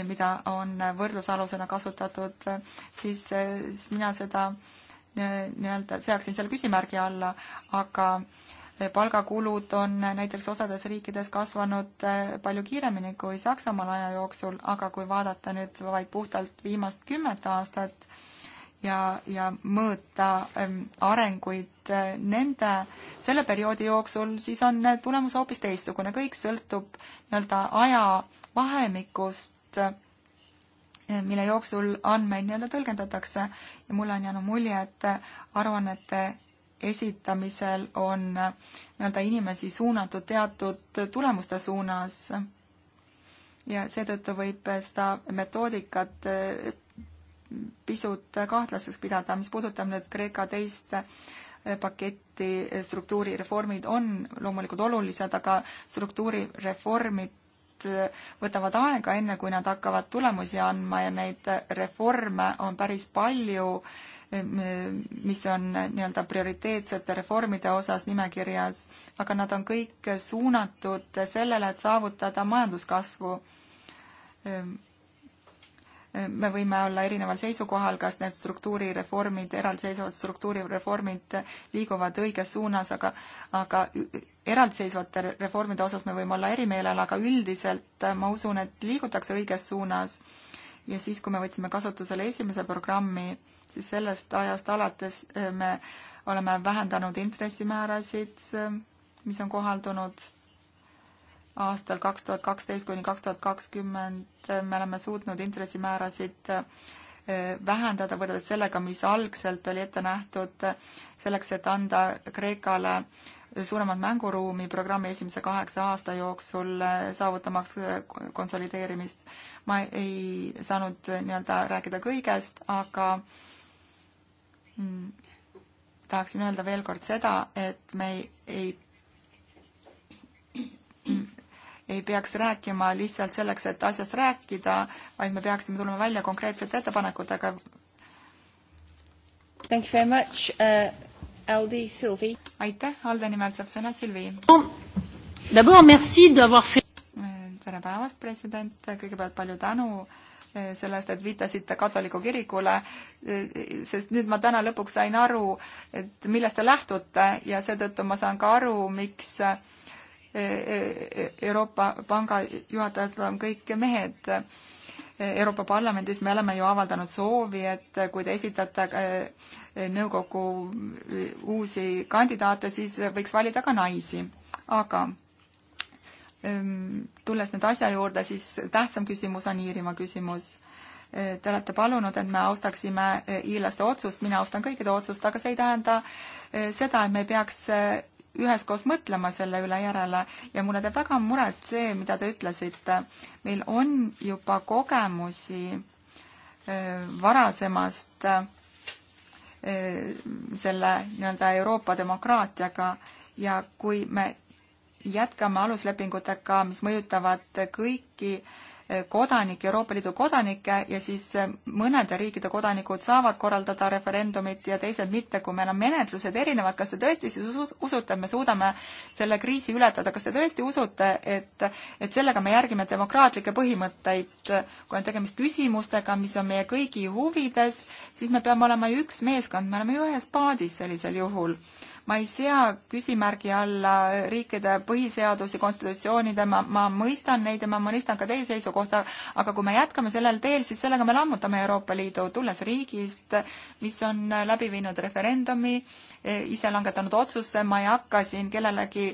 mida on võrdlusalusena kasutatud, siis, siis mina seda nii-öelda seaksin seal küsimärgi alla, aga äh, palgakulud on näiteks osades riikides kasvanud äh, palju kiiremini kui Saksamaal aja jooksul, aga kui vaadata nüüd vaid puhtalt viimast kümmet aastat ja, ja mõõta ähm, arenguid äh, nende, selle perioodi jooksul, siis on tulemus hoopis teistsugune, kõik sõltub nii-öelda ajavahemikust, äh, mille jooksul andmeid nii-öelda tõlgendatakse ja mulle on jäänud mulje, et aruannete esitamisel on nii-öelda inimesi suunatud teatud tulemuste suunas ja seetõttu võib seda metoodikat eh, pisut kahtlaseks pidada. mis puudutab nüüd Kreeka teist eh, paketti, eh, struktuurireformid on loomulikult olulised, aga struktuurireformid võtavad aega, enne kui nad hakkavad tulemusi andma ja neid reforme on päris palju mis on nii-öelda prioriteetsete reformide osas nimekirjas, aga nad on kõik suunatud sellele, et saavutada majanduskasvu. me võime olla erineval seisukohal, kas need struktuurireformid, eraldiseisvad struktuurireformid liiguvad õiges suunas, aga, aga eraldiseisvate reformide osas me võime olla erimeelel, aga üldiselt ma usun, et liigutakse õiges suunas ja siis, kui me võtsime kasutusele esimese programmi, siis sellest ajast alates äh, me oleme vähendanud intressimäärasid, äh, mis on kohaldunud aastal kaks tuhat kaksteist kuni kaks tuhat kakskümmend äh, me oleme suutnud intressimäärasid vähendada võrreldes sellega, mis algselt oli ette nähtud selleks, et anda Kreekale äh, suuremat mänguruumi programmi esimese kaheksa aasta jooksul eh, saavutamaks eh, konsolideerimist. ma ei saanud eh, nii-öelda rääkida kõigest, aga mm, tahaksin öelda veel kord seda, et me ei, ei, ei peaks rääkima lihtsalt selleks, et asjast rääkida, vaid me peaksime tulema välja konkreetsete ettepanekutega. Thank you very much uh.... Aldi Silvi. aitäh, Alde nimel saab sõna Silvi. tere päevast, president, kõigepealt palju tänu eh, sellest, et viitasite katoliku kirikule, eh, sest nüüd ma täna lõpuks sain aru, et millest te lähtute ja seetõttu ma saan ka aru, miks eh, Euroopa Panga juhatajad on kõik mehed Euroopa Parlamendis me oleme ju avaldanud soovi, et kui te esitate äh, nõukogu äh, uusi kandidaate, siis võiks valida ka naisi. aga ähm, tulles nüüd asja juurde, siis tähtsam küsimus on Iirimaa küsimus. Äh, te olete palunud, et me austaksime iirlaste otsust, mina austan kõikide otsust, aga see ei tähenda seda, et me ei peaks üheskoos mõtlema selle üle järele ja mulle teeb väga muret see, mida te ütlesite. meil on juba kogemusi äh, varasemast äh, selle nii-öelda Euroopa demokraatiaga ja kui me jätkame aluslepingutega, mis mõjutavad kõiki kodanikke, Euroopa Liidu kodanikke ja siis eh, mõnede riikide kodanikud saavad korraldada referendumit ja teised mitte, kui meil on menetlused erinevad, kas te tõesti siis usute, et me suudame selle kriisi ületada, kas te tõesti usute, et, et sellega me järgime demokraatlikke põhimõtteid, kui on tegemist küsimustega, mis on meie kõigi huvides, siis me peame olema ju üks meeskond, me oleme ju ühes paadis sellisel juhul ma ei sea küsimärgi alla riikide põhiseadusi, konstitutsioonide, ma, ma mõistan neid ja ma mõistan ka teie seisukohta, aga kui me jätkame sellel teel, siis sellega me lammutame Euroopa Liidu, tulles riigist, mis on läbi viinud referendumi, ise langetanud otsuse, ma ei hakka siin kellelegi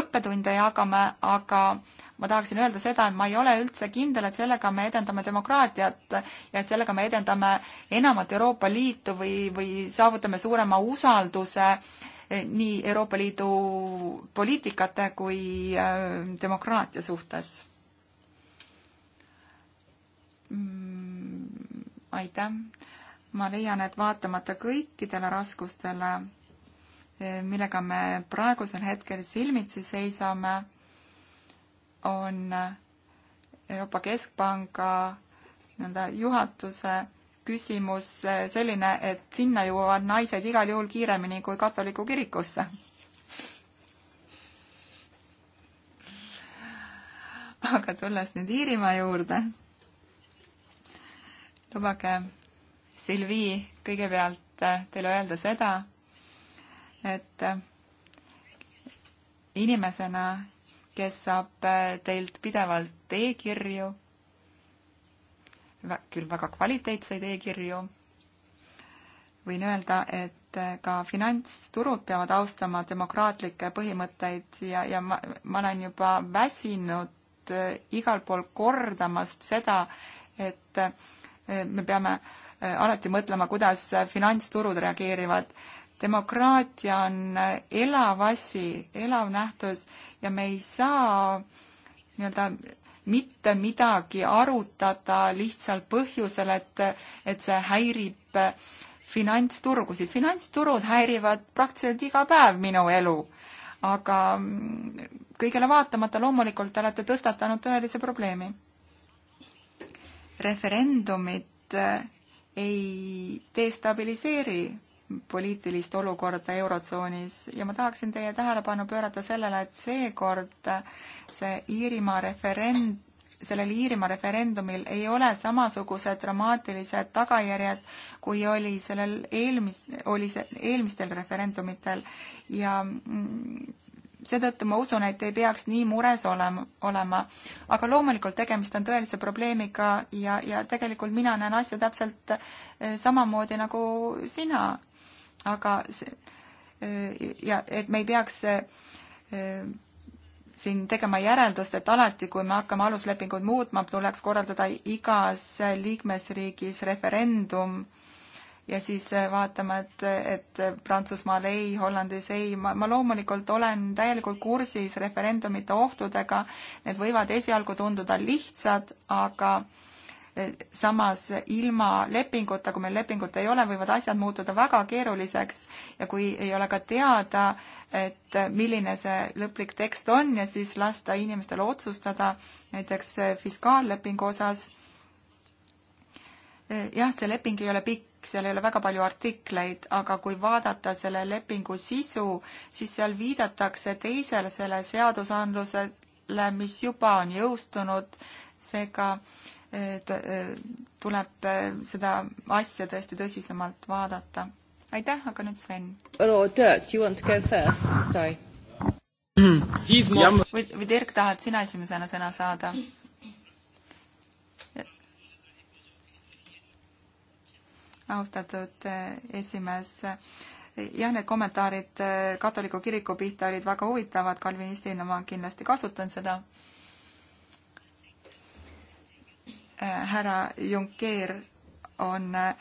õppetunde jagama, aga ma tahaksin öelda seda, et ma ei ole üldse kindel, et sellega me edendame demokraatiat ja et sellega me edendame enamat Euroopa Liitu või, või saavutame suurema usalduse Eh, nii Euroopa Liidu poliitikate kui eh, demokraatia suhtes. Mm, aitäh. ma leian, et vaatamata kõikidele raskustele, eh, millega me praegusel hetkel silmitsi seisame, on Euroopa Keskpanga nii-öelda juhatuse küsimus eh, selline, et sinna jõuavad naised igal juhul kiiremini kui katoliku kirikusse. aga tulles nüüd Iirimaa juurde, lubage, Silvi, kõigepealt eh, teile öelda seda, et eh, inimesena, kes saab teilt pidevalt e-kirju küll väga kvaliteetseid e-kirju. võin öelda, et äh, ka finantsturud peavad austama demokraatlikke põhimõtteid ja, ja ma, ma olen juba väsinud äh, igal pool kordamast seda, et äh, me peame alati mõtlema, kuidas finantsturud reageerivad. demokraatia on elav asi, elav nähtus ja me ei saa nii-öelda mitte midagi arutada lihtsalt põhjusel, et, et see häirib finantsturgusid. finantsturud häirivad praktiliselt iga päev minu elu. aga kõigele vaatamata loomulikult te olete tõstatanud tõelise probleemi. referendumid ei destabiliseeri poliitilist olukorda Eurotsoonis ja ma tahaksin teie tähelepanu pöörata sellele, et seekord see Iirimaa referend, sellel Iirimaa referendumil ei ole samasugused dramaatilised tagajärjed, kui oli sellel eelmis, oli see eelmistel referendumitel ja seetõttu ma usun, et ei peaks nii mures olema, olema. aga loomulikult tegemist on tõelise probleemiga ja, ja tegelikult mina näen asju täpselt eh, samamoodi nagu sina aga see, äh, ja et me ei peaks äh, siin tegema järeldust, et alati, kui me hakkame aluslepinguid muutma, tuleks korraldada igas liikmesriigis referendum ja siis äh, vaatama, et, et Prantsusmaal ei, Hollandis ei, ma, ma loomulikult olen täielikult kursis referendumite ohtudega, need võivad esialgu tunduda lihtsad, aga äh, samas ilma lepinguta, kui meil lepingut ei ole, võivad asjad muutuda väga keeruliseks ja kui ei ole ka teada, et milline see lõplik tekst on ja siis lasta inimestel otsustada näiteks fiskaallepingu osas. jah, see leping ei ole pikk, seal ei ole väga palju artikleid, aga kui vaadata selle lepingu sisu, siis seal viidatakse teisele selle seadusandlusele, mis juba on jõustunud, seega äh, tuleb äh, seda asja tõesti tõsisemalt vaadata. aitäh, aga nüüd Sven. või, või Dirk, tahad sina esimesena sõna saada? austatud äh, esimees, jah, need kommentaarid äh, katoliku kiriku pihta olid väga huvitavad, kalvinistina ma kindlasti kasutan seda Äh, härra Juncker on, äh,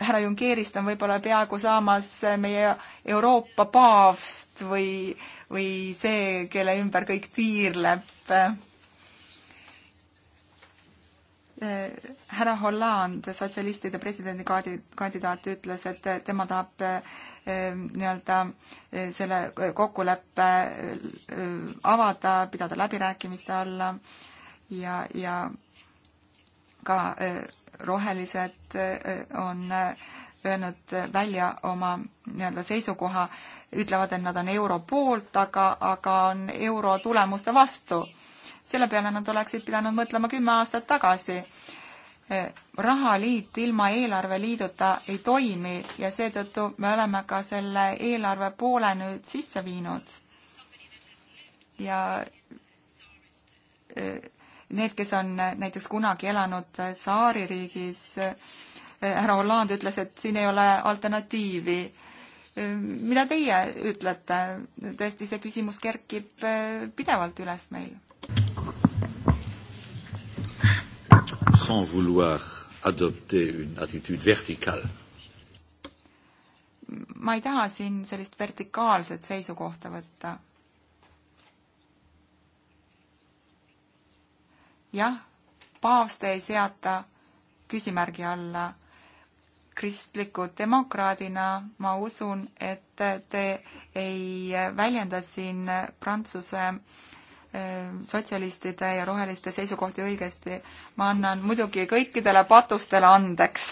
härra Junckerist on võib-olla peaaegu saamas äh, meie Euroopa paavst või, või see, kelle ümber kõik tiirleb. härra Holland, sotsialistide presidendi kandidaat, ütles, et tema tahab nii-öelda selle kokkuleppe avada, pidada läbirääkimiste alla ja, ja ka äh, rohelised äh, on äh, öelnud välja oma nii-öelda seisukoha, ütlevad, et nad on euro poolt, aga, aga on euro tulemuste vastu. selle peale nad oleksid pidanud mõtlema kümme aastat tagasi. rahaliit ilma eelarveliiduta ei toimi ja seetõttu me oleme ka selle eelarve poole nüüd sisse viinud. ja need, kes on näiteks kunagi elanud saaririigis, eh, härra Holland ütles, et siin ei ole alternatiivi. Eh, mida teie ütlete? tõesti, see küsimus kerkib eh, pidevalt üles meil. Sans vouloir adopter une attitude verticale. ma ei taha siin sellist vertikaalset seisukohta võtta jah, paavste ei seata küsimärgi alla. kristliku demokraadina ma usun, et te ei väljenda siin Prantsuse eh, sotsialistide ja roheliste seisukohti õigesti. ma annan muidugi kõikidele patustele andeks.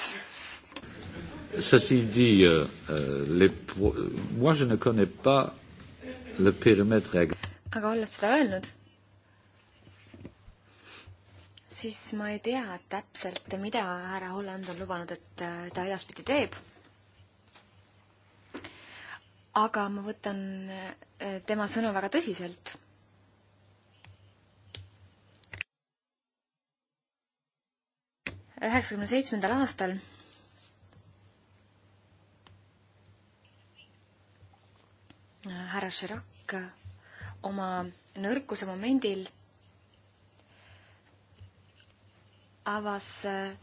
Ceci dit, euh, euh les pro... moi je ne connais pas le périmètre aga olles seda öelnud siis ma ei tea täpselt, mida härra Holland on lubanud, et äh, ta edaspidi teeb. aga ma võtan äh, tema sõnu väga tõsiselt. üheksakümne seitsmendal aastal härra Chirac oma nõrkuse momendil avas äh,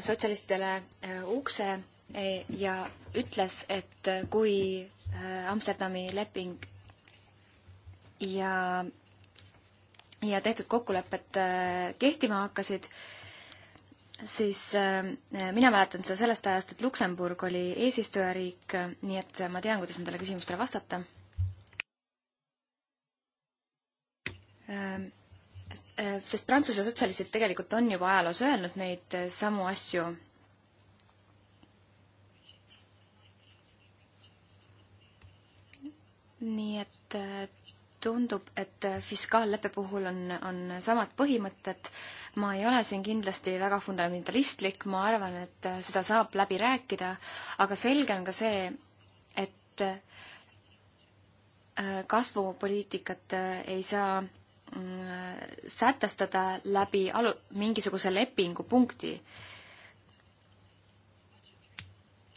sotsialistidele äh, ukse e, ja ütles, et kui äh, Amsterdami leping ja, ja tehtud kokkulepped kehtima hakkasid, siis mina mäletan seda sellest ajast, et Luksemburg oli eesistujariik, nii et ma tean, kuidas nendele küsimustele vastata sest Prantsuse sotsialistid tegelikult on juba ajaloos öelnud neid eh, samu asju. nii et eh, tundub, et eh, fiskaalleppe puhul on, on samad põhimõtted. ma ei ole siin kindlasti väga fundamentalistlik, ma arvan, et seda saab läbi rääkida, aga selge on ka see, et kasvupoliitikat ei saa Äh, sätestada läbi alu-, mingisuguse lepingupunkti.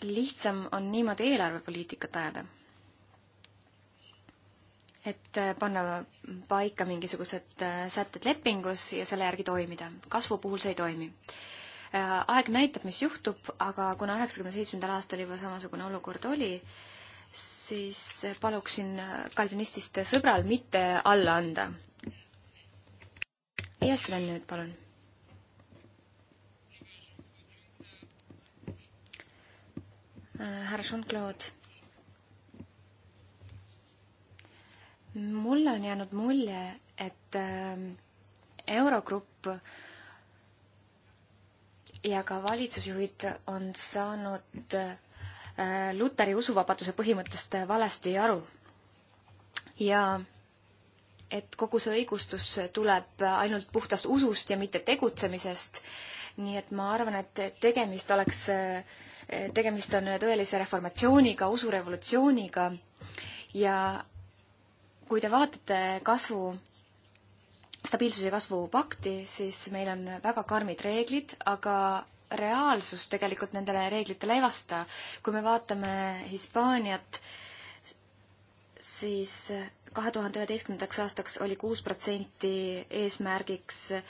lihtsam on niimoodi eelarvepoliitikat ajada. et äh, panna paika mingisugused äh, sätted lepingus ja selle järgi toimida. kasvu puhul see ei toimi. aeg näitab, mis juhtub, aga kuna üheksakümne seitsmendal aastal juba samasugune olukord oli, siis paluksin kalvinistist sõbral mitte alla anda ja Sven nüüd, palun. Äh, härra Jean-Claude. mulle on jäänud mulje, et ähm, Eurogrupp ja ka valitsusjuhid on saanud äh, Luteri usuvabaduse põhimõttest valesti aru ja et kogu see õigustus tuleb ainult puhtast usust ja mitte tegutsemisest. nii et ma arvan, et tegemist oleks, tegemist on tõelise reformatsiooniga, usurevolutsiooniga ja kui te vaatate kasvu, stabiilsuse kasvu pakti, siis meil on väga karmid reeglid, aga reaalsus tegelikult nendele reeglitele ei vasta. kui me vaatame Hispaaniat äh,, siis kahe tuhande üheteistkümnendaks aastaks oli kuus protsenti eesmärgiks äh,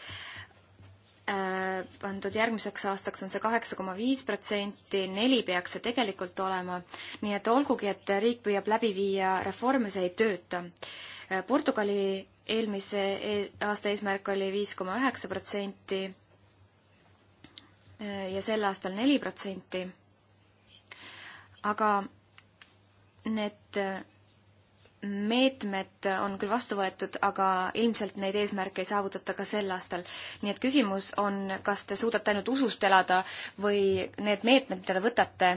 pandud järgmiseks aastaks on see kaheksa koma viis protsenti, neli peaks see tegelikult olema. nii et olgugi, et riik püüab läbi viia reforme, see ei tööta. Äh, Portugali eelmise e-, aasta eesmärk oli viis koma üheksa protsenti äh, ja sel aastal neli protsenti. aga need meetmed on küll vastu võetud, aga ilmselt neid eesmärke ei saavutata ka sel aastal. nii et küsimus on, kas te suudate ainult usust elada või need meetmed, mida te võtate,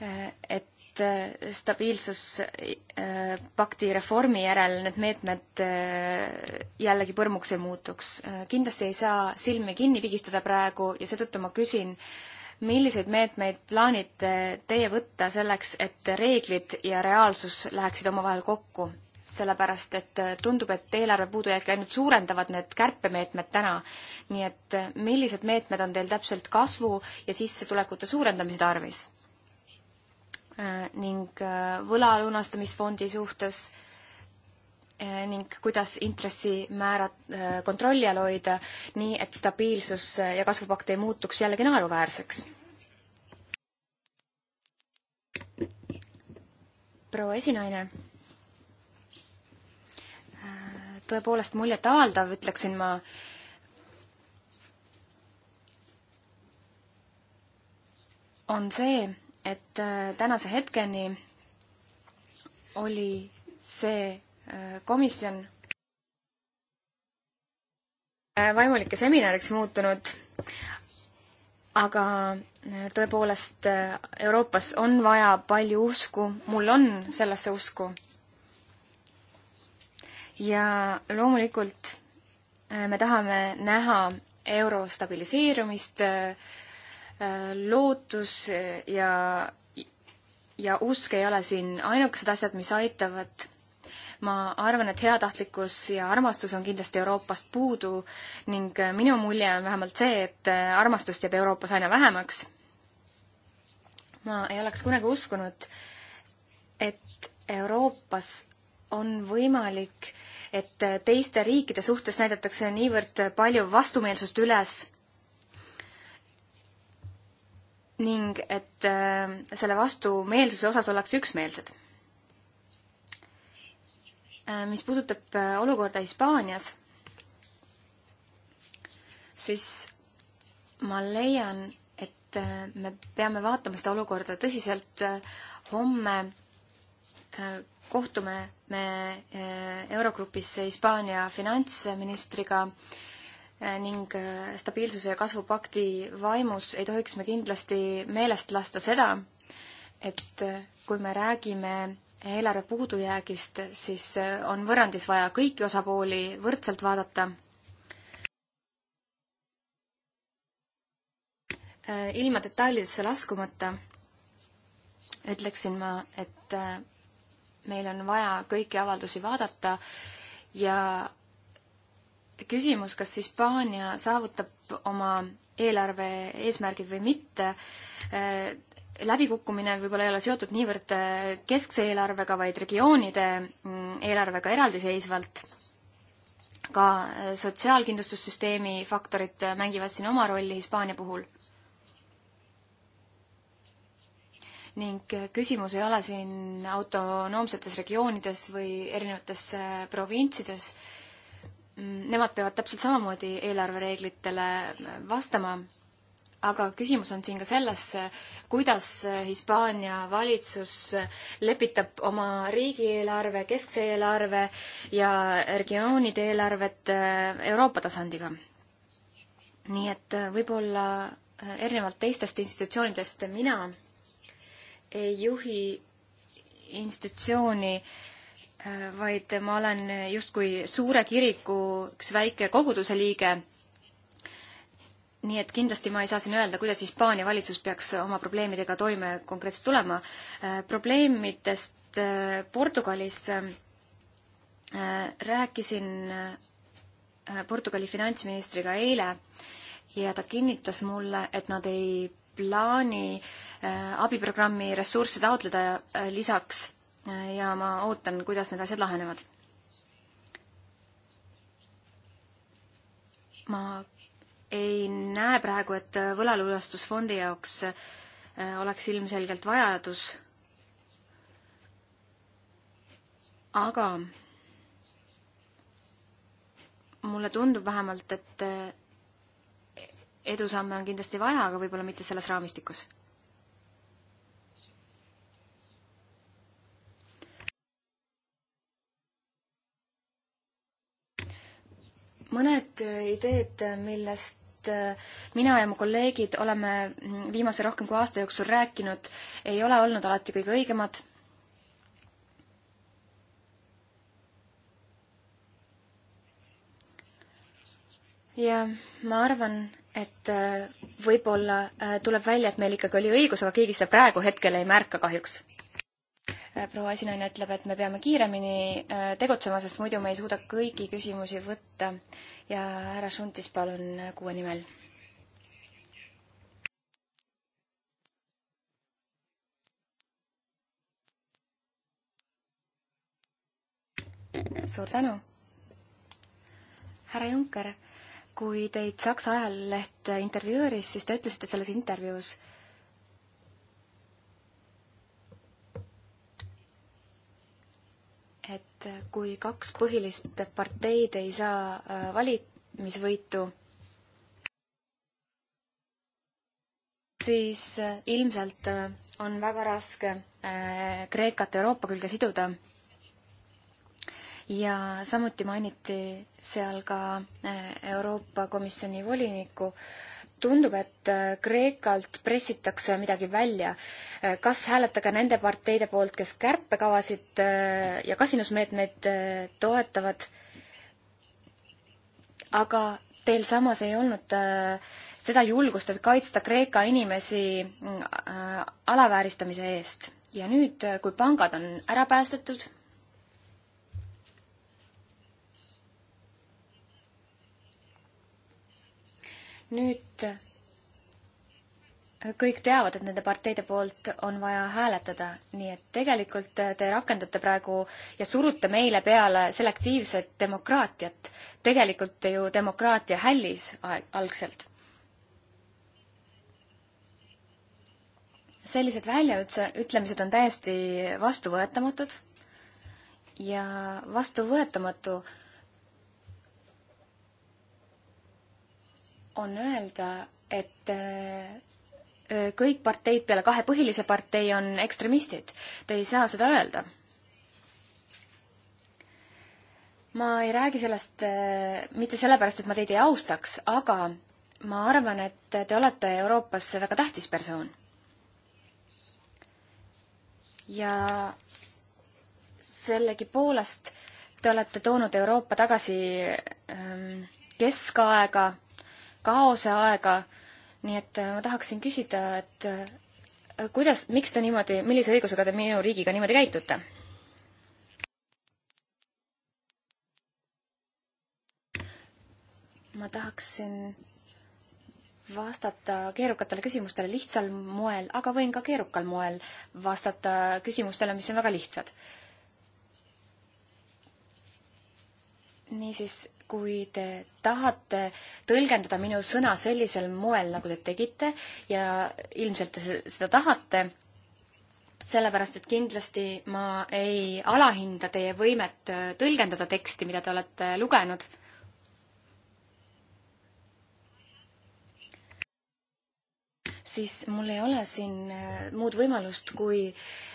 eh, et eh, stabiilsuspakti eh, reformi järel need meetmed jällegi põrmuks ei muutuks. kindlasti ei saa silmi kinni pigistada praegu ja seetõttu ma küsin, milliseid meetmeid plaanite teie võtta selleks, et reeglid ja reaalsus läheksid omavahel kokku? sellepärast, et tundub, et eelarve puudujääke ainult suurendavad need kärpemeetmed täna. nii et millised meetmed on teil täpselt kasvu ja sissetulekute suurendamise tarvis? Äh, ning äh, võla lunastamisfondi suhtes äh, Eh, ning kuidas intressimäärad eh, kontrolli all hoida, nii et stabiilsus eh, ja kasvupakt ei muutuks jällegi naeruväärseks. proua esinaine, tõepoolest muljetavaldav, ütleksin ma, on see, et tänase hetkeni oli see Äh, komisjon äh, vaimulike seminariks muutunud, aga äh, tõepoolest Euroopas on vaja palju usku, mul on sellesse usku. ja loomulikult me tahame näha euro stabiliseerumist, lootus ja, ja usk ei ole siin ainukesed asjad, mis aitavad ma arvan, et heatahtlikkus ja armastus on kindlasti Euroopast puudu ning äh, minu mulje on vähemalt see, et äh, armastust jääb Euroopas aina vähemaks. ma ei oleks kunagi uskunud, et Euroopas on võimalik, et äh, teiste riikide suhtes näidatakse niivõrd palju vastumeelsust üles ning et selle vastumeelsuse osas ollakse üksmeelsed Äh, mis puudutab äh, olukorda Hispaanias, siis ma leian, et äh, me peame vaatama seda olukorda tõsiselt. homme kohtume me Eurogrupis Hispaania finantsministriga ning stabiilsuse ja kasvupakti vaimus ei tohiks me kindlasti meelest lasta seda, et kui me räägime eelarve puudujäägist, siis äh, on võrrandis vaja kõiki osapooli võrdselt vaadata. Äh, ilma detailidesse laskumata ütleksin ma, et äh, meil on vaja kõiki avaldusi vaadata ja küsimus, kas Hispaania saavutab oma eelarve eesmärgid või mitte, läbikukkumine võib-olla ei ole seotud niivõrd äh, keskse eelarvega, vaid regioonide mm, eelarvega eraldiseisvalt. ka äh, sotsiaalkindlustussüsteemi faktorid äh, mängivad siin oma rolli Hispaania puhul. ning küsimus ei ole siin autonoomsetes regioonides või erinevates provintsides. Mm, nemad peavad täpselt samamoodi eelarvereeglitele vastama aga küsimus on siin ka selles, kuidas Hispaania valitsus lepitab oma riigieelarve, keskse eelarve ja regioonide eelarvet eh, Euroopa tasandiga. nii et eh, võib-olla eh, erinevalt teistest institutsioonidest mina ei juhi institutsiooni vaid ma olen justkui suure kiriku üks väike koguduse liige nii et kindlasti ma ei saa siin öelda, kuidas Hispaania valitsus peaks oma probleemidega toime konkreetselt tulema. Äh, probleemidest äh, Portugalis äh, rääkisin Portugali finantsministriga eile ja ta kinnitas mulle, et nad ei plaani abiprogrammi ressursse taotleda lisaks ja ma ootan, kuidas need asjad lahenevad. ma ei näe praegu, et võlalurastusfondi jaoks äh, oleks ilmselgelt vajadus. aga mulle tundub vähemalt, et äh, edusamme on kindlasti vaja, aga võib-olla mitte selles raamistikus mõned äh, ideed, millest millest äh, mina ja mu kolleegid oleme mm, viimase rohkem kui aasta jooksul rääkinud, ei ole olnud alati kõige õigemad. ja ma arvan, et äh, võib-olla äh, tuleb välja, et meil ikkagi oli õigus, aga keegi seda praegu hetkel ei märka kahjuks Äh, proua esinaine ütleb, et me peame kiiremini äh, tegutsema, sest muidu me ei suuda kõiki küsimusi võtta. ja härra Šuntis, palun äh, kuue nimel. suur tänu. härra Junker, kui teid Saksa ajaleht intervjueeris, siis te ütlesite selles intervjuus, et kui kaks põhilist parteid ei saa äh, valimisvõitu, siis äh, ilmselt äh, on väga raske Kreekat Euroopa külge siduda. ja samuti mainiti seal ka Euroopa Komisjoni volinikku, tundub, et äh, Kreekalt pressitakse midagi välja. Äh, kas hääletage nende parteide poolt, kes kärpekavasid äh, ja kasinusmeetmeid toetavad, aga teil samas ei olnud seda julgust, et kaitsta Kreeka inimesi mm, alavääristamise eest. ja nüüd, kui pangad on ära päästetud, nüüd kõik teavad, et nende parteide poolt on vaja hääletada, nii et tegelikult te rakendate praegu ja surute meile peale selektiivset demokraatiat. tegelikult ju demokraatia hällis algselt. sellised väljaütlemised on täiesti vastuvõetamatud ja vastuvõetamatu on öelda, et äh, äh, kõik parteid peale kahe põhilise partei on ekstremistid. Te ei saa seda öelda. ma ei räägi sellest äh, mitte sellepärast, et ma teid ei austaks, aga ma arvan, et te olete Euroopas väga tähtis persoon. ja sellegipoolest te olete toonud Euroopa tagasi ähm, keskaega kaose aega, nii et äh, ma tahaksin küsida, et äh, kuidas, miks te niimoodi, millise õigusega te minu riigiga niimoodi käitute? ma tahaksin vastata keerukatele küsimustele lihtsal moel, aga võin ka keerukal moel vastata küsimustele, mis on väga lihtsad. niisiis, kui te tahate tõlgendada minu sõna sellisel moel, nagu te tegite ja ilmselt te seda tahate, sellepärast et kindlasti ma ei alahinda teie võimet äh, tõlgendada teksti, mida te olete lugenud. siis mul ei ole siin äh, muud võimalust, kui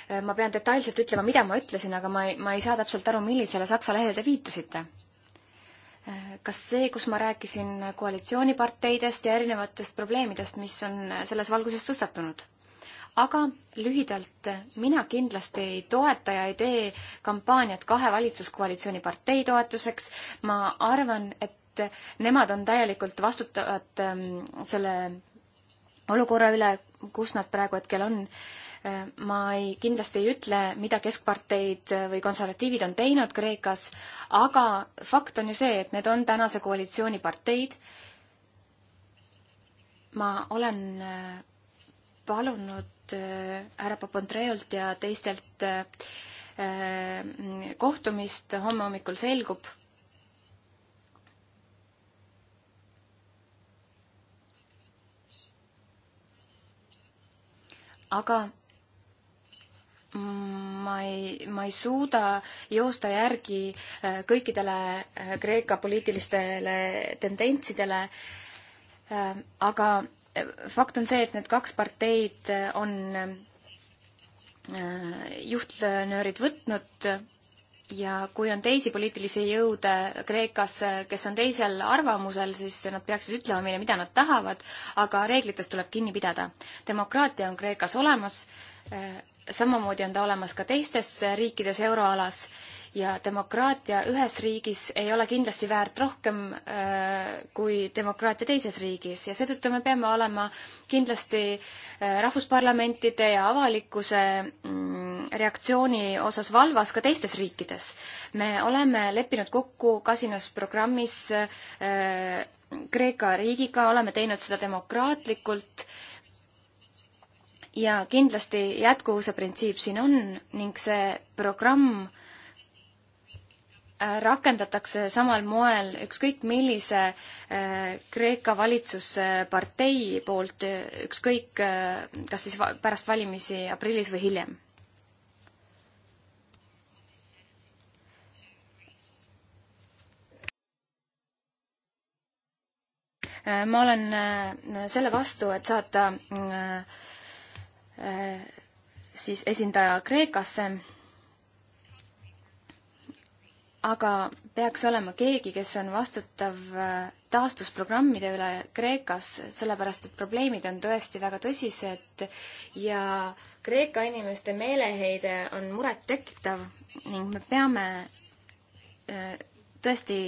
äh, ma pean detailselt ütlema, mida ma ütlesin, aga ma ei, ma ei saa täpselt aru, millisele saksa lehele te viitasite kas see, kus ma rääkisin koalitsiooniparteidest ja erinevatest probleemidest, mis on selles valguses tõstatunud? aga lühidalt, mina kindlasti ei toeta ja ei tee kampaaniat kahe valitsuskoalitsiooni partei toetuseks, ma arvan, et nemad on täielikult vastutavad ähm, selle olukorra üle, kus nad praegu hetkel on ma ei, kindlasti ei ütle, mida keskparteid või konservatiivid on teinud Kreekas, aga fakt on ju see, et need on tänase koalitsiooni parteid. ma olen äh, palunud äh, härra Papandreolt ja teistelt äh, kohtumist, homme hommikul selgub aga ma ei, ma ei suuda joosta järgi äh, kõikidele äh, Kreeka poliitilistele tendentsidele, äh, aga fakt on see, et need kaks parteid on juhtnöörid võtnud ja kui on teisi poliitilisi jõude Kreekas, kes on teisel arvamusel, siis nad peaksid ütlema meile, mida nad tahavad, aga reeglitest tuleb kinni pidada. demokraatia on Kreekas olemas samamoodi on ta olemas ka teistes riikides euroalas ja demokraatia ühes riigis ei ole kindlasti väärt rohkem äh, kui demokraatia teises riigis ja seetõttu me peame olema kindlasti äh, rahvusparlamentide ja avalikkuse mm, reaktsiooni osas valvas ka teistes riikides. me oleme leppinud kokku kasinusprogrammis äh, Kreeka riigiga, oleme teinud seda demokraatlikult ja kindlasti jätkuvuse printsiip siin on ning see programm äh, rakendatakse samal moel ükskõik millise äh, Kreeka valitsuspartei poolt, ükskõik äh, kas siis pärast valimisi aprillis või hiljem. ma olen selle vastu, et saata Äh, siis esindaja Kreekasse. aga peaks olema keegi, kes on vastutav äh, taastusprogrammide üle Kreekas, sellepärast et probleemid on tõesti väga tõsised ja Kreeka inimeste meeleheide on murettekitav ning me peame äh, tõesti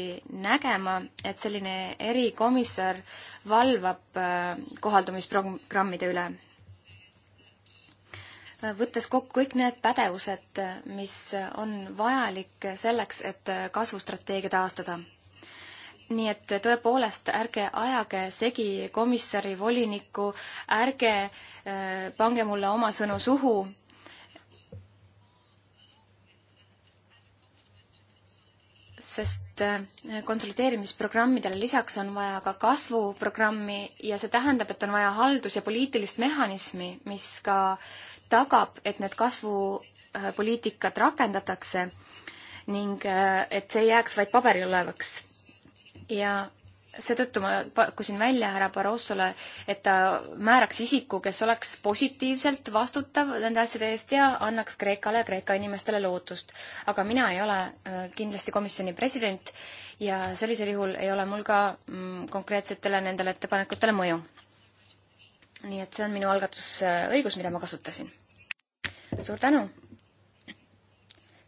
nägema, et selline erikomisar valvab kohaldumisprogrammide üle võttes kokku kõik need pädevused, mis on vajalik selleks, et kasvustrateegia taastada. nii et tõepoolest, ärge ajage segi komissari, volinikku, ärge äh, pange mulle oma sõnu suhu. sest äh, konsolideerimisprogrammidele lisaks on vaja ka kasvuprogrammi ja see tähendab, et on vaja haldus- ja poliitilist mehhanismi, mis ka äh, tagab, et need kasvupoliitikad rakendatakse ning äh, et see ei jääks vaid paberil olevaks. ja seetõttu ma pakkusin välja härra Barrosole, et ta määraks isiku, kes oleks positiivselt vastutav nende asjade eest ja annaks Kreekale ja Kreeka inimestele lootust. aga mina ei ole äh, kindlasti komisjoni president ja sellisel juhul ei ole mul ka mm, konkreetsetele nendele ettepanekutele mõju. nii et see on minu algatusõigus, mida ma kasutasin suur tänu!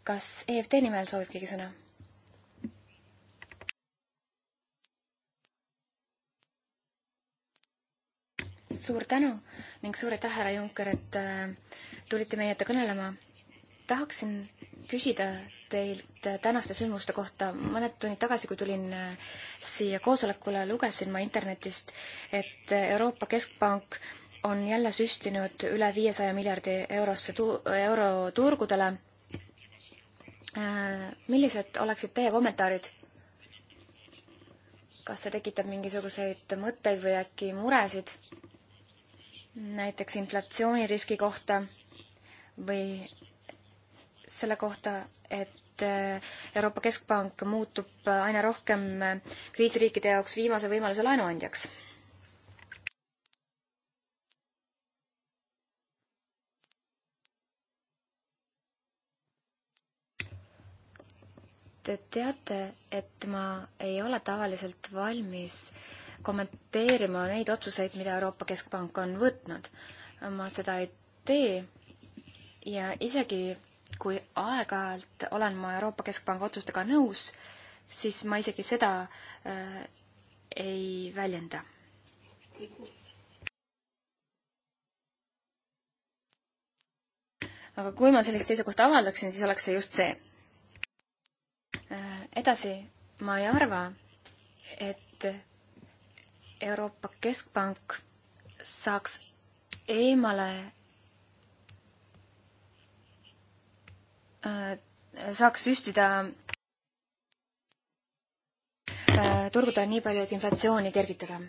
kas EFT nimel soovib keegi sõna? suur tänu ning suur aitäh, härra Junker, et äh, tulite meie ette kõnelema. tahaksin küsida teilt äh, tänaste sündmuste kohta. mõned tunnid tagasi, kui tulin äh, siia koosolekule, lugesin ma internetist, et Euroopa Keskpank on jälle süstinud üle viiesaja miljardi eurosse tu-, euro turgudele. Äh, millised oleksid teie kommentaarid? kas see tekitab mingisuguseid mõtteid või äkki muresid? näiteks inflatsiooniriski kohta või selle kohta, et äh, Euroopa Keskpank muutub aina rohkem äh, kriisiriikide jaoks viimase võimaluse laenuandjaks Te teate, et ma ei ole tavaliselt valmis kommenteerima neid otsuseid, mida Euroopa Keskpank on võtnud. ma seda ei tee ja isegi kui aeg-ajalt olen ma Euroopa Keskpanga otsustega nõus, siis ma isegi seda äh, ei väljenda. aga kui ma sellist seisukohta avaldaksin, siis oleks see just see edasi, ma ei arva, et Euroopa Keskpank saaks eemale äh, saaks süstida äh, turgudele nii palju, et inflatsiooni kergitada.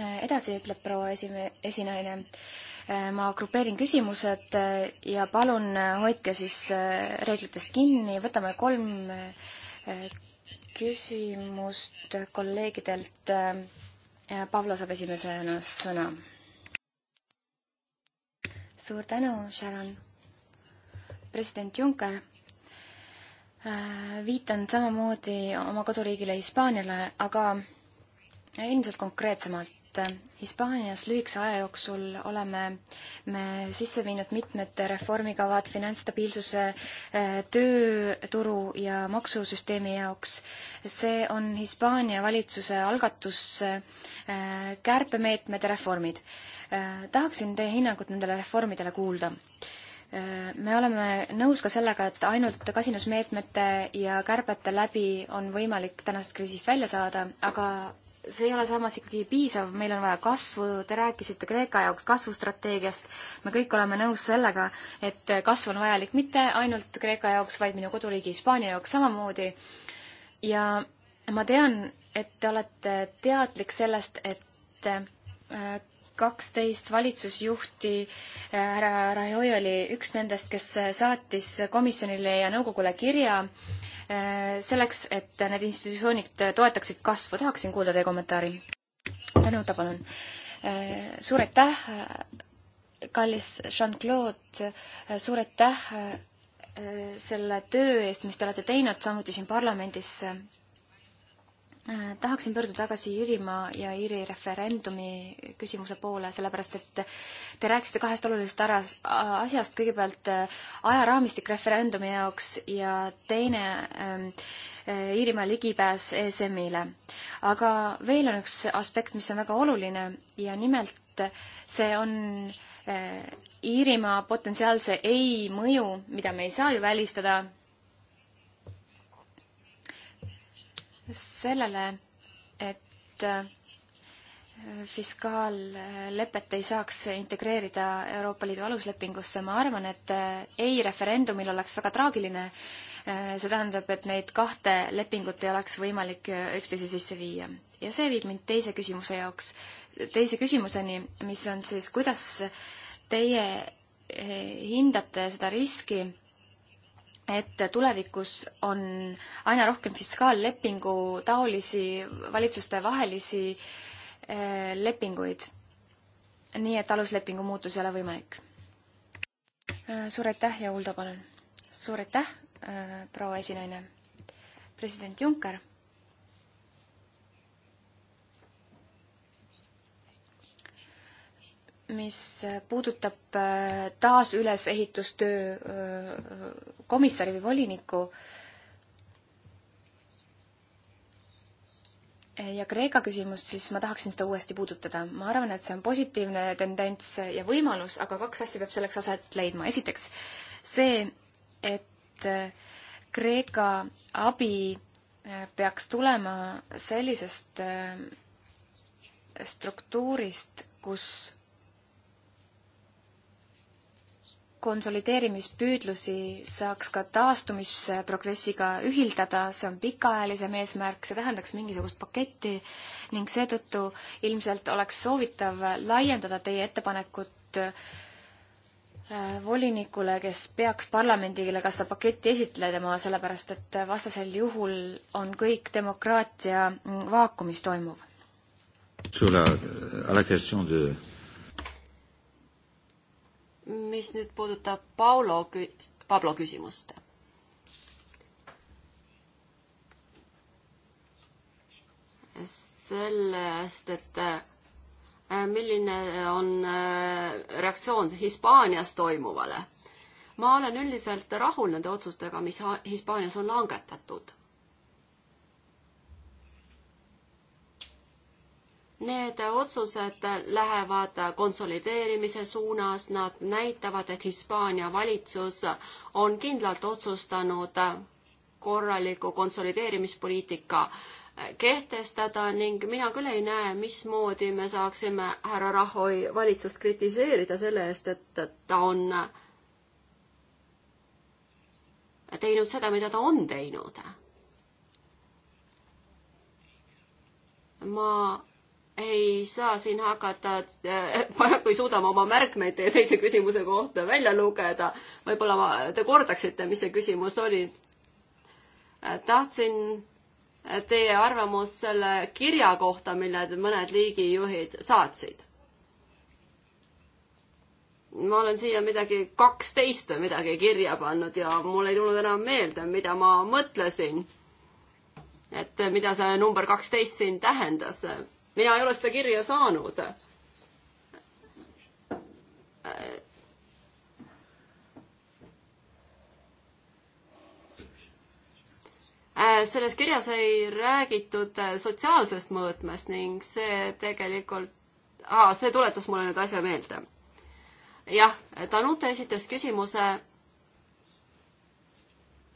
Äh, edasi ütleb proua esime-, esinaine Äh, ma grupeerin küsimused äh, ja palun äh, hoidke siis reeglitest kinni, võtame kolm küsimust kolleegidelt. Pavlo saab esimesena sõna. suur tänu, Sharon. president Juncker viitan samamoodi oma koduriigile Hispaaniale, aga ilmselt konkreetsemalt et Hispaanias lühikese aja jooksul oleme me sisse viinud mitmed reformikavad finantsstabiilsuse, eh, tööturu ja maksusüsteemi jaoks. see on Hispaania valitsuse algatus eh, kärpemeetmed ja reformid. Eh, tahaksin teie hinnangut nendele reformidele kuulda me oleme nõus ka sellega, et ainult kasinusmeetmete ja kärbete läbi on võimalik tänasest kriisist välja saada, aga see ei ole samas ikkagi piisav, meil on vaja kasvu, te rääkisite Kreeka jaoks kasvustrateegiast, me kõik oleme nõus sellega, et kasv on vajalik mitte ainult Kreeka jaoks, vaid minu koduriigi Hispaania jaoks samamoodi. ja ma tean, et te olete teadlik sellest, et äh, kaksteist valitsusjuhti, äh, härra Rahoi oli üks nendest, kes saatis komisjonile ja nõukogule kirja äh, Äh, selleks, et need institutsioonid toetaksid kasvu, tahaksin kuulda teie kommentaari. Tõnuta, palun. Äh, suur aitäh, kallis Jean-Claude, äh, suur aitäh selle töö eest, mis te olete teinud, samuti siin parlamendis Äh, tahaksin pöörduda tagasi Iirimaa ja Iiri referendumi küsimuse poole, sellepärast et te rääkisite kahest olulisest aras-, asjast, kõigepealt äh, ajaraamistik referendumi jaoks ja teine ähm, äh, Iirimaa ligipääs ESM-ile. aga veel on üks aspekt, mis on väga oluline ja nimelt see on Iirimaa potentsiaalse ei mõju, mida me ei saa ju välistada sellele, et äh, fiskaallepet ei saaks integreerida Euroopa Liidu aluslepingusse, ma arvan, et äh, ei referendumil oleks väga traagiline. Äh, see tähendab, et neid kahte lepingut ei oleks võimalik üksteise sisse viia. ja see viib mind teise küsimuse jaoks, teise küsimuseni, mis on siis, kuidas teie hindate seda riski, et tulevikus on aina rohkem fiskaallepingu taolisi valitsustevahelisi eh, lepinguid. nii et aluslepingu muutus ei ole võimalik. Eh, suur aitäh ja Uldo, palun. suur aitäh, eh, proua esinaine. president Juncker mis puudutab äh, taasülesehitustöö äh, komissari või voliniku ja Kreeka küsimust, siis ma tahaksin seda uuesti puudutada. ma arvan, et see on positiivne tendents ja võimalus, aga kaks asja peab selleks aset leidma. esiteks see, et äh, Kreeka abi peaks tulema sellisest struktuurist, kus konsolideerimispüüdlusi saaks ka taastumisprogressiga ühildada, see on pikaajalisem eesmärk, see tähendaks mingisugust paketti ning seetõttu ilmselt oleks soovitav laiendada teie ettepanekut äh, volinikule, kes peaks parlamendile ka seda paketti esitlema, sellepärast et vastasel juhul on kõik demokraatia vaakumis toimuv. Sur la, à la question de mis nüüd puudutab Paulo, Pablo küsimust. sellest, et äh, milline on äh, reaktsioon Hispaanias toimuvale. ma olen üldiselt rahul nende otsustega, mis Hispaanias on langetatud Need otsused lähevad konsolideerimise suunas, nad näitavad, et Hispaania valitsus on kindlalt otsustanud korraliku konsolideerimispoliitika kehtestada ning mina küll ei näe, mismoodi me saaksime härra Rahoi valitsust kritiseerida selle eest, et ta on teinud seda, mida ta on teinud. ma ei saa siin hakata, äh, (laughs) paraku ei suuda ma oma märkmeid teie teise küsimuse kohta välja lugeda. võib-olla ma, te kordaksite, mis see küsimus oli? Äh, tahtsin äh, teie arvamust selle kirja kohta, mille mõned liigijuhid saatsid. ma olen siia midagi kaksteist või midagi kirja pannud ja mul ei tulnud enam meelde, mida ma mõtlesin. et mida see number kaksteist siin tähendas mina ei ole seda kirja saanud. selles kirjas ei räägitud sotsiaalsest mõõtmest ning see tegelikult, see tuletas mulle nüüd asja meelde. jah, Danute esitas küsimuse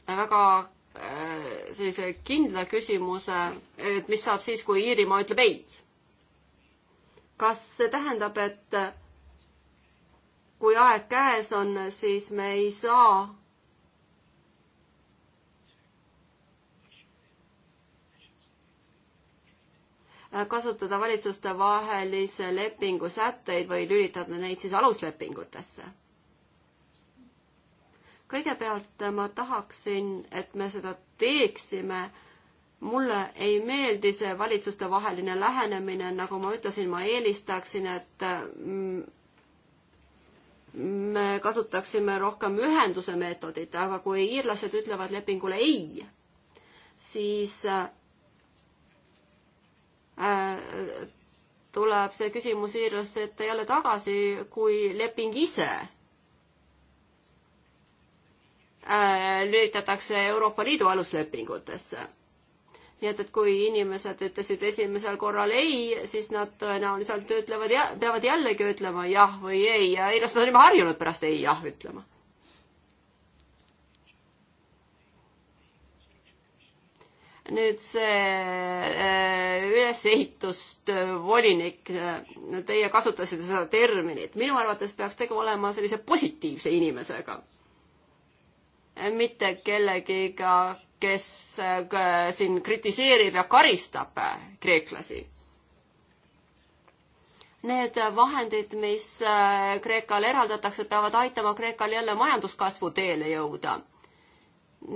väga äh, sellise kindla küsimuse, et mis saab siis, kui Iirimaa ütleb ei kas see tähendab, et kui aeg käes on, siis me ei saa kasutada valitsuste vahelise lepingu sätteid või lülitada neid siis aluslepingutesse? kõigepealt ma tahaksin, et me seda teeksime mulle ei meeldi see valitsustevaheline lähenemine, nagu ma ütlesin, ma eelistaksin, et mm, me kasutaksime rohkem ühenduse meetodit, aga kui iirlased ütlevad lepingule ei, siis äh, tuleb see küsimus iirlaste ette jälle tagasi, kui leping ise äh, lülitatakse Euroopa Liidu aluslepingutesse nii et, et kui inimesed ütlesid esimesel korral ei, siis nad tõenäoliselt ütlevad, peavad jällegi ütlema jah või ei ja ei, noh, nad on juba harjunud pärast ei jah ütlema. nüüd see äh, ülesehitust äh, volinik, äh, teie kasutasite seda terminit, minu arvates peaks tegu olema sellise positiivse inimesega. mitte kellegiga, kes äh, siin kritiseerib ja karistab äh, kreeklasi. Need vahendid, mis äh, Kreekale eraldatakse, peavad aitama Kreekal jälle majanduskasvu teele jõuda.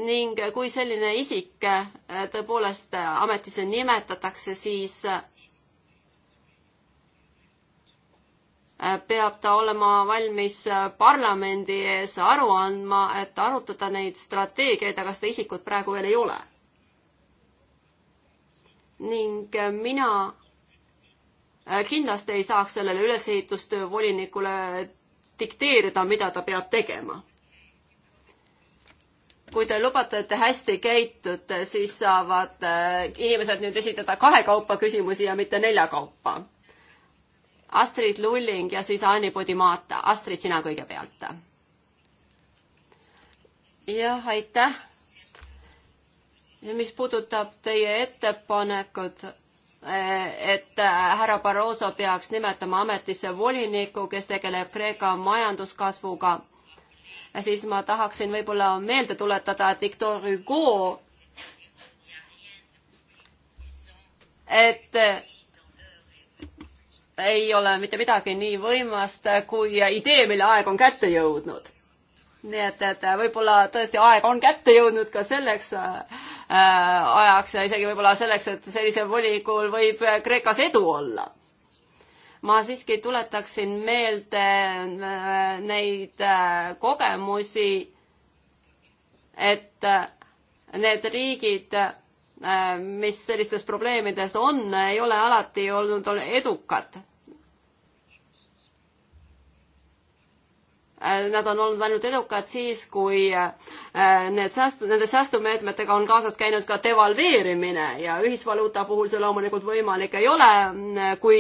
ning kui selline isik tõepoolest ametisse nimetatakse, siis Äh, peab ta olema valmis äh, parlamendi ees aru andma, et arutada neid strateegiaid, aga seda isikut praegu veel ei ole. ning äh, mina kindlasti ei saaks sellele ülesehitustöö volinikule dikteerida, mida ta peab tegema. kui te lubate, et te hästi käitute, siis saavad inimesed nüüd esitada kahekaupa küsimusi ja mitte neljakaupa Astrid Lulling ja siis Anni Podimata. Astrid, sina kõigepealt. jah, aitäh. ja mis puudutab teie ettepanekut, eh, et eh, härra Barroso peaks nimetama ametisse voliniku, kes tegeleb Kreeka majanduskasvuga, siis ma tahaksin võib-olla meelde tuletada, et Victor Hugo, et ei ole mitte midagi nii võimast kui idee, mille aeg on kätte jõudnud. nii et, et võib-olla tõesti aeg on kätte jõudnud ka selleks äh, ajaks ja isegi võib-olla selleks, et sellisel volikul võib Kreekas edu olla ma siiski tuletaksin meelde äh, neid äh, kogemusi, et äh, need riigid, mis sellistes probleemides on, ei ole alati olnud edukad. Äh, nad on olnud ainult edukad siis, kui äh, need säästu, nende säästumeetmetega on kaasas käinud ka devalveerimine ja ühisvaluuta puhul see loomulikult võimalik ei ole, äh, kui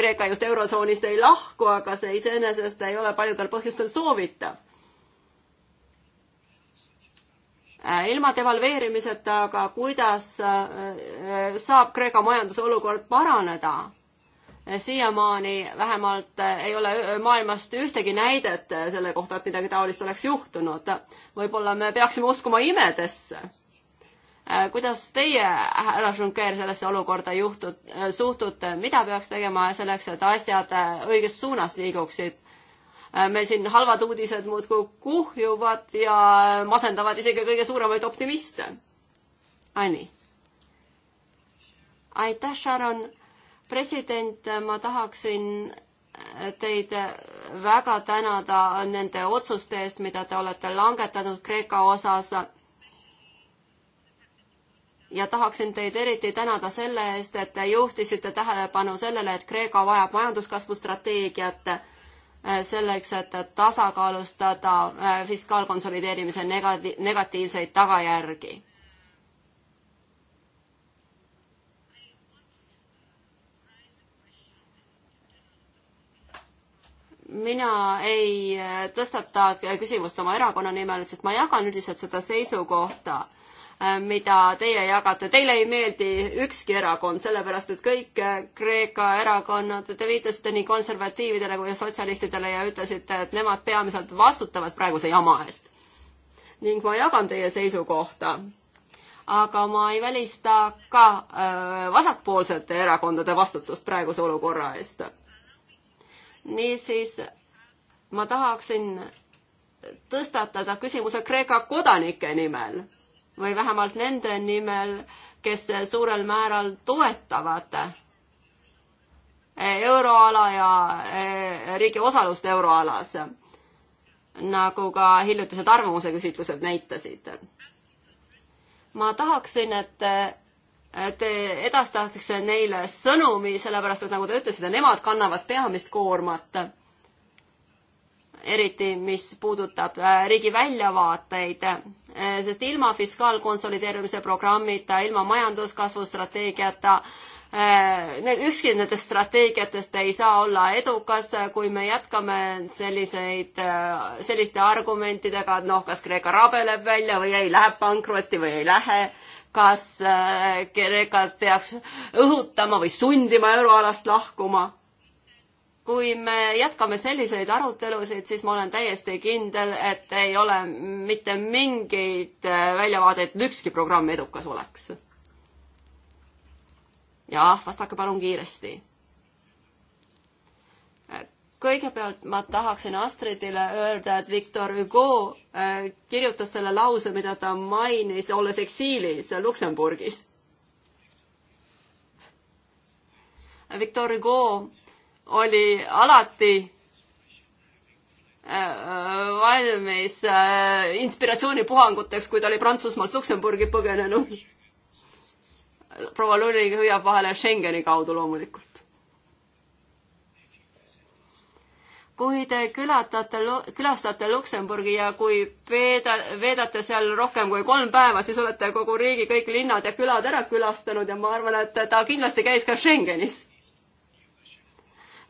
Kreeka just eurotsoonist ei lahku, aga see iseenesest ei ole paljudel põhjustel soovitav ilma devalveerimiseta, aga kuidas saab Kreeka majanduse olukord paraneda? siiamaani vähemalt äh, ei ole äh, maailmast ühtegi näidet äh, selle kohta, et midagi taolist oleks juhtunud. võib-olla me peaksime uskuma imedesse. kuidas teie, härra Juncker, sellesse olukorda juhtud, suhtute, mida peaks tegema selleks, et asjad õiges suunas liiguksid? meil siin halvad uudised muudkui kuhjuvad ja masendavad isegi kõige suuremaid optimiste. Anni. aitäh, Sharon president, ma tahaksin teid väga tänada nende otsuste eest, mida te olete langetanud Kreeka osas. ja tahaksin teid eriti tänada selle eest, et te juhtisite tähelepanu sellele, et Kreeka vajab majanduskasvu strateegiat selleks, et tasakaalustada fiskaalkonsolideerimise negati-, negatiivseid tagajärgi mina ei äh, tõstata küsimust oma erakonna nimel, sest ma jagan üldiselt seda seisukohta, äh, mida teie jagate. Teile ei meeldi ükski erakond, sellepärast et kõik äh, Kreeka erakonnad, te viitasite nii konservatiividele kui sotsialistidele ja ütlesite, et nemad peamiselt vastutavad praeguse jama eest. ning ma jagan teie seisukohta aga ma ei välista ka vasakpoolsete erakondade vastutust praeguse olukorra eest niisiis ma tahaksin tõstatada küsimuse Kreeka kodanike nimel või vähemalt nende nimel, kes suurel määral toetavad eh, euroala ja eh, riigi osalust euroalas, nagu ka hiljutised arvamuseküsitlused näitasid. ma tahaksin, et edastatakse neile sõnumi, sellepärast et nagu te ütlesite, nemad kannavad peamist koormat. eriti, mis puudutab äh, riigi väljavaateid, äh, sest ilma fiskaalkonsolideerimise programmita, ilma majanduskasvu strateegiata, äh, Need, ükski nendest strateegiatest ei saa olla edukas, kui me jätkame selliseid, selliste argumentidega, et noh, kas Kreeka rabeleb välja või ei, läheb pankrotti või ei lähe kas Kreekas äh, peaks õhutama või sundima euroalast lahkuma. kui me jätkame selliseid arutelusid, siis ma olen täiesti kindel, et ei ole mitte mingeid äh, väljavaadeid, et ükski programm edukas oleks. jah, vastake palun kiiresti kõigepealt ma tahaksin Astridile öelda, et Victor Hugo äh, kirjutas selle lause, mida ta mainis, olles eksiilis Luksemburgis. Victor Hugo oli alati äh, äh, valmis inspiratsioonipuhanguteks, kui ta oli Prantsusmaalt Luksemburgi põgenenud. proua Luling hüüab vahele Schengeni kaudu loomulikult. kui te külatate, külastate Luksemburgi ja kui veeda, veedate seal rohkem kui kolm päeva, siis olete kogu riigi kõik linnad ja külad ära külastanud ja ma arvan, et ta kindlasti käis ka Schengenis.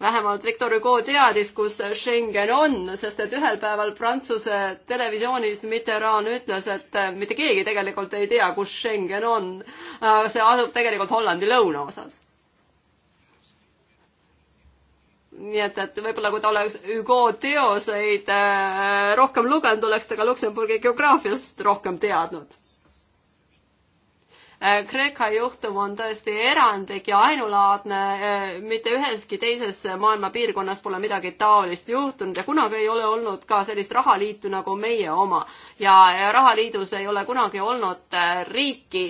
vähemalt Victor Hugo teadis, kus Schengen on, sest et ühel päeval Prantsuse televisioonis Mitterrand ütles, et mitte keegi tegelikult ei tea, kus Schengen on. see asub tegelikult Hollandi lõunaosas nii et, et võib-olla kui ta oleks Hugo teoseid äh, rohkem lugenud, oleks ta ka Luksemburgi geograafiast rohkem teadnud. Äh, Kreeka juhtum on tõesti erandlik ja ainulaadne, äh, mitte üheski teises maailma piirkonnas pole midagi taolist juhtunud ja kunagi ei ole olnud ka sellist rahaliitu nagu meie oma. ja, ja rahaliidus ei ole kunagi olnud riiki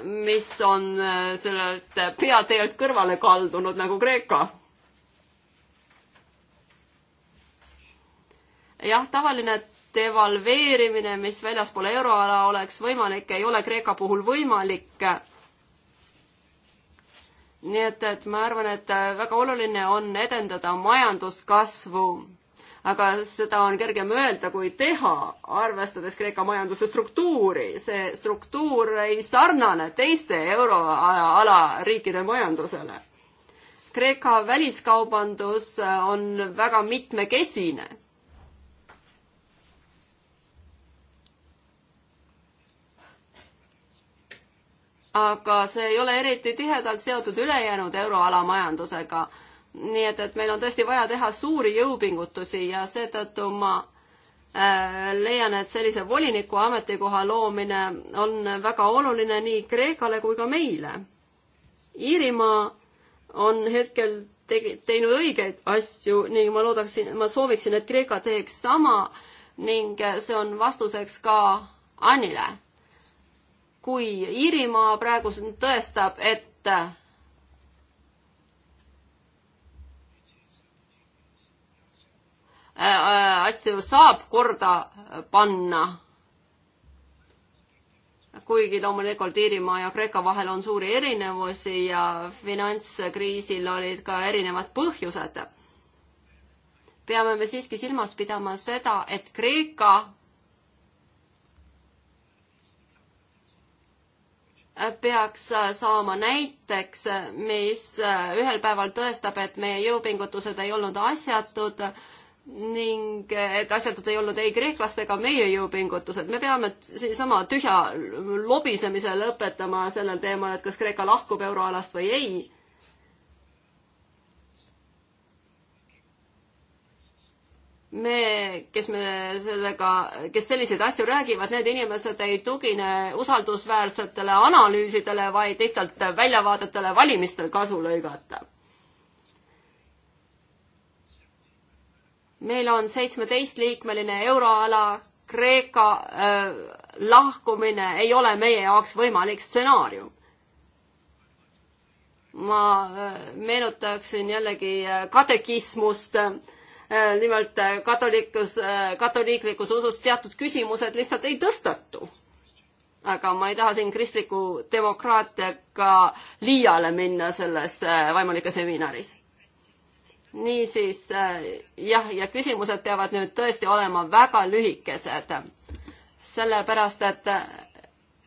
mis on äh, sellelt peateelt kõrvale kaldunud nagu Kreeka. jah, tavaline devalveerimine, mis väljaspool euroala oleks võimalik, ei ole Kreeka puhul võimalik. nii et, et ma arvan, et äh, väga oluline on edendada majanduskasvu aga seda on kergem öelda kui teha, arvestades Kreeka majanduse struktuuri. see struktuur ei sarnane teiste euroala riikide majandusele. Kreeka väliskaubandus on väga mitmekesine. aga see ei ole eriti tihedalt seotud ülejäänud euroala majandusega nii et, et meil on tõesti vaja teha suuri jõupingutusi ja seetõttu ma äh, leian, et sellise voliniku ametikoha loomine on väga oluline nii Kreekale kui ka meile. Iirimaa on hetkel tegi, teinud õigeid asju ning ma loodaksin, ma sooviksin, et Kreeka teeks sama ning see on vastuseks ka Annile. kui Iirimaa praegu tõestab, et Äh, asju saab korda panna. kuigi loomulikult Iirimaa ja Kreeka vahel on suuri erinevusi ja finantskriisil olid ka erinevad põhjused. peame me siiski silmas pidama seda, et Kreeka peaks saama näiteks, mis ühel päeval tõestab, et meie jõupingutused ei olnud asjatud ning et asjatud ei olnud ei kreeklaste ega meie jõupingutused. me peame seesama tühja lobisemise lõpetama sellel teemal, et kas Kreeka lahkub euroalast või ei. me, kes me sellega, kes selliseid asju räägivad, need inimesed ei tugine usaldusväärsetele analüüsidele, vaid lihtsalt väljavaadetele valimistel kasu lõigata meil on seitsmeteistliikmeline euroala Kreeka äh, lahkumine ei ole meie jaoks võimalik stsenaarium. ma äh, meenutaksin jällegi äh, katekismust äh,, nimelt äh, katolikus äh,, katoliiklikus usus teatud küsimused lihtsalt ei tõstatu. aga ma ei taha siin kristliku demokraatiaga liiale minna selles äh, vaimulike seminaris niisiis äh, jah, ja küsimused peavad nüüd tõesti olema väga lühikesed, sellepärast et äh,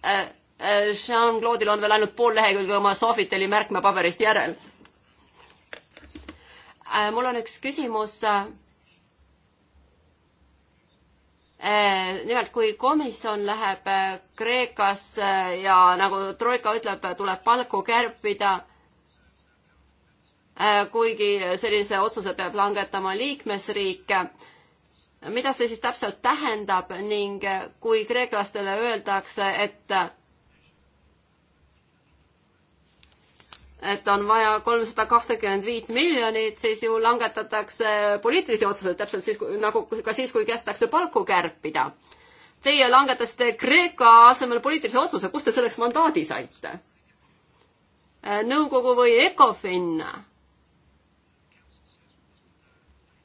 äh, Jean-Claude'il on veel ainult pool lehekülge oma sohviteli märkmepaberist järel. mul on üks küsimus nimelt, kui komisjon läheb Kreekasse ja nagu Troika ütleb, tuleb palku kärpida, Äh, kuigi sellise otsuse peab langetama liikmesriik. mida see siis täpselt tähendab ning kui kreeklastele öeldakse, et et on vaja kolmsada kahtekümmend viit miljonit, siis ju langetatakse poliitilisi otsuseid täpselt siis, nagu ka siis, kui kästakse palku kärpida. Teie langetasite Kreeka asemel poliitilise otsuse, kust te selleks mandaadi saite? Äh, nõukogu või ECOFIN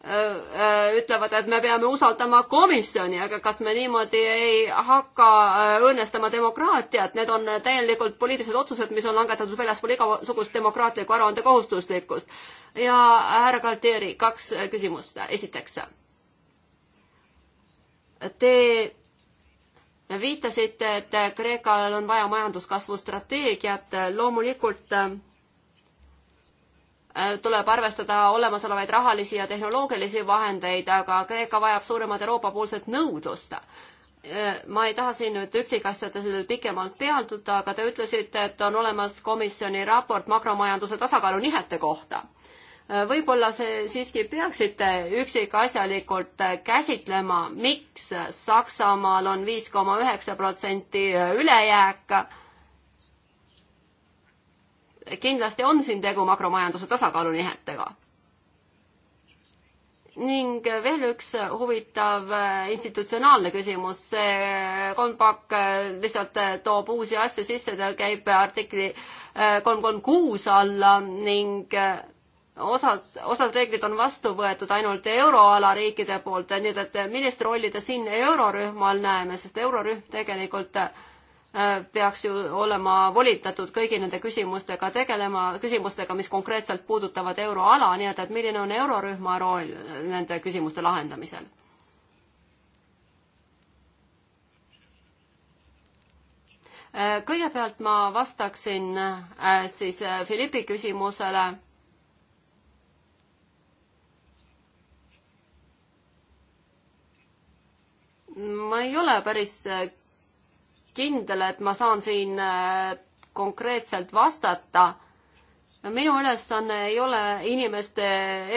Äh, äh, ütlevad, et me peame usaldama komisjoni, aga kas me niimoodi ei hakka äh, õõnestama demokraatiat, need on täielikult poliitilised otsused, mis on langetatud väljaspool igasugust demokraatlikku aruande kohustuslikkust. ja härra Galtieri, kaks küsimust, esiteks. Te viitasite, et Kreekal on vaja majanduskasvu strateegiat, loomulikult Äh, tuleb arvestada olemasolevaid rahalisi ja tehnoloogilisi vahendeid, aga Kreeka vajab suuremat Euroopa-poolset nõudlust. Äh, ma ei taha siin nüüd üksikasjadel pikemalt peatuda, aga te ütlesite, et on olemas komisjoni raport makromajanduse tasakaalu nihete kohta äh, võib-olla see siiski peaksite üksikasjalikult käsitlema, miks Saksamaal on viis koma üheksa protsenti ülejääk kindlasti on siin tegu makromajanduse tasakaalu nihetega. ning veel üks huvitav eh, institutsionaalne küsimus, see eh, kompakk eh, lihtsalt toob uusi asju sisse, ta käib artikli kolm kolm kuus alla ning osad, osad reeglid on vastu võetud ainult euroala riikide poolt, nii et millist rolli te siin eurorühmal näeme, sest eurorühm tegelikult äh, Äh, peaks ju olema volitatud kõigi nende küsimustega tegelema, küsimustega, mis konkreetselt puudutavad euroala, nii et, et milline on eurorühma roll nende küsimuste lahendamisel? Äh, kõigepealt ma vastaksin äh, siis Philippi küsimusele ma ei ole päris kindel, et ma saan siin äh, konkreetselt vastata. minu ülesanne ei ole inimeste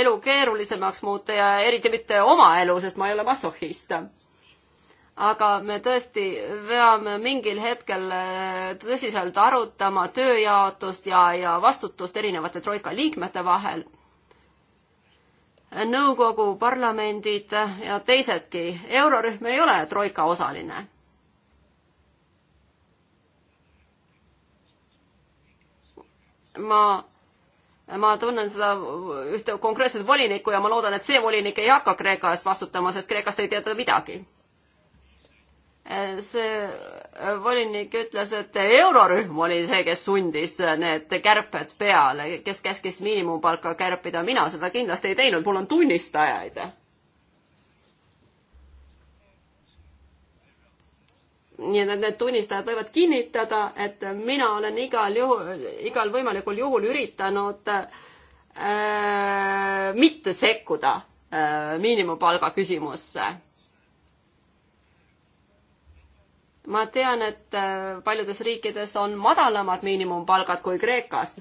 elu keerulisemaks muuta ja eriti mitte oma elu, sest ma ei ole masohhist. aga me tõesti peame mingil hetkel äh, tõsiselt arutama tööjaotust ja, ja vastutust erinevate troika liikmete vahel nõukogu, parlamendid ja teisedki. eurorühm ei ole troika osaline. ma, ma tunnen seda ühte konkreetset volinikku ja ma loodan, et see volinik ei hakka Kreeka eest vastutama, sest Kreekast ei teata midagi. see volinik ütles, et eurorühm oli see, kes sundis need kärped peale, kes käskis miinimumpalka kärpida, mina seda kindlasti ei teinud, mul on tunnistajaid nii et need tunnistajad võivad kinnitada, et mina olen igal juhul, igal võimalikul juhul üritanud äh, mitte sekkuda äh, miinimumpalga küsimusse. ma tean, et äh, paljudes riikides on madalamad miinimumpalgad kui Kreekas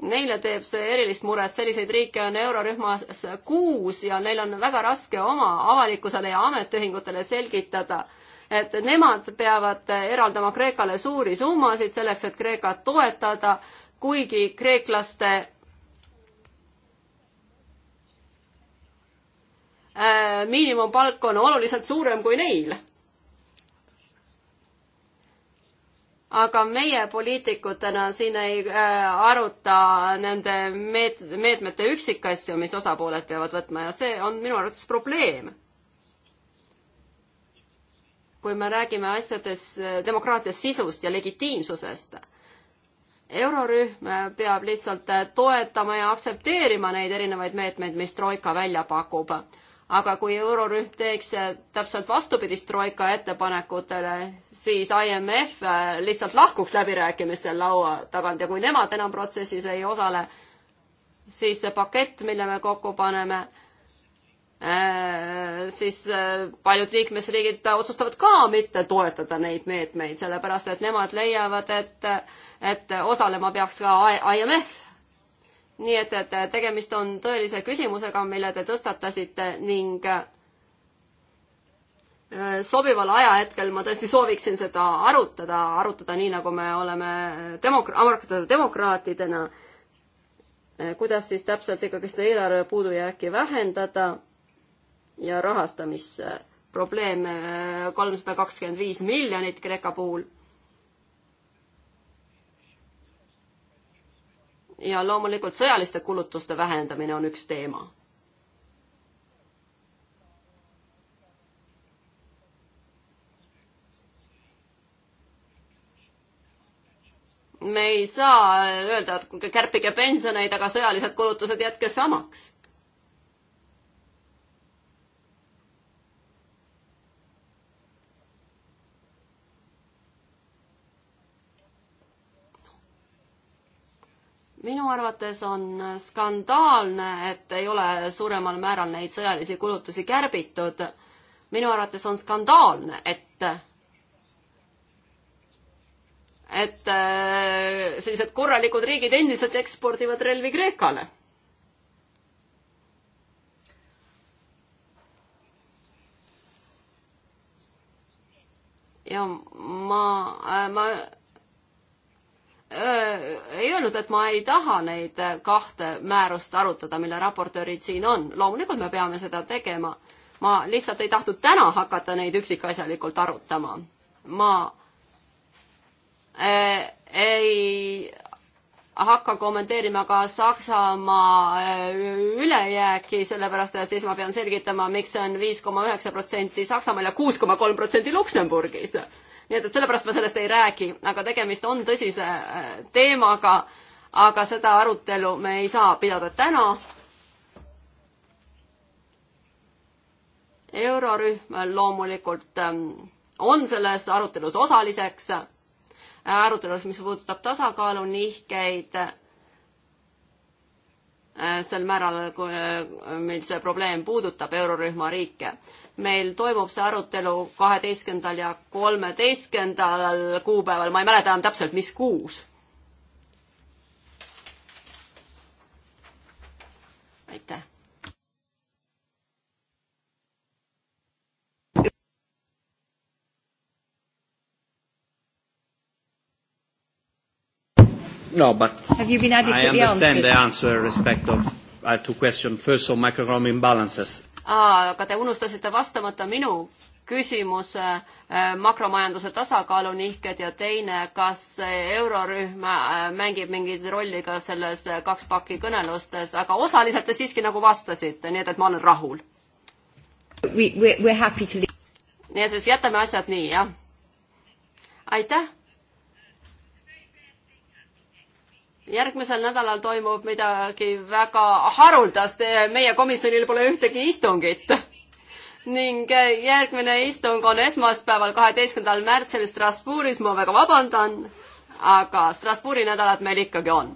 Neile teeb see erilist muret, selliseid riike on eurorühmas kuus ja neil on väga raske oma avalikkusele ja ametiühingutele selgitada, et nemad peavad eraldama Kreekale suuri summasid selleks, et Kreekat toetada, kuigi kreeklaste äh, miinimumpalk on oluliselt suurem kui neil aga meie poliitikutena siin ei äh, aruta nende meet-, meetmete üksikasju, mis osapooled peavad võtma ja see on minu arvates probleem. kui me räägime asjades, äh, demokraatia sisust ja legitiimsusest, eurorühm peab lihtsalt äh, toetama ja aktsepteerima neid erinevaid meetmeid, mis Troika välja pakub aga kui eurorühm teeks äh, täpselt vastupidist troika ettepanekutele, siis IMF äh, lihtsalt lahkuks läbirääkimistel laua tagant ja kui nemad enam protsessis ei osale, siis see pakett, mille me kokku paneme, äh, siis paljud liikmesriigid otsustavad ka mitte toetada neid meetmeid, sellepärast et nemad leiavad, et, et osalema peaks ka IMF nii et, et tegemist on tõelise küsimusega, mille te tõstatasite ning äh, sobival ajahetkel ma tõesti sooviksin seda arutada, arutada nii, nagu me oleme demok-, ameeriklaste demokraatidena, äh, kuidas siis täpselt ikkagi seda eelarve puudujääki vähendada ja rahastamisprobleeme äh, kolmsada kakskümmend viis miljonit Kreeka puhul ja loomulikult sõjaliste kulutuste vähendamine on üks teema. me ei saa öelda, et kärpige pensioneid, aga sõjalised kulutused jätke samaks minu arvates on skandaalne, et ei ole suuremal määral neid sõjalisi kulutusi kärbitud. minu arvates on skandaalne, et et äh, sellised korralikud riigid endiselt ekspordivad relvi Kreekale. ja ma, äh, ma Äh, ei öelnud, et ma ei taha neid äh, kahte määrust arutada, mille raportöörid siin on. loomulikult me peame seda tegema. ma lihtsalt ei tahtnud täna hakata neid üksikasjalikult arutama. ma äh, ei hakka kommenteerima ka Saksamaa äh, ülejääki, sellepärast et siis ma pean selgitama, miks see on viis koma üheksa protsenti Saksamaal ja kuus koma kolm protsenti Luksemburgis nii et, et sellepärast ma sellest ei räägi, aga tegemist on tõsise äh, teemaga, aga seda arutelu me ei saa pidada täna. eurorühm loomulikult ähm, on selles arutelus osaliseks, äh, arutelus, mis puudutab tasakaalu nihkeid äh, sel määral, kui meil see probleem puudutab eurorühma riike meil toimub see arutelu kaheteistkümnendal ja kolmeteistkümnendal kuupäeval, ma ei mäleta enam täpselt, mis kuus. aitäh. No, but Have you been I understand the answer in respect of I have two questions. First on macroeconomic imbalances aga te unustasite vastamata minu küsimus äh, makromajanduse tasakaalu nihked ja teine, kas eurorühm äh, mängib mingit rolli ka selles äh, kaks pakki kõnelustes, aga osaliselt te siiski nagu vastasite, nii et, et ma olen rahul. nii et siis jätame asjad nii, jah. aitäh järgmisel nädalal toimub midagi väga haruldast, meie komisjonil pole ühtegi istungit. ning järgmine istung on esmaspäeval, kaheteistkümnendal märtsil Strasbourgis, ma väga vabandan, aga Strasbourgi nädalat meil ikkagi on